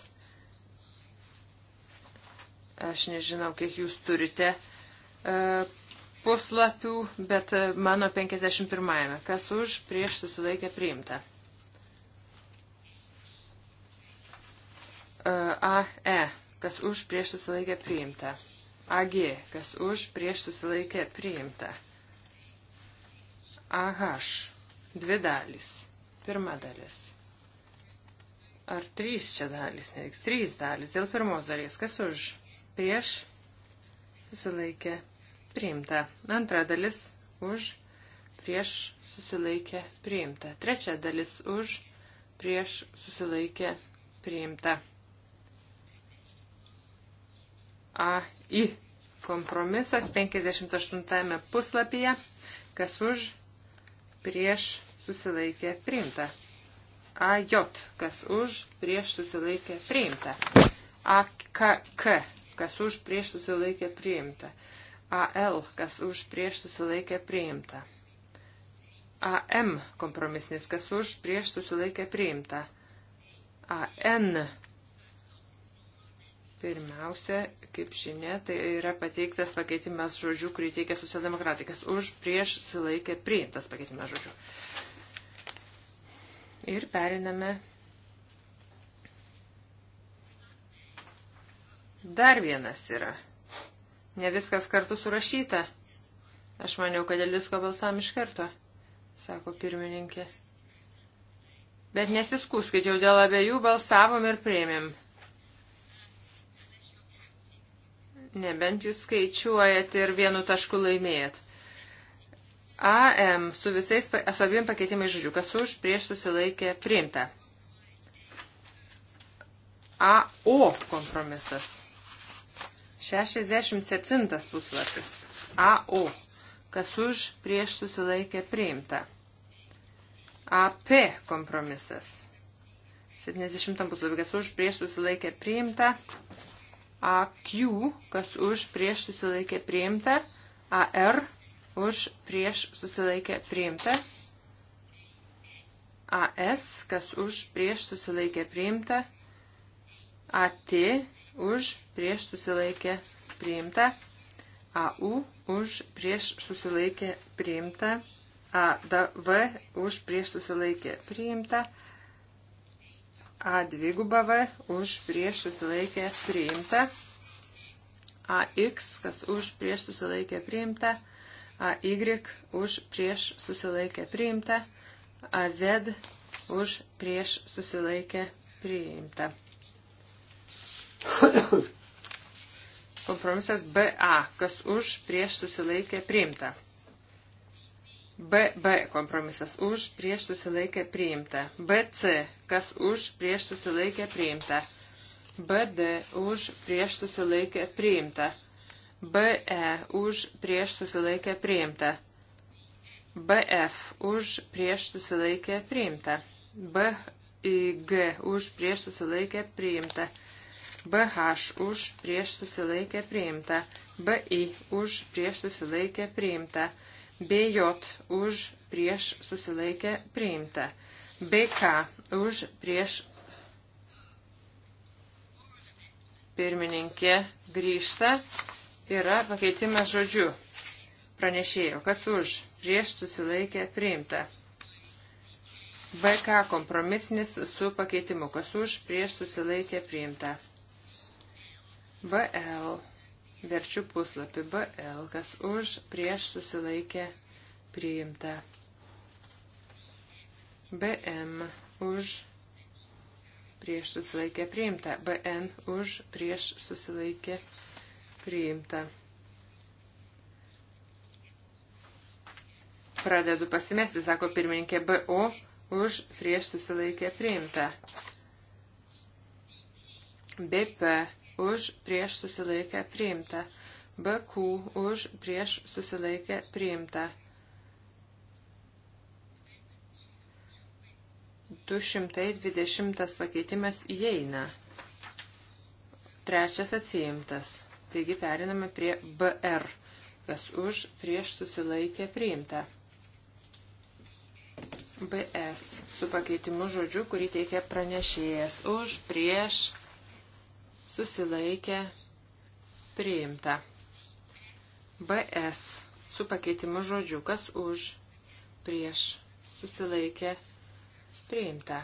Aš nežinau, kiek jūs turite e, puslapių, bet e, mano 51-ame. Kas už prieš susilaikė priimta. E, AE. Kas už prieš susilaikė priimta. AG, kas už, prieš susilaikė priimta. AH, dvi dalys. Pirma dalis. Ar trys čia dalys, ne tik trys dalys, dėl pirmos dalies, kas už, prieš susilaikė priimta. Antra dalis už, prieš susilaikė priimta. Trečia dalis už, prieš susilaikė priimta. A, į kompromisas 58 puslapyje, kas už prieš susilaikė priimta. AJ, kas už prieš susilaikė priimta. AKK, kas už prieš susilaikė priimta. AL, kas už prieš susilaikė priimta. AM kompromisnis, kas už prieš susilaikė priimta. AN Pirmiausia, kaip žinia, tai yra pateiktas pakeitimas žodžių, kurį teikia socialdemokratai, kas už prieš sulaikė priimtas pakeitimas žodžių. Ir periname Dar vienas yra. Ne viskas kartu surašyta. Aš maniau, kad dėl visko balsam iš karto, sako pirmininkė. Bet nesiskūskit, jau dėl abiejų balsavom ir prieimėm. Nebent jūs skaičiuojat ir vienu tašku laimėjat. AM su visais, su abiem pakeitimais žodžiu, kas už, prieš susilaikė priimta. AO kompromisas. 67 puslapis. AO. Kas už, prieš susilaikė priimta. AP kompromisas. 70 puslapis. Kas už, prieš susilaikė priimta. AQ, kas už prieš susilaikė priimta, AR už prieš susilaikė priimta, AS, kas už prieš susilaikė priimta, AT už prieš susilaikė priimta, AU už prieš susilaikė priimta, ADV už prieš susilaikė priimta, AD, A2V už prieš susilaikę priimta. AX, kas už prieš susilaikę priimta. AY už prieš susilaikę priimta. AZ už prieš susilaikę priimta. Kompromisas BA, kas už prieš susilaikę priimta. BB kompromisas už prieš susilaikę priimta. BC kas už prieš susilaikę priimta. BD už prieš susilaikę priimta. BE už prieš susilaikę priimta. BF už prieš susilaikę priimta. BIG už prieš susilaikę priimta. BH už prieš susilaikę priimta. BI už prieš susilaikę priimta. BJ už prieš susilaikę priimta. BK už prieš pirmininkė grįžta yra pakeitimas žodžiu pranešėjo, kas už prieš susilaikę priimta. BK kompromisnis su pakeitimu, kas už prieš susilaikę priimta. BL. Verčiu puslapį BL, kas už prieš susilaikę priimta. BM už prieš susilaikę priimta. BN už prieš susilaikę priimta. Pradedu pasimesti, sako pirmininkė BO, už prieš susilaikę priimta. BP už prieš susilaikę priimta. BQ už prieš susilaikę priimta. 220 pakeitimas įeina. Trečias atsiimtas. Taigi periname prie BR, kas už prieš susilaikę priimta. BS su pakeitimu žodžiu, kurį teikia pranešėjas. Už prieš susilaikę priimta. BS su pakeitimu žodžiu, kas už prieš susilaikę priimta priimta.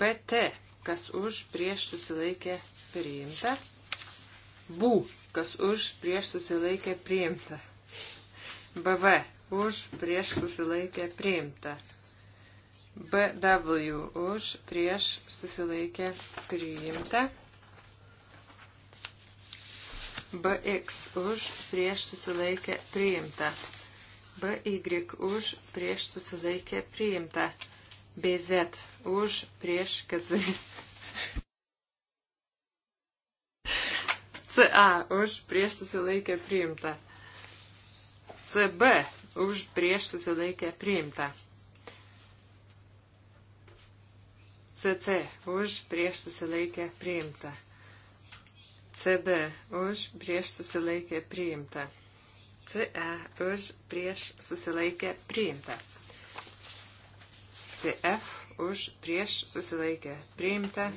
BT, kas už prieš susilaikė priimta. BU, kas už prieš susilaikė priimta. BV, už prieš susilaikė priimta. BW, už prieš susilaikė priimta. BX, už prieš susilaikė priimta. BY už prieš susilaikė priimta. BZ už prieš keturis. CA už prieš susilaikę priimta. CB už prieš susilaikę priimta. CC už prieš susilaikę priimta. CD už prieš susilaikę priimta. CE už prieš susilaikę priimta. CF už prieš susilaikę priimta.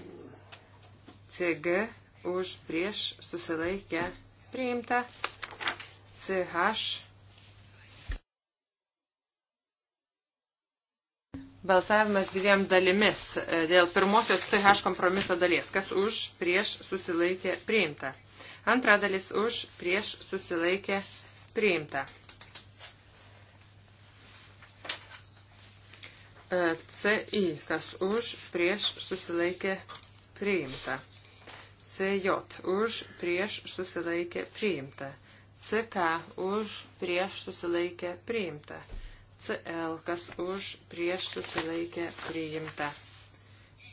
CG už prieš susilaikę priimta. CH. Balsavimas dviem dalimis e, dėl pirmosios CH kompromiso dalies, kas už prieš susilaikė priimta. Antra dalis už prieš susilaikė priimta Priimta. E, CI, kas už, prieš susilaikė priimta. CJ, už, prieš susilaikė priimta. CK, už, prieš susilaikė priimta. CL, kas už, prieš susilaikė priimta.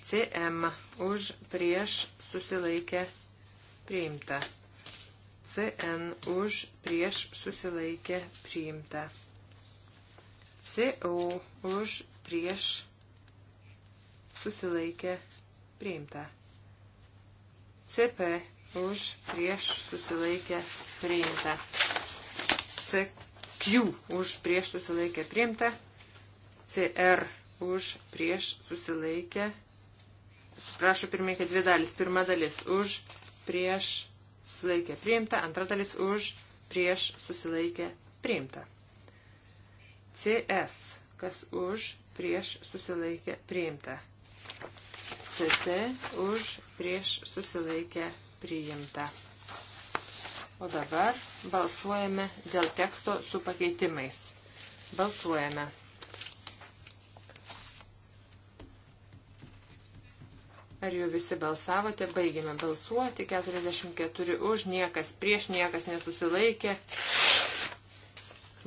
CM, už, prieš susilaikė priimta. CN už prieš susilaikė priimta. CO už prieš susilaikė priimta. CP už prieš susilaikė priimta. CQ už prieš susilaikė priimta. CR už prieš susilaikė. Atsiprašau, pirmininkė, dvi dalis. Pirma dalis už prieš susilaikė priimta, antra dalis už, prieš susilaikė priimta. CS, kas už, prieš susilaikė priimta. CT, už, prieš susilaikė priimta. O dabar balsuojame dėl teksto su pakeitimais. Balsuojame. Ar jau visi balsavote? Baigėme balsuoti. 44 už, niekas prieš, niekas nesusilaikė.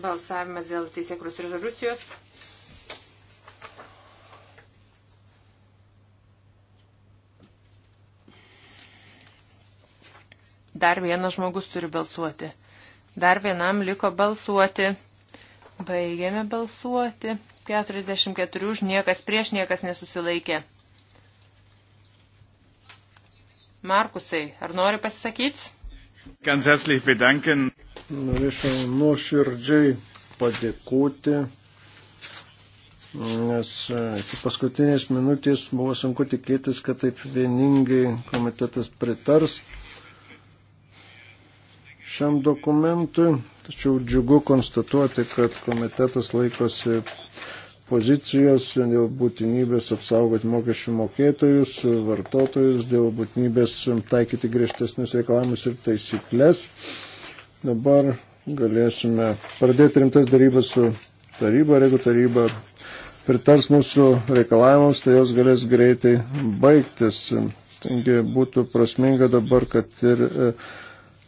Balsavimas dėl teisėkrus rezoliucijos. Dar vienas žmogus turi balsuoti. Dar vienam liko balsuoti. Baigėme balsuoti. 44 už, niekas prieš, niekas nesusilaikė. Markusai, ar nori pasisakyti? Ganz herzlich bedanken. Norėčiau nuoširdžiai padėkoti, nes e, iki paskutinės minutės buvo sunku tikėtis, kad taip vieningai komitetas pritars šiam dokumentui, tačiau džiugu konstatuoti, kad komitetas laikosi pozicijos dėl būtinybės apsaugoti mokesčių mokėtojus, vartotojus, dėl būtinybės taikyti griežtesnius reikalavimus ir taisyklės. Dabar galėsime pradėti rimtas darybas su taryba ir jeigu taryba pritars mūsų reikalavimams, tai jos galės greitai baigtis. Taigi būtų prasminga dabar, kad ir e,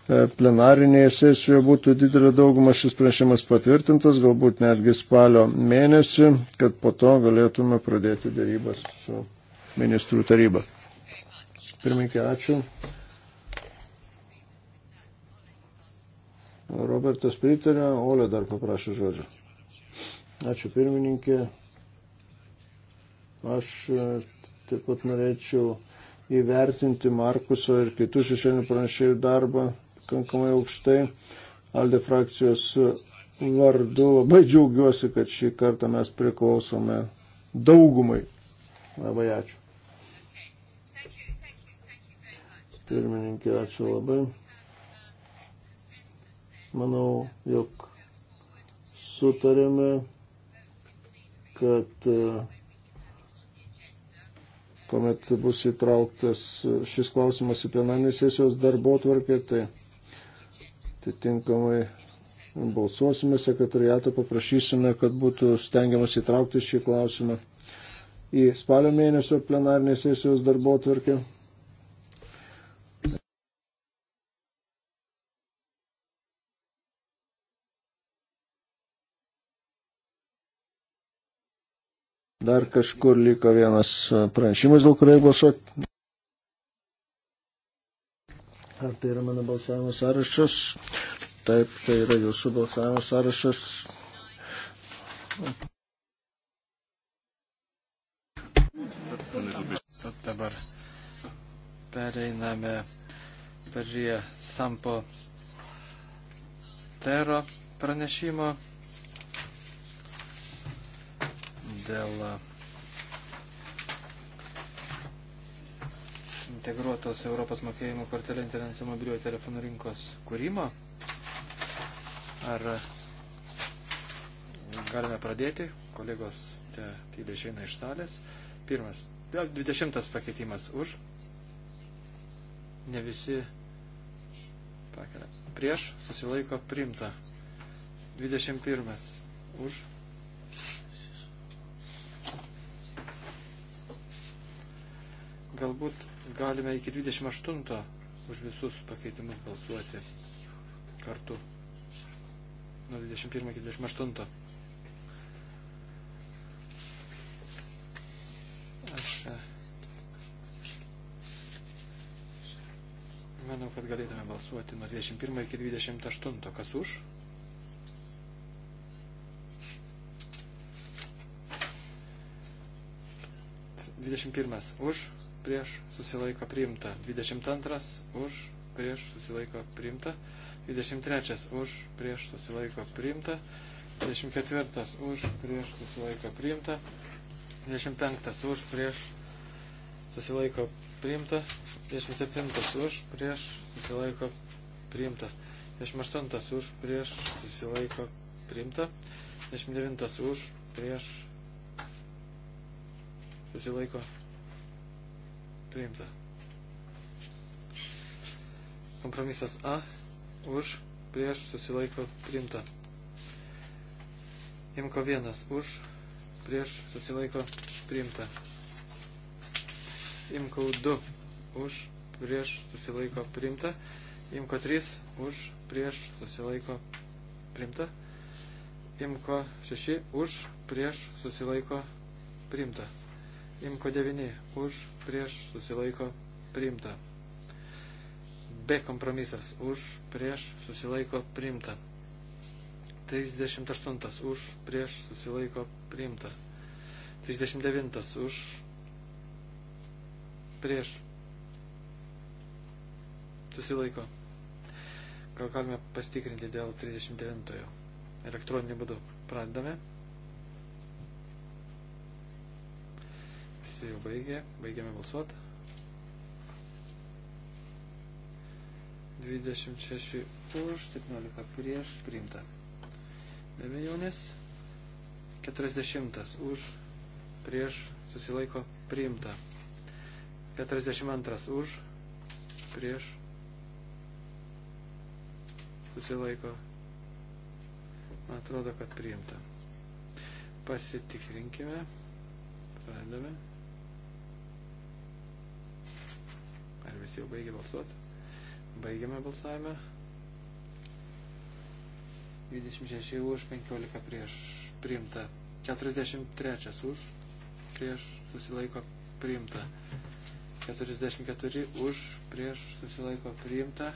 E, plenarinėje sesijoje būtų didelė dauguma šis pranešimas patvirtintas, galbūt netgi spalio mėnesį, kad po to galėtume pradėti dėrybas su ministrų taryba. Pirmininkė, ačiū. Robertas pritarė, Olė dar paprašė žodžio. Ačiū pirmininkė. Aš e, taip pat norėčiau įvertinti Markuso ir kitų šešėlinių pranešėjų darbą pakankamai aukštai. Alde frakcijos vardu labai džiaugiuosi, kad šį kartą mes priklausome daugumai. Labai ačiū. Pirmininkė, ačiū labai. Manau, jog sutarėme, kad kuomet bus įtrauktas šis klausimas į plenarinės sesijos darbo tvarkė, tai Atitinkamai balsuosime sekretariato, paprašysime, kad būtų stengiamas įtraukti šį klausimą į spalio mėnesio plenarinės sesijos darbo atvarkę. Dar kažkur liko vienas pranešimas, dėl kurio balsuoti. Ar tai yra mano balsavimo sąrašas? Taip, tai yra jūsų balsavimo sąrašas. Tad dabar pereiname prie Sampo Tero pranešimo dėl integruotos Europos mokėjimo kortelė interneto mobiliojo telefonų rinkos kūrimo. Ar galime pradėti? Kolegos tyliai išeina iš salės. Pirmas. 20 pakeitimas už. Ne visi pakelia. Prieš susilaiko primta. 21 už. Galbūt galime iki 28 už visus pakeitimus balsuoti kartu. Nuo 21 iki 28. Aš e, manau, kad galėtume balsuoti nuo 21 iki 28. Kas už? Dvidešimt pirmas už prieš susilaiko priimta. 22 už prieš susilaiko priimta. 23 už prieš susilaiko priimta. 24 už prieš susilaiko priimta. 25 už prieš susilaiko priimta. 27 už prieš susilaiko priimta. 28 už prieš susilaiko priimta. 29 už prieš susilaiko priimta priimta. Kompromisas A už prieš susilaiko priimta. Imko 1 už prieš susilaiko priimta. Imko 2 už prieš susilaiko priimta. Imko 3 už prieš susilaiko priimta. Imko 6 už prieš susilaiko priimta. Imko 9 už, prieš, susilaiko, priimta. B kompromisas už, prieš, susilaiko, priimta. 38 už, prieš, susilaiko, priimta. 39 už, prieš, susilaiko. Gal galime pastikrinti dėl 39 elektroniniu būdu. Pradedame. visi jau baigė, baigėme balsuoti. 26 už, 17 prieš, priimta. Be abejonės, 40 už, prieš, susilaiko, priimta. 42 už, prieš, susilaiko, man atrodo, kad priimta. Pasitikrinkime, pradedame. Ar visi jau baigė balsuoti? Baigiame balsavimą. 26 už, 15 prieš priimta. 43 už, prieš susilaiko priimta. 44 už, prieš susilaiko priimta.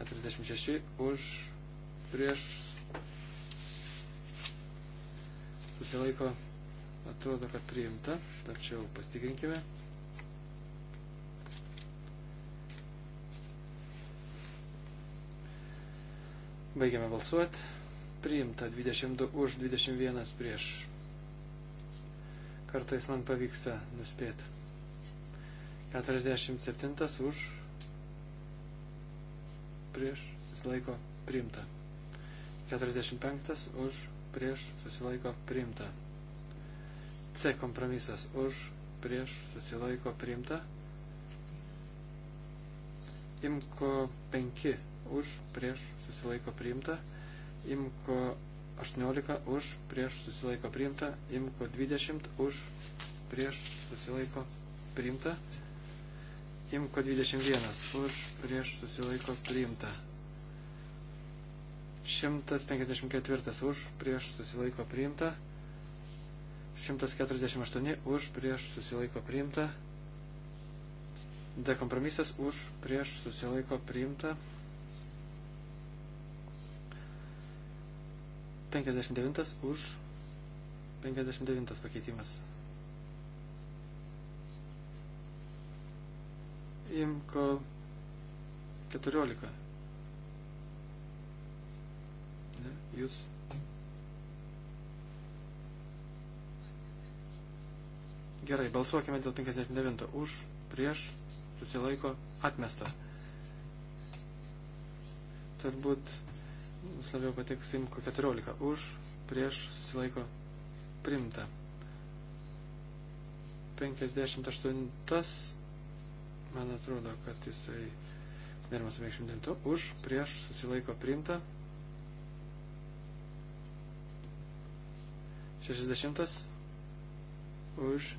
46 už, prieš susilaiko priimta atrodo, kad priimta, tačiau pastikrinkime. Baigiame balsuoti. Priimta 22 už 21 prieš. Kartais man pavyksta nuspėti. 47 už prieš susilaiko priimta. 45 už prieš susilaiko priimta. C kompromisas už prieš susilaiko priimta. Imko 5 už prieš susilaiko priimta, imko 18 už prieš susilaiko priimta, imko 20 už prieš susilaiko priimta, imko 21 už prieš susilaiko priimta. 154 už prieš susilaiko priimta, 148 už prieš susilaiko priimta, dekompromisas už prieš susilaiko priimta. 59 už 59 pakeitimas. Imko 14. Ne, jūs. Gerai, balsuokime dėl 59. Už, prieš, susilaiko, atmesta. Turbūt Jis labiau patiks Imko 14. Už, prieš, susilaiko, primta. 58, man atrodo, kad jisai derimas 59. Už, prieš, susilaiko, primta. 60. Už,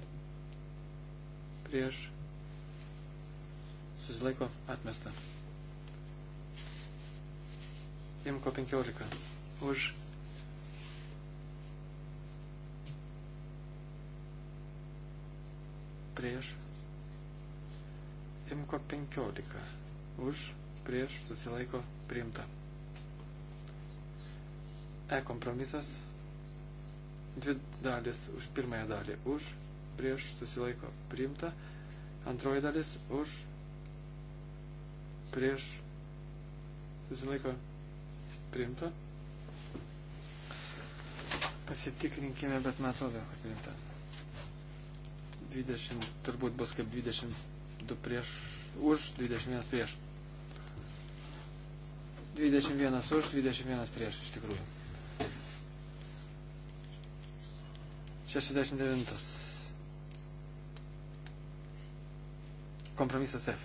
prieš, susilaiko, atmesta. Imko 15. Už. Prieš. Imko 15. Už. Prieš. Susilaiko. Priimta. E kompromisas. Dvi dalis už pirmąją dalį. Už. Prieš. Susilaiko. Priimta. Antroji dalis. Už. Prieš. Susilaiko. Priimta priimta. Pasitikrinkime, bet man atrodo, kad priimta. 20, turbūt bus kaip 22 prieš, už, 21 prieš. 21 už, 21 prieš iš tikrųjų. 69. Kompromisas F.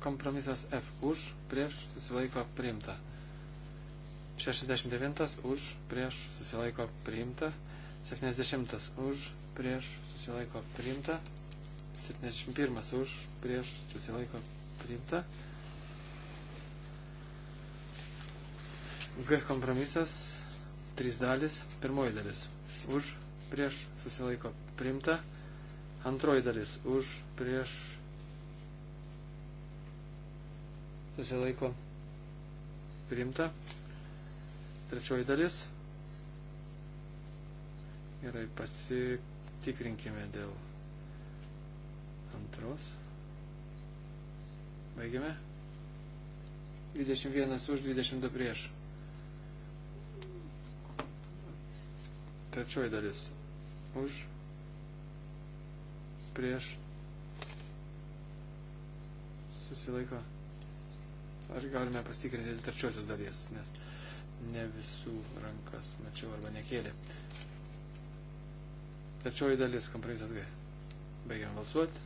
Kompromisas F už, prieš, susilaiko priimta. 69 už, prieš, susilaiko priimta. 70 už, prieš, susilaiko priimta. 71 už, prieš, susilaiko priimta. G kompromisas, 3 dalis, pirmoji dalis. Už, prieš, susilaiko priimta. Antroji dalis, už, prieš, susilaiko priimta. Trečioji dalis. Gerai, pasitikrinkime dėl antros. Baigiame. 21 už 22 prieš. Trečioji dalis. Už. Prieš. Susilaiko ar galime pastikrinti dėl trečiosios dalies, nes ne visų rankas mačiau arba nekėlė. Trečioji dalis kompromisas G. Baigiam balsuoti.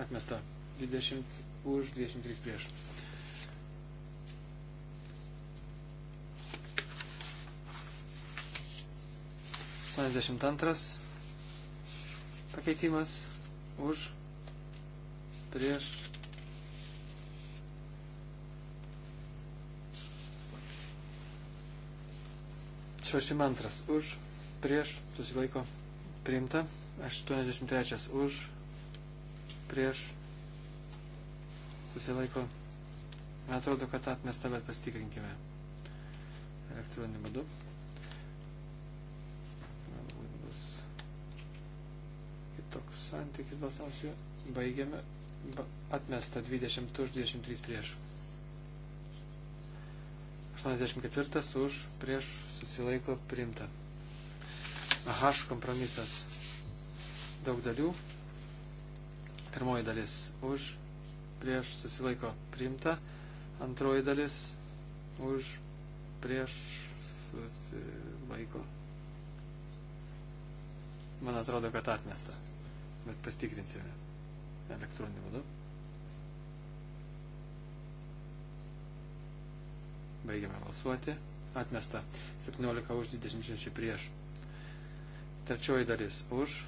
Atmesta 20 už 23 prieš. Aštuoniasdešimt antras pakeitimas už prieš 62 už, prieš, susilaiko, priimta. 83 už, prieš, susilaiko. Man atrodo, kad atmesta, bet pasitikrinkime elektroniniu būdu. Galbūt bus kitoks santykis balsausio. Baigiame. Atmesta 20 už 23 prieš. 84 už prieš susilaiko priimta. H kompromisas. Daug dalių. Pirmoji dalis už prieš susilaiko priimta. Antroji dalis už prieš susilaiko. Man atrodo, kad atmesta. Bet pastikrinsime elektroniniu būdu. Baigiame balsuoti. Atmesta. 17 už 26 prieš. Trečioji dalis už.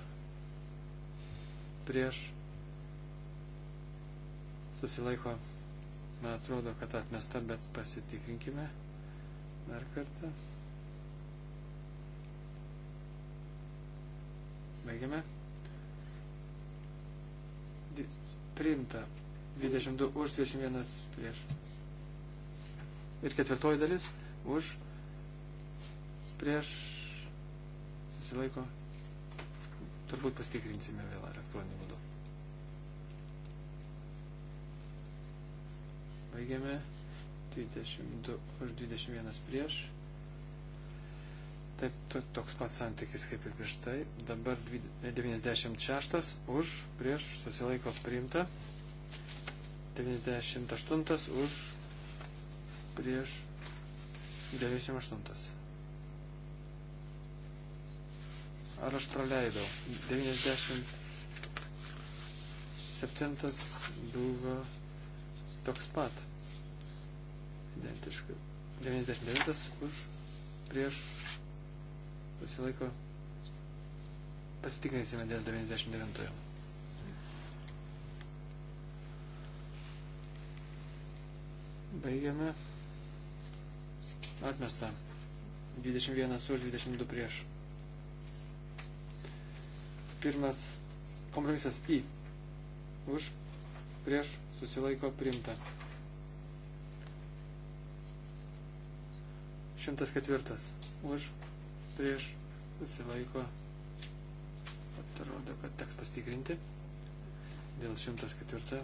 Prieš. Susilaiko. Man atrodo, kad atmesta, bet pasitikrinkime dar kartą. Baigiame. Priimta. 22 už 21 prieš. Ir ketvirtoji dalis už prieš susilaiko. Turbūt pastikrinsime vėl elektroninį būdu. Baigiame 22 už 21 prieš. Taip, to, toks pats santykis kaip ir prieš tai. Dabar 96 už prieš susilaiko priimta. 98 už prieš 98. Ar aš praleidau? 97 buvo toks pat. Identiškai. 99 už prieš susilaiko. Pasitikrinsime dėl 99. Baigiame. Atmesta. 21 už 22 prieš. Pirmas kompromisas į. Už prieš susilaiko primta. 104. Už prieš susilaiko. Atrodo, kad teks pastikrinti. Dėl 104.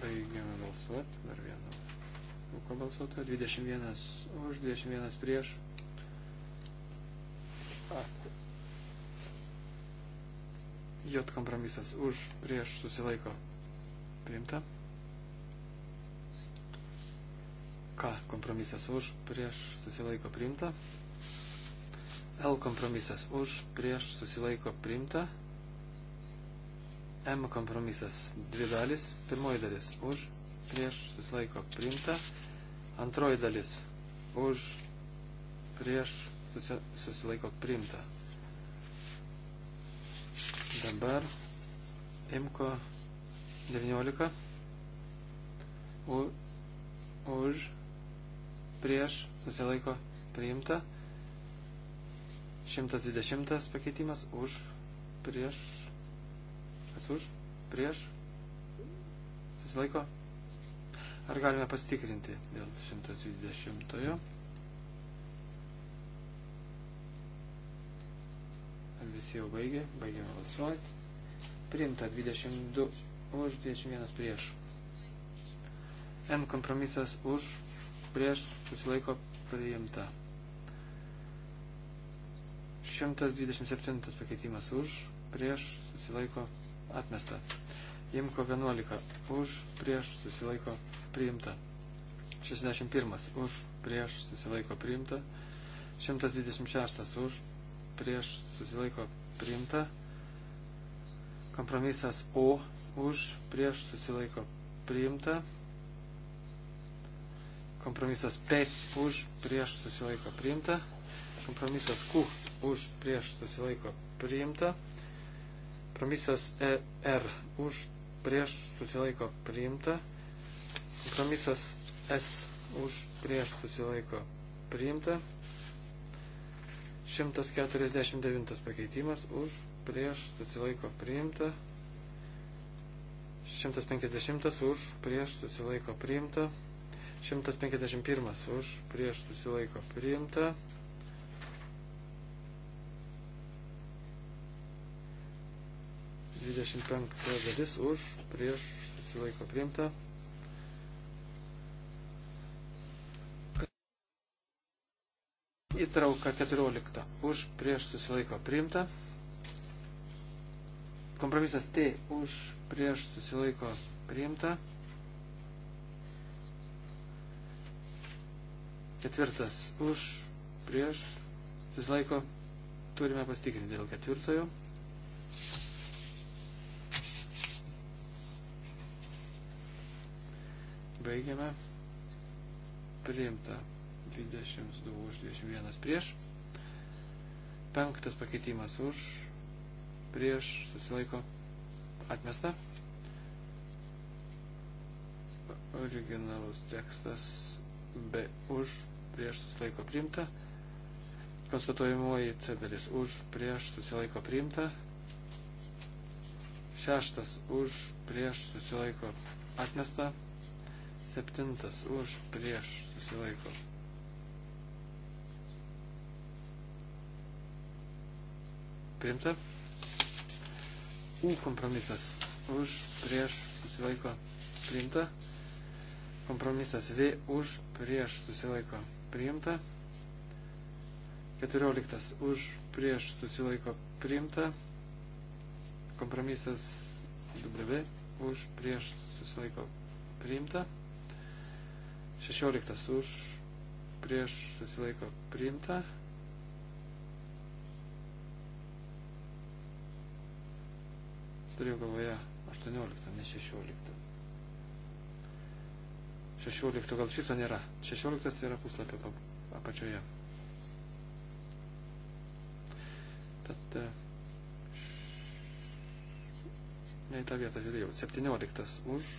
Baigiame balsuoti. Dar vieną auką balsuotoją. 21 už, 21 prieš. J kompromisas už, prieš susilaiko. Priimta. K kompromisas už, prieš susilaiko priimta. L kompromisas už, prieš susilaiko priimta. M kompromisas dvi dalis. Pirmoji dalis už, prieš, susilaiko priimta. Antroji dalis už, prieš, susilaiko priimta. Dabar imko 19. U, už, prieš, susilaiko priimta. 120 pakeitimas už, prieš, Kas už? Prieš? Susilaiko? Ar galime pasitikrinti dėl 120? Ar visi jau baigė? Baigėme balsuoti. Priimta 22 už, 21 prieš. N kompromisas už, prieš, susilaiko priimta. 127 pakeitimas už, prieš, susilaiko atmesta. Imko 11 už, prieš susilaiko priimta. 61 už, prieš susilaiko priimta. 126 už, prieš susilaiko priimta. Kompromisas O už, prieš susilaiko priimta. Kompromisas P už, prieš susilaiko priimta. Kompromisas Q už, prieš susilaiko priimta. Kompromisas ER už prieš susilaiko priimta. Kompromisas S už prieš susilaiko priimta. 149 pakeitimas už prieš susilaiko priimta. 150 už prieš susilaiko priimta. 151 už prieš susilaiko priimta. 25 dalis už, prieš, susilaiko priimta. Įtrauka 14. Už, prieš, susilaiko priimta. Kompromisas T. Už, prieš, susilaiko priimta. Ketvirtas. Už, prieš, susilaiko. Turime pastikrinti dėl ketvirtojo. Baigiame. Priimta 22 už 21 prieš. Penktas pakeitimas už prieš susilaiko atmesta. Originalus tekstas be už prieš susilaiko priimta. Konstatuojamoji C dalis už prieš susilaiko priimta. Šeštas už prieš susilaiko atmesta. Septintas už prieš susilaiko. Primta. U kompromisas už prieš susilaiko. Primta. Kompromisas V už prieš susilaiko. Priimta. Keturioliktas už prieš susilaiko. Priimta. Kompromisas W už prieš susilaiko. Priimta. 16 už, prieš susilaiko priimta. Turėjau galvoje 18, ne 16. 16 gal šito nėra. 16 tai yra puslapio apačioje. Tad e, ne į tą vietą žiūrėjau. 17 už,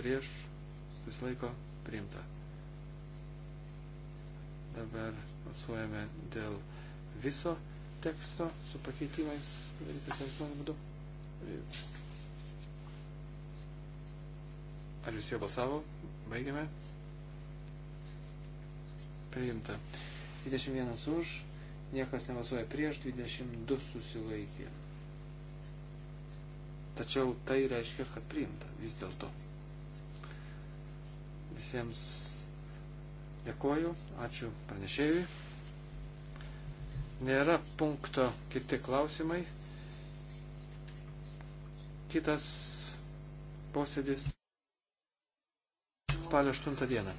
prieš, susilaiko priimta. Dabar balsuojame dėl viso teksto su pakeitimais, darytis elektroniniu būdu. Ar visi jau balsavo? Baigiame. Priimta. 21 už, niekas nebalsuoja prieš, 22 susilaikė. Tačiau tai reiškia, kad priimta vis dėlto. Visiems Dėkoju, ačiū pranešėjui. Nėra punkto kiti klausimai. Kitas posėdis spalio 8 dieną.